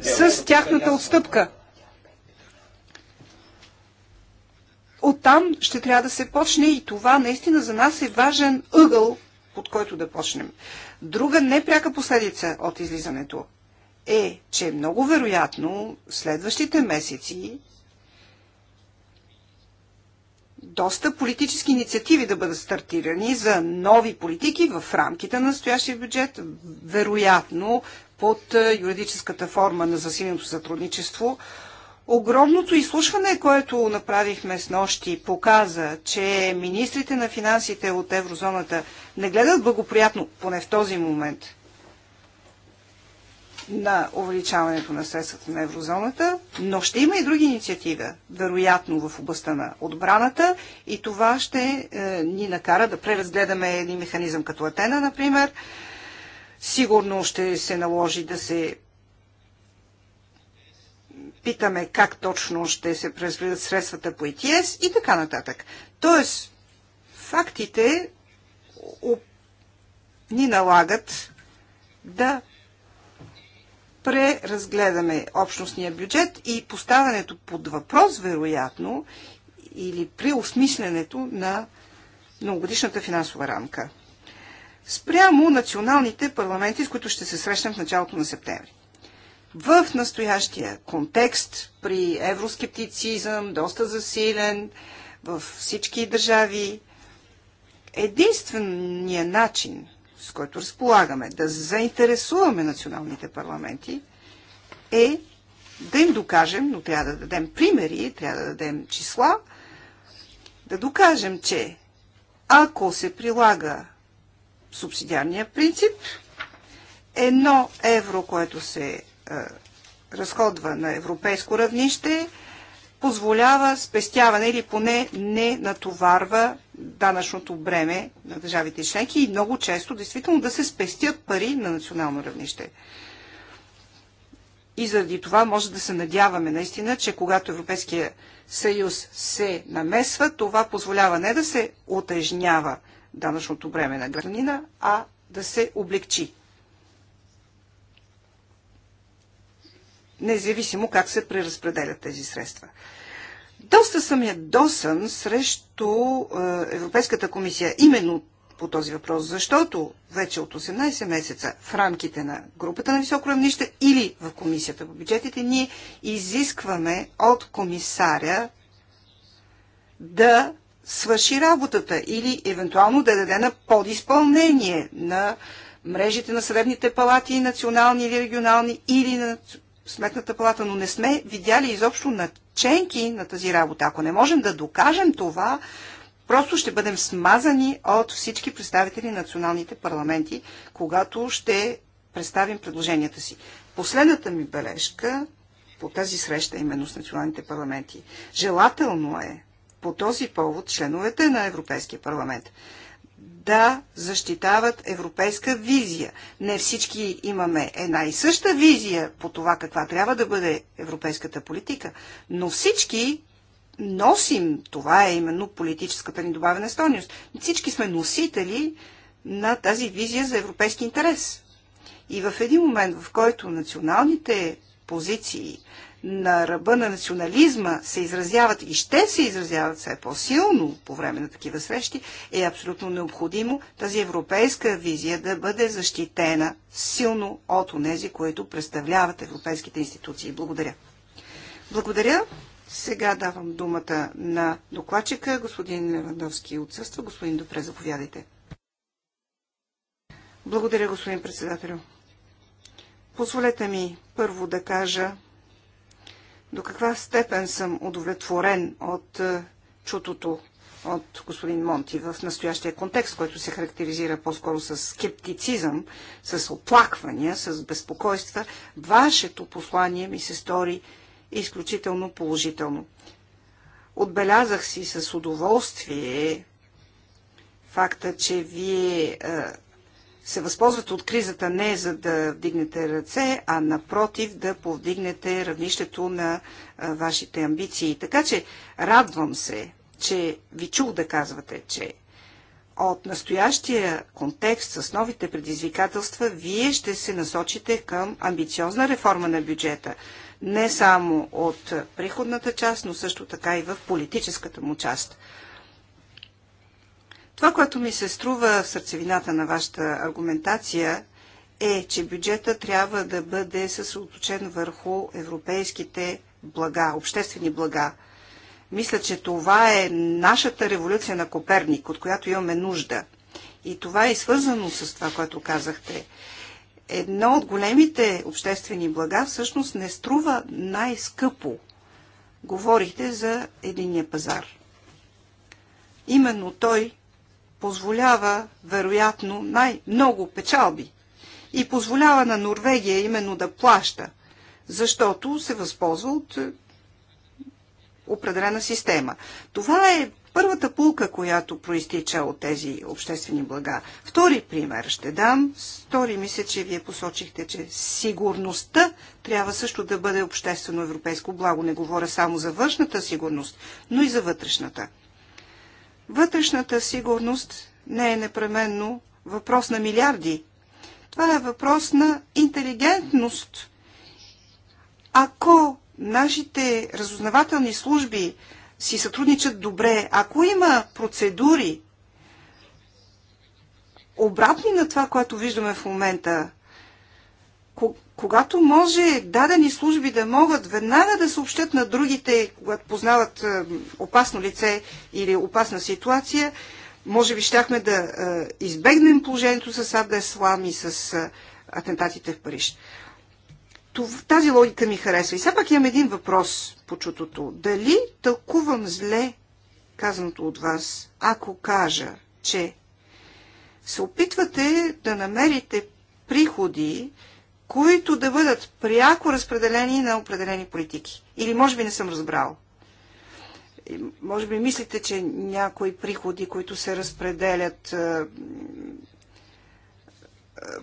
Speaker 1: с тяхната отстъпка. Оттам ще трябва да се почне и това наистина за нас е важен ъгъл, под който да почнем. Друга непряка последица от излизането е, че е много вероятно следващите месеци доста политически инициативи да бъдат стартирани за нови политики в рамките на настоящия бюджет, вероятно под е, юридическата форма на засиленото сътрудничество. Огромното изслушване, което направихме с нощи, показа, че министрите на финансите от еврозоната не гледат благоприятно, поне в този момент – на увеличаването на средствата на еврозоната, но ще има и други инициативи, вероятно в областта на отбраната и това ще е, ни накара да преразгледаме един механизъм като Атена, например. Сигурно ще се наложи да се питаме как точно ще се преразгледат средствата по ИТС и така нататък. Тоест, фактите ни налагат да преразгледаме общностния бюджет и поставянето под въпрос, вероятно, или преосмисленето на многогодишната финансова рамка. Спрямо националните парламенти, с които ще се срещнем в началото на септември. В настоящия контекст при евроскептицизъм, доста засилен във всички държави, единственият начин с който разполагаме, да заинтересуваме националните парламенти, е да им докажем, но трябва да дадем примери, трябва да дадем числа, да докажем, че ако се прилага субсидиарния принцип, едно евро, което се е, разходва на европейско равнище, позволява спестяване или поне не натоварва данъчното бреме на държавите членки и много често действително да се спестят пари на национално равнище. И заради това може да се надяваме наистина, че когато Европейския съюз се намесва, това позволява не да се отежнява данъчното бреме на гранина, а да се облегчи. Независимо как се преразпределят тези средства. Доста съм ядосан срещу е, Европейската комисия именно по този въпрос, защото вече от 18 месеца в рамките на групата на високо равнище или в комисията по бюджетите ние изискваме от комисаря да свърши работата или евентуално да даде на подизпълнение на мрежите на съдебните палати, национални или регионални, или на Сметната палата, но не сме видяли изобщо на ченки на тази работа. Ако не можем да докажем това, просто ще бъдем смазани от всички представители на националните парламенти, когато ще представим предложенията си. Последната ми бележка по тази среща именно с националните парламенти. Желателно е по този повод членовете на Европейския парламент да защитават европейска визия. Не всички имаме една и съща визия по това каква трябва да бъде европейската политика, но всички носим, това е именно политическата ни добавена стойност, всички сме носители на тази визия за европейски интерес. И в един момент, в който националните позиции на ръба на национализма се изразяват и ще се изразяват все по-силно по време на такива срещи, е абсолютно необходимо тази европейска визия да бъде защитена силно от онези, които представляват европейските институции. Благодаря. Благодаря. Сега давам думата на докладчика. Господин Левандовски отсъства. Господин Допре, заповядайте. Благодаря, господин председател. Позволете ми първо да кажа до каква степен съм удовлетворен от е, чутото от господин Монти в настоящия контекст, който се характеризира по-скоро с скептицизъм, с оплаквания, с безпокойства, вашето послание ми се стори изключително положително. Отбелязах си с удоволствие факта, че вие е, се възползвате от кризата не за да вдигнете ръце, а напротив да повдигнете равнището на вашите амбиции. Така че радвам се, че ви чух да казвате, че от настоящия контекст с новите предизвикателства вие ще се насочите към амбициозна реформа на бюджета. Не само от приходната част, но също така и в политическата му част. Това, което ми се струва в сърцевината на вашата аргументация е, че бюджета трябва да бъде съсредоточен върху европейските блага, обществени блага. Мисля, че това е нашата революция на Коперник, от която имаме нужда. И това е свързано с това, което казахте. Едно от големите обществени блага всъщност не струва най-скъпо. Говорихте за единия пазар. Именно той позволява, вероятно, най-много печалби и позволява на Норвегия именно да плаща, защото се възползва от е, определена система. Това е първата пулка, която проистича от тези обществени блага. Втори пример ще дам. Втори мисля, че вие посочихте, че сигурността трябва също да бъде обществено европейско благо. Не говоря само за външната сигурност, но и за вътрешната. Вътрешната сигурност не е непременно въпрос на милиарди. Това е въпрос на интелигентност. Ако нашите разузнавателни служби си сътрудничат добре, ако има процедури, обратни на това, което виждаме в момента, когато може дадени служби да могат веднага да съобщат на другите, когато познават е, опасно лице или опасна ситуация, може би щяхме да е, избегнем положението с Абдеслам и с е, атентатите в Париж. Тази логика ми харесва. И все пак имам един въпрос по чутото. Дали тълкувам зле казаното от вас, ако кажа, че се опитвате да намерите приходи, които да бъдат пряко разпределени на определени политики. Или може би не съм разбрал. Може би мислите, че някои приходи, които се разпределят е, е,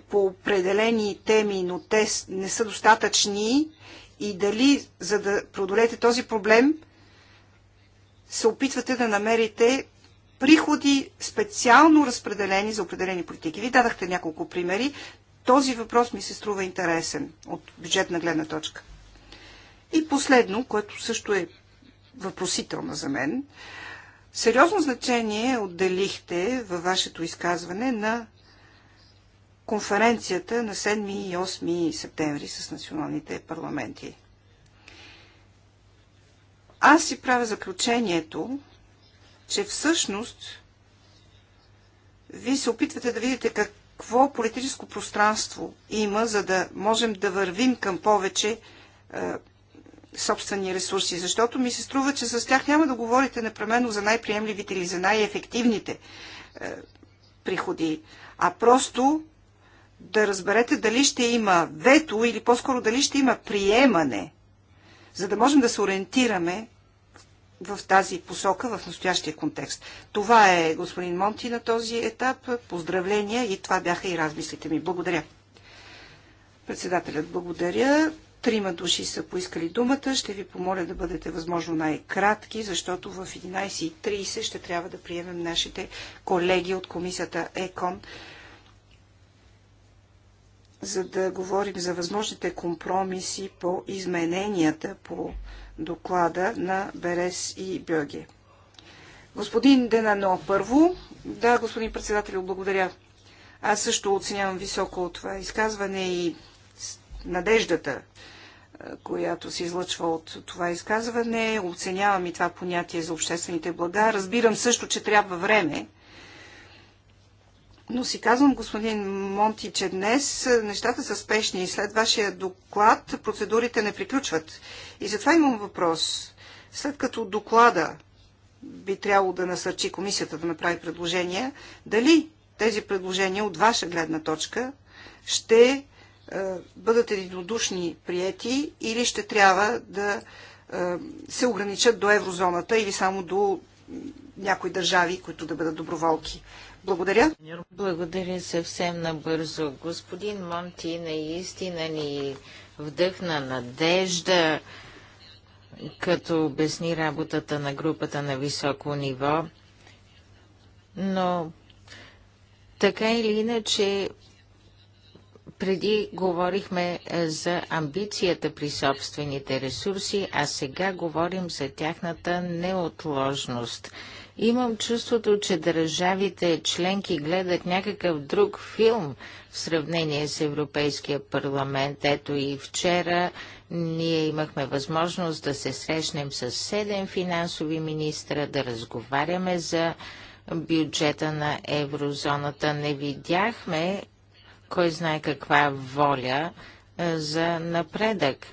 Speaker 1: по определени теми, но те не са достатъчни и дали, за да продолете този проблем, се опитвате да намерите приходи специално разпределени за определени политики. Ви дадахте няколко примери. Този въпрос ми се струва интересен от бюджетна гледна точка. И последно, което също е въпросително за мен, сериозно значение отделихте във вашето изказване на конференцията на 7 и 8 септември с националните парламенти. Аз си правя заключението, че всъщност вие се опитвате да видите как, какво политическо пространство има, за да можем да вървим към повече е, собствени ресурси. Защото ми се струва, че с тях няма да говорите непременно за най-приемливите или за най-ефективните е, приходи, а просто да разберете дали ще има вето или по-скоро дали ще има приемане, за да можем да се ориентираме в тази посока в настоящия контекст. Това е, господин Монти, на този етап. Поздравления и това бяха и размислите ми. Благодаря. Председателят, благодаря. Трима души са поискали думата. Ще ви помоля да бъдете възможно най-кратки, защото в 11.30 ще трябва да приемем нашите колеги от комисията ЕКОН, за да говорим за възможните компромиси по измененията по доклада на Берес и Бьоге. Господин Денано, първо. Да, господин председател, благодаря. Аз също оценявам високо това изказване и надеждата, която се излъчва от това изказване. Оценявам и това понятие за обществените блага. Разбирам също, че трябва време, но си казвам, господин Монти, че днес е, нещата са спешни и след вашия доклад процедурите не приключват. И затова имам въпрос. След като доклада би трябвало да насърчи комисията да направи предложения, дали тези предложения от ваша гледна точка ще е, бъдат единодушни приети или ще трябва да е, се ограничат до еврозоната или само до някои държави, които да бъдат доброволки. Благодаря.
Speaker 3: Благодаря съвсем набързо. Господин Монти наистина ни вдъхна надежда, като обясни работата на групата на високо ниво. Но така или иначе, преди говорихме за амбицията при собствените ресурси, а сега говорим за тяхната неотложност – Имам чувството, че държавите членки гледат някакъв друг филм в сравнение с Европейския парламент. Ето и вчера ние имахме възможност да се срещнем с седем финансови министра, да разговаряме за бюджета на еврозоната. Не видяхме кой знае каква воля за напредък.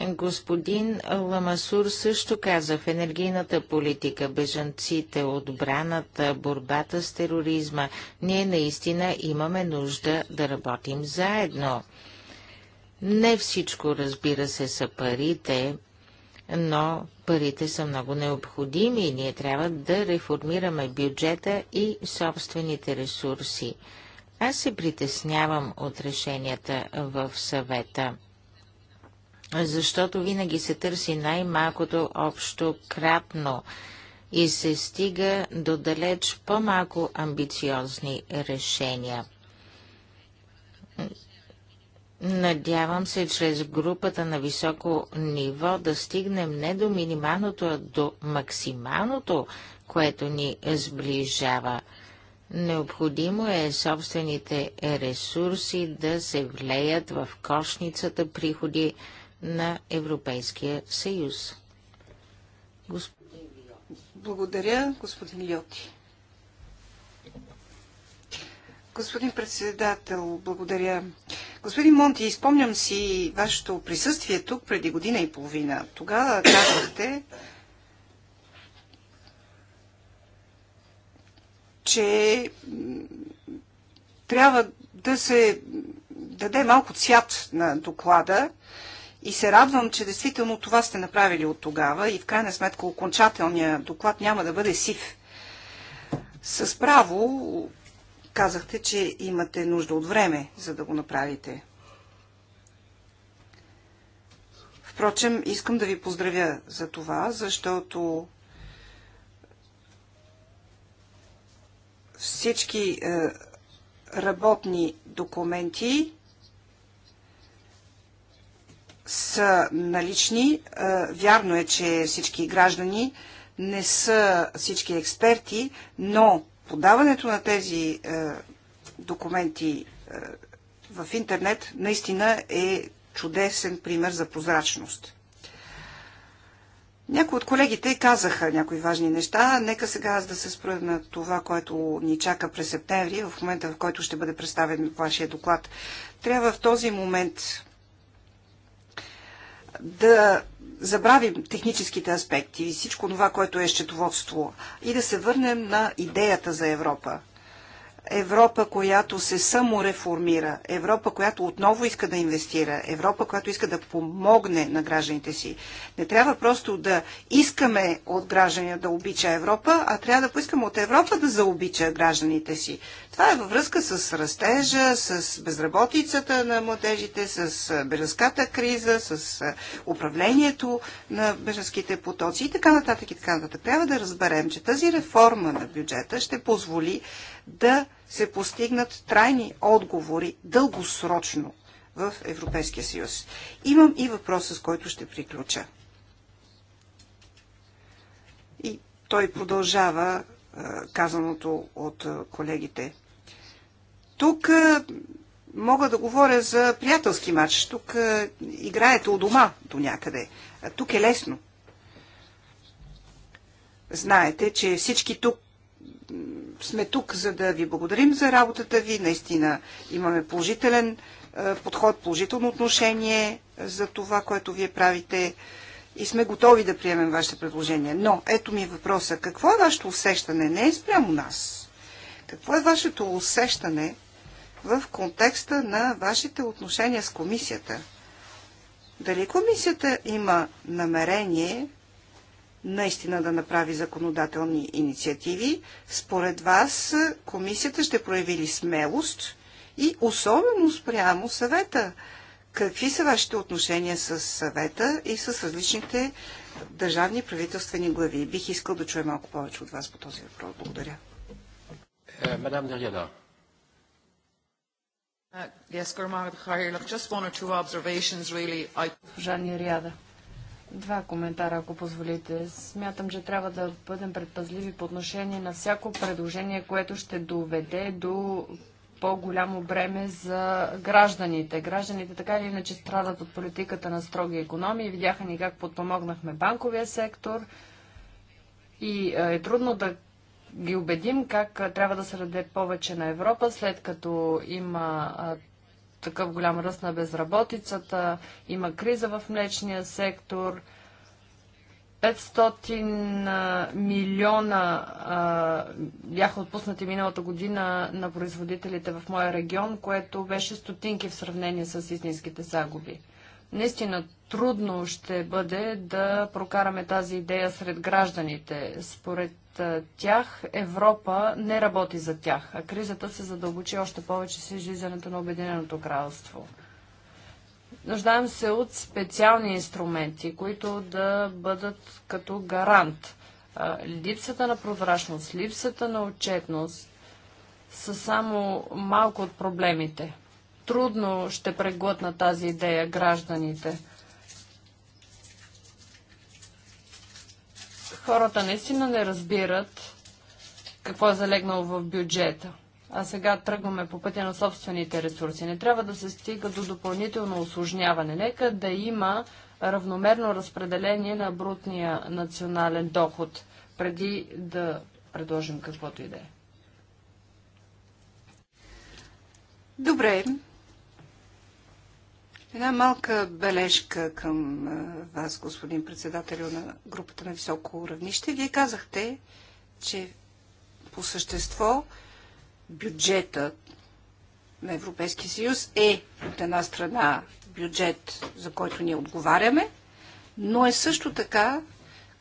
Speaker 3: Господин Ламасур също каза в енергийната политика, бежанците, отбраната, борбата с тероризма. Ние наистина имаме нужда да работим заедно. Не всичко, разбира се, са парите, но парите са много необходими и ние трябва да реформираме бюджета и собствените ресурси. Аз се притеснявам от решенията в съвета защото винаги се търси най-малкото общо кратно и се стига до далеч по-малко амбициозни решения. Надявам се, чрез групата на високо ниво да стигнем не до минималното, а до максималното, което ни сближава. Необходимо е собствените ресурси да се влеят в кошницата приходи, на Европейския съюз. Господин Благодаря, господин Льоти.
Speaker 1: Господин председател, благодаря. Господин Монти, изпомням си вашето присъствие тук преди година и половина. Тогава казахте, че трябва да се даде малко цвят на доклада и се радвам, че действително това сте направили от тогава и в крайна сметка окончателният доклад няма да бъде сив. С право казахте, че имате нужда от време, за да го направите. Впрочем, искам да ви поздравя за това, защото всички е, работни документи са налични. Е, вярно е, че всички граждани не са всички експерти, но подаването на тези е, документи е, в интернет наистина е чудесен пример за прозрачност. Някои от колегите казаха някои важни неща. Нека сега аз да се спра на това, което ни чака през септември, в момента в който ще бъде представен вашия доклад. Трябва в този момент да забравим техническите аспекти и всичко това, което е счетоводство и да се върнем на идеята за Европа. Европа, която се самореформира, Европа, която отново иска да инвестира, Европа, която иска да помогне на гражданите си. Не трябва просто да искаме от гражданите да обича Европа, а трябва да поискаме от Европа да заобича гражданите си. Това е във връзка с растежа, с безработицата на младежите, с бежанската криза, с управлението на бежанските потоци и така нататък и така нататък. Трябва да разберем, че тази реформа на бюджета ще позволи да се постигнат трайни отговори дългосрочно в Европейския съюз. Имам и въпрос, с който ще приключа. И той продължава е, казаното от е, колегите. Тук е, мога да говоря за приятелски матч. Тук играете у дома до някъде. Тук е лесно. Знаете, че всички тук сме тук, за да ви благодарим за работата ви. Наистина имаме положителен е, подход, положително отношение за това, което вие правите и сме готови да приемем вашето предложение. Но ето ми е въпроса. Какво е вашето усещане? Не е спрямо нас. Какво е вашето усещане в контекста на вашите отношения с комисията? Дали комисията има намерение наистина да направи законодателни инициативи, според вас комисията ще прояви ли смелост и особено спрямо съвета? Какви са вашите отношения с съвета и с различните държавни правителствени глави? Бих искал да чуя малко повече от вас по този въпрос. Благодаря.
Speaker 4: Е, мадам
Speaker 3: Uh, Yes,
Speaker 2: Жанни Риада. Два коментара, ако позволите. Смятам, че трябва да бъдем предпазливи по отношение на всяко предложение, което ще доведе до по-голямо бреме за гражданите. Гражданите така или иначе страдат от политиката на строги економии. Видяха ни как подпомогнахме банковия сектор. И е, е трудно да ги убедим как трябва да се даде повече на Европа, след като има такъв голям ръст на безработицата, има криза в млечния сектор, 500 милиона а, бяха отпуснати миналата година на производителите в моя регион, което беше стотинки в сравнение с истинските загуби. Наистина трудно ще бъде да прокараме тази идея сред гражданите. Според тях, Европа не работи за тях, а кризата се задълбочи още повече с излизането на Обединеното кралство. Нуждаем се от специални инструменти, които да бъдат като гарант. Липсата на прозрачност, липсата на отчетност са само малко от проблемите. Трудно ще преглътна тази идея гражданите – хората наистина не разбират какво е залегнало в бюджета. А сега тръгваме по пътя на собствените ресурси. Не трябва да се стига до допълнително осложняване. Нека да има равномерно разпределение на брутния национален доход, преди да предложим каквото и да е.
Speaker 1: Добре, Една малка бележка към вас, господин председател на групата на високо равнище. Вие казахте, че по същество бюджета на Европейския съюз е от една страна бюджет, за който ние отговаряме, но е също така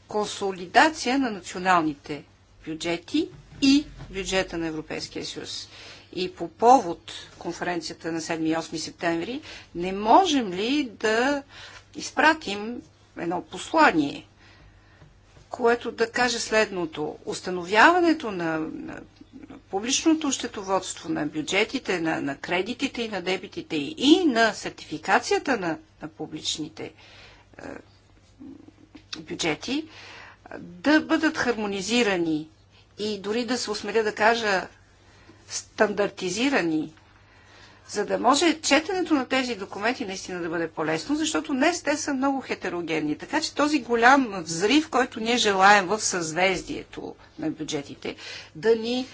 Speaker 1: консолидация на националните бюджети и бюджета на Европейския съюз и по повод конференцията на 7 и 8 септември, не можем ли да изпратим едно послание, което да каже следното. Установяването на, публичното щетоводство на бюджетите, на, на кредитите и на дебитите и на сертификацията на, на публичните е, бюджети е, да бъдат хармонизирани и дори да се осмеля да кажа стандартизирани, за да може четенето на тези документи наистина да бъде полезно, защото днес те са много хетерогенни. Така че този голям взрив, който ние желаем в съзвездието на бюджетите, да ни е,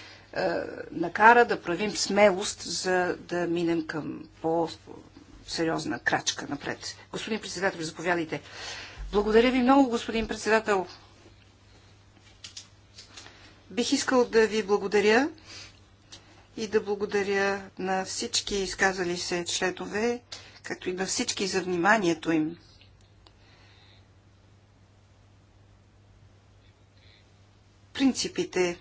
Speaker 1: накара да правим смелост, за да минем към по-сериозна крачка напред. Господин председател, заповядайте. Благодаря ви много, господин председател. Бих искал да ви благодаря и да благодаря на всички изказали се членове, както и на всички за вниманието им. Принципите,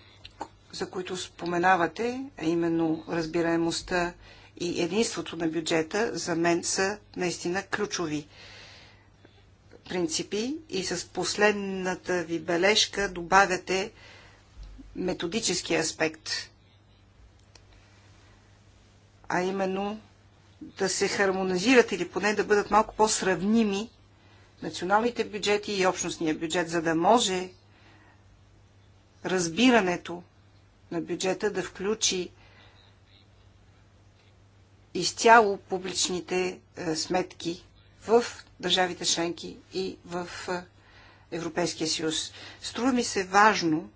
Speaker 1: за които споменавате, а именно разбираемостта и единството на бюджета, за мен са наистина ключови принципи и с последната ви бележка добавяте методически аспект – а именно да се хармонизират или поне да бъдат малко по-сравними националните бюджети и общностния бюджет, за да може разбирането на бюджета да включи изцяло публичните е, сметки в държавите членки и в е, Европейския съюз. Струва ми се важно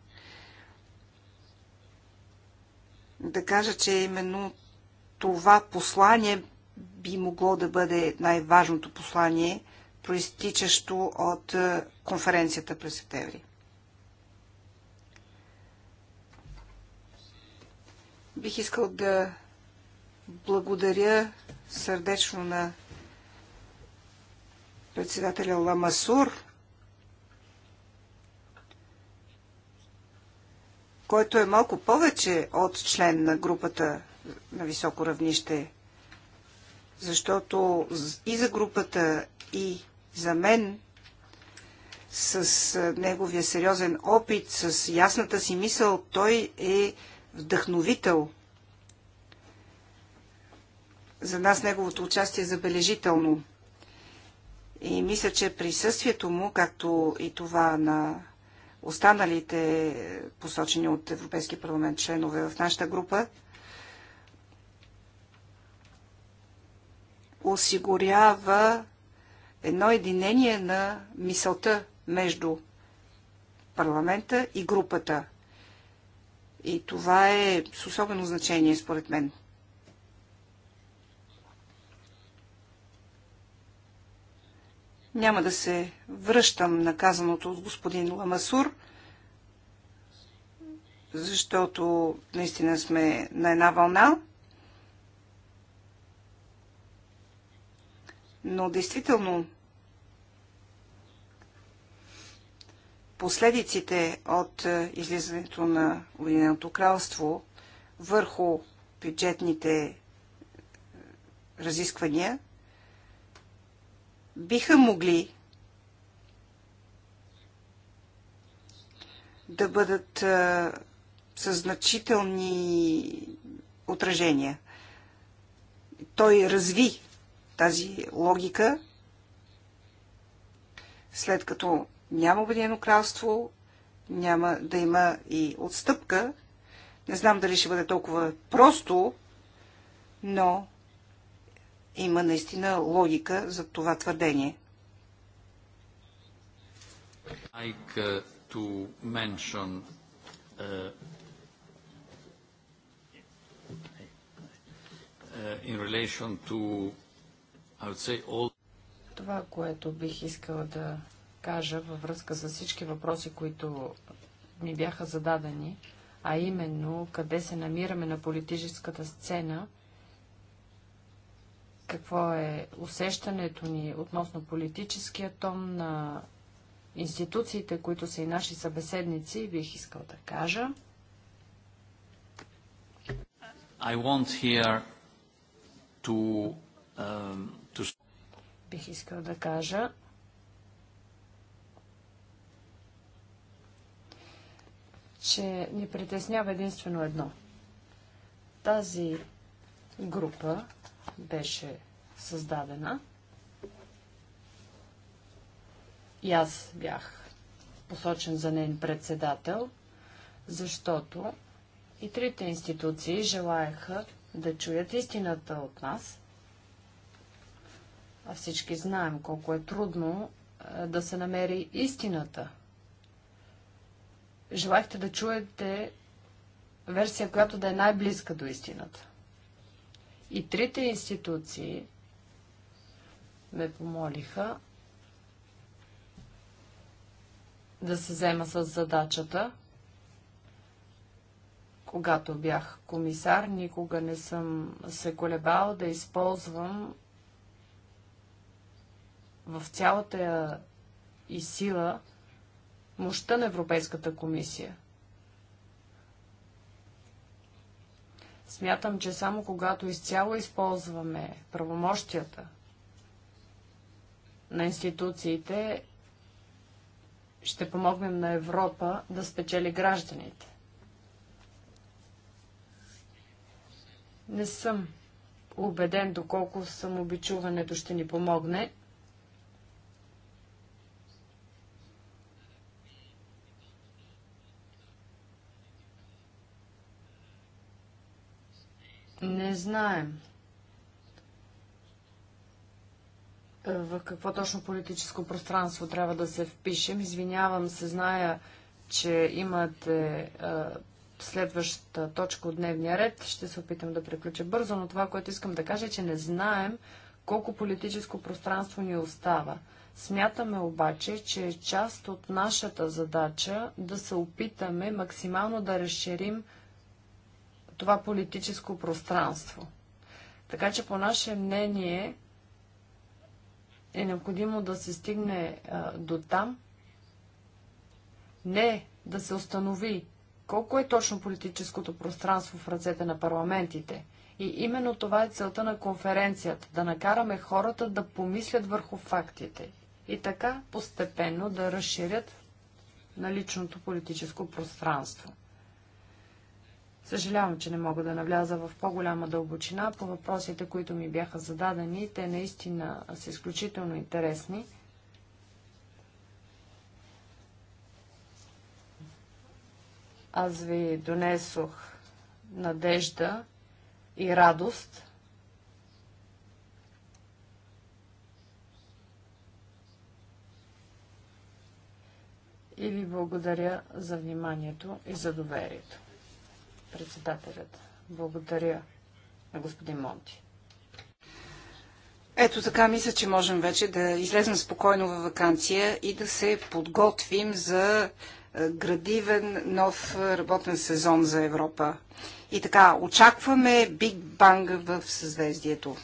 Speaker 1: да кажа, че именно това послание би могло да бъде най-важното послание, проистичащо от е, конференцията през септември. Бих искал да благодаря сърдечно на председателя Ламасур, който е малко повече от член на групата на високо равнище. Защото и за групата, и за мен, с неговия сериозен опит, с ясната си мисъл, той е вдъхновител. За нас неговото участие е забележително. И мисля, че присъствието му, както и това на останалите е, посочени от Европейския парламент членове в нашата група, осигурява едно единение на мисълта между парламента и групата. И това е с особено значение, според мен. Няма да се връщам на казаното от господин Ламасур, защото наистина сме на една вълна. но действително последиците от е, излизането на Обединеното кралство върху бюджетните е, разисквания биха могли да бъдат е, със значителни отражения. Той разви тази логика, след като няма Обединено кралство, няма да има и отстъпка. Не знам дали ще бъде толкова просто, но има наистина логика за това твърдение.
Speaker 2: Like uh, to mention uh, uh, in relation to това, което бих искала да кажа във връзка с всички въпроси, които ми бяха зададени, а именно къде се намираме на политическата сцена, какво е усещането ни относно политическия тон на институциите, които са и наши събеседници, бих искал да кажа. I want here to um, бих искал да кажа. че ни притеснява единствено едно. Тази група беше създадена и аз бях посочен за нейн председател, защото и трите институции желаяха да чуят истината от нас а всички знаем колко е трудно да се намери истината. Желахте да чуете версия, която да е най-близка до истината. И трите институции ме помолиха да се взема с задачата. Когато бях комисар, никога не съм се колебал да използвам в цялата и сила мощта на Европейската комисия. Смятам, че само когато изцяло използваме правомощията на институциите, ще помогнем на Европа да спечели гражданите. Не съм убеден доколко самобичуването ще ни помогне, Не знаем е, в какво точно политическо пространство трябва да се впишем. Извинявам се, зная, че имате е, следващата точка от дневния ред. Ще се опитам да приключа бързо, но това, което искам да кажа е, че не знаем колко политическо пространство ни остава. Смятаме обаче, че е част от нашата задача да се опитаме максимално да разширим това политическо пространство. Така че по наше мнение е необходимо да се стигне а, до там, не да се установи колко е точно политическото пространство в ръцете на парламентите. И именно това е целта на конференцията да накараме хората да помислят върху фактите и така постепенно да разширят наличното политическо пространство. Съжалявам, че не мога да навляза в по-голяма дълбочина по въпросите, които ми бяха зададени. Те наистина са изключително интересни. Аз ви донесох надежда и радост. И ви благодаря за вниманието и за доверието. Председателят. Благодаря на господин Монти. Ето така мисля, че можем вече да
Speaker 1: излезем спокойно във вакансия и да се подготвим за е, градивен нов работен сезон за Европа. И така, очакваме Биг Банг в съзвездието.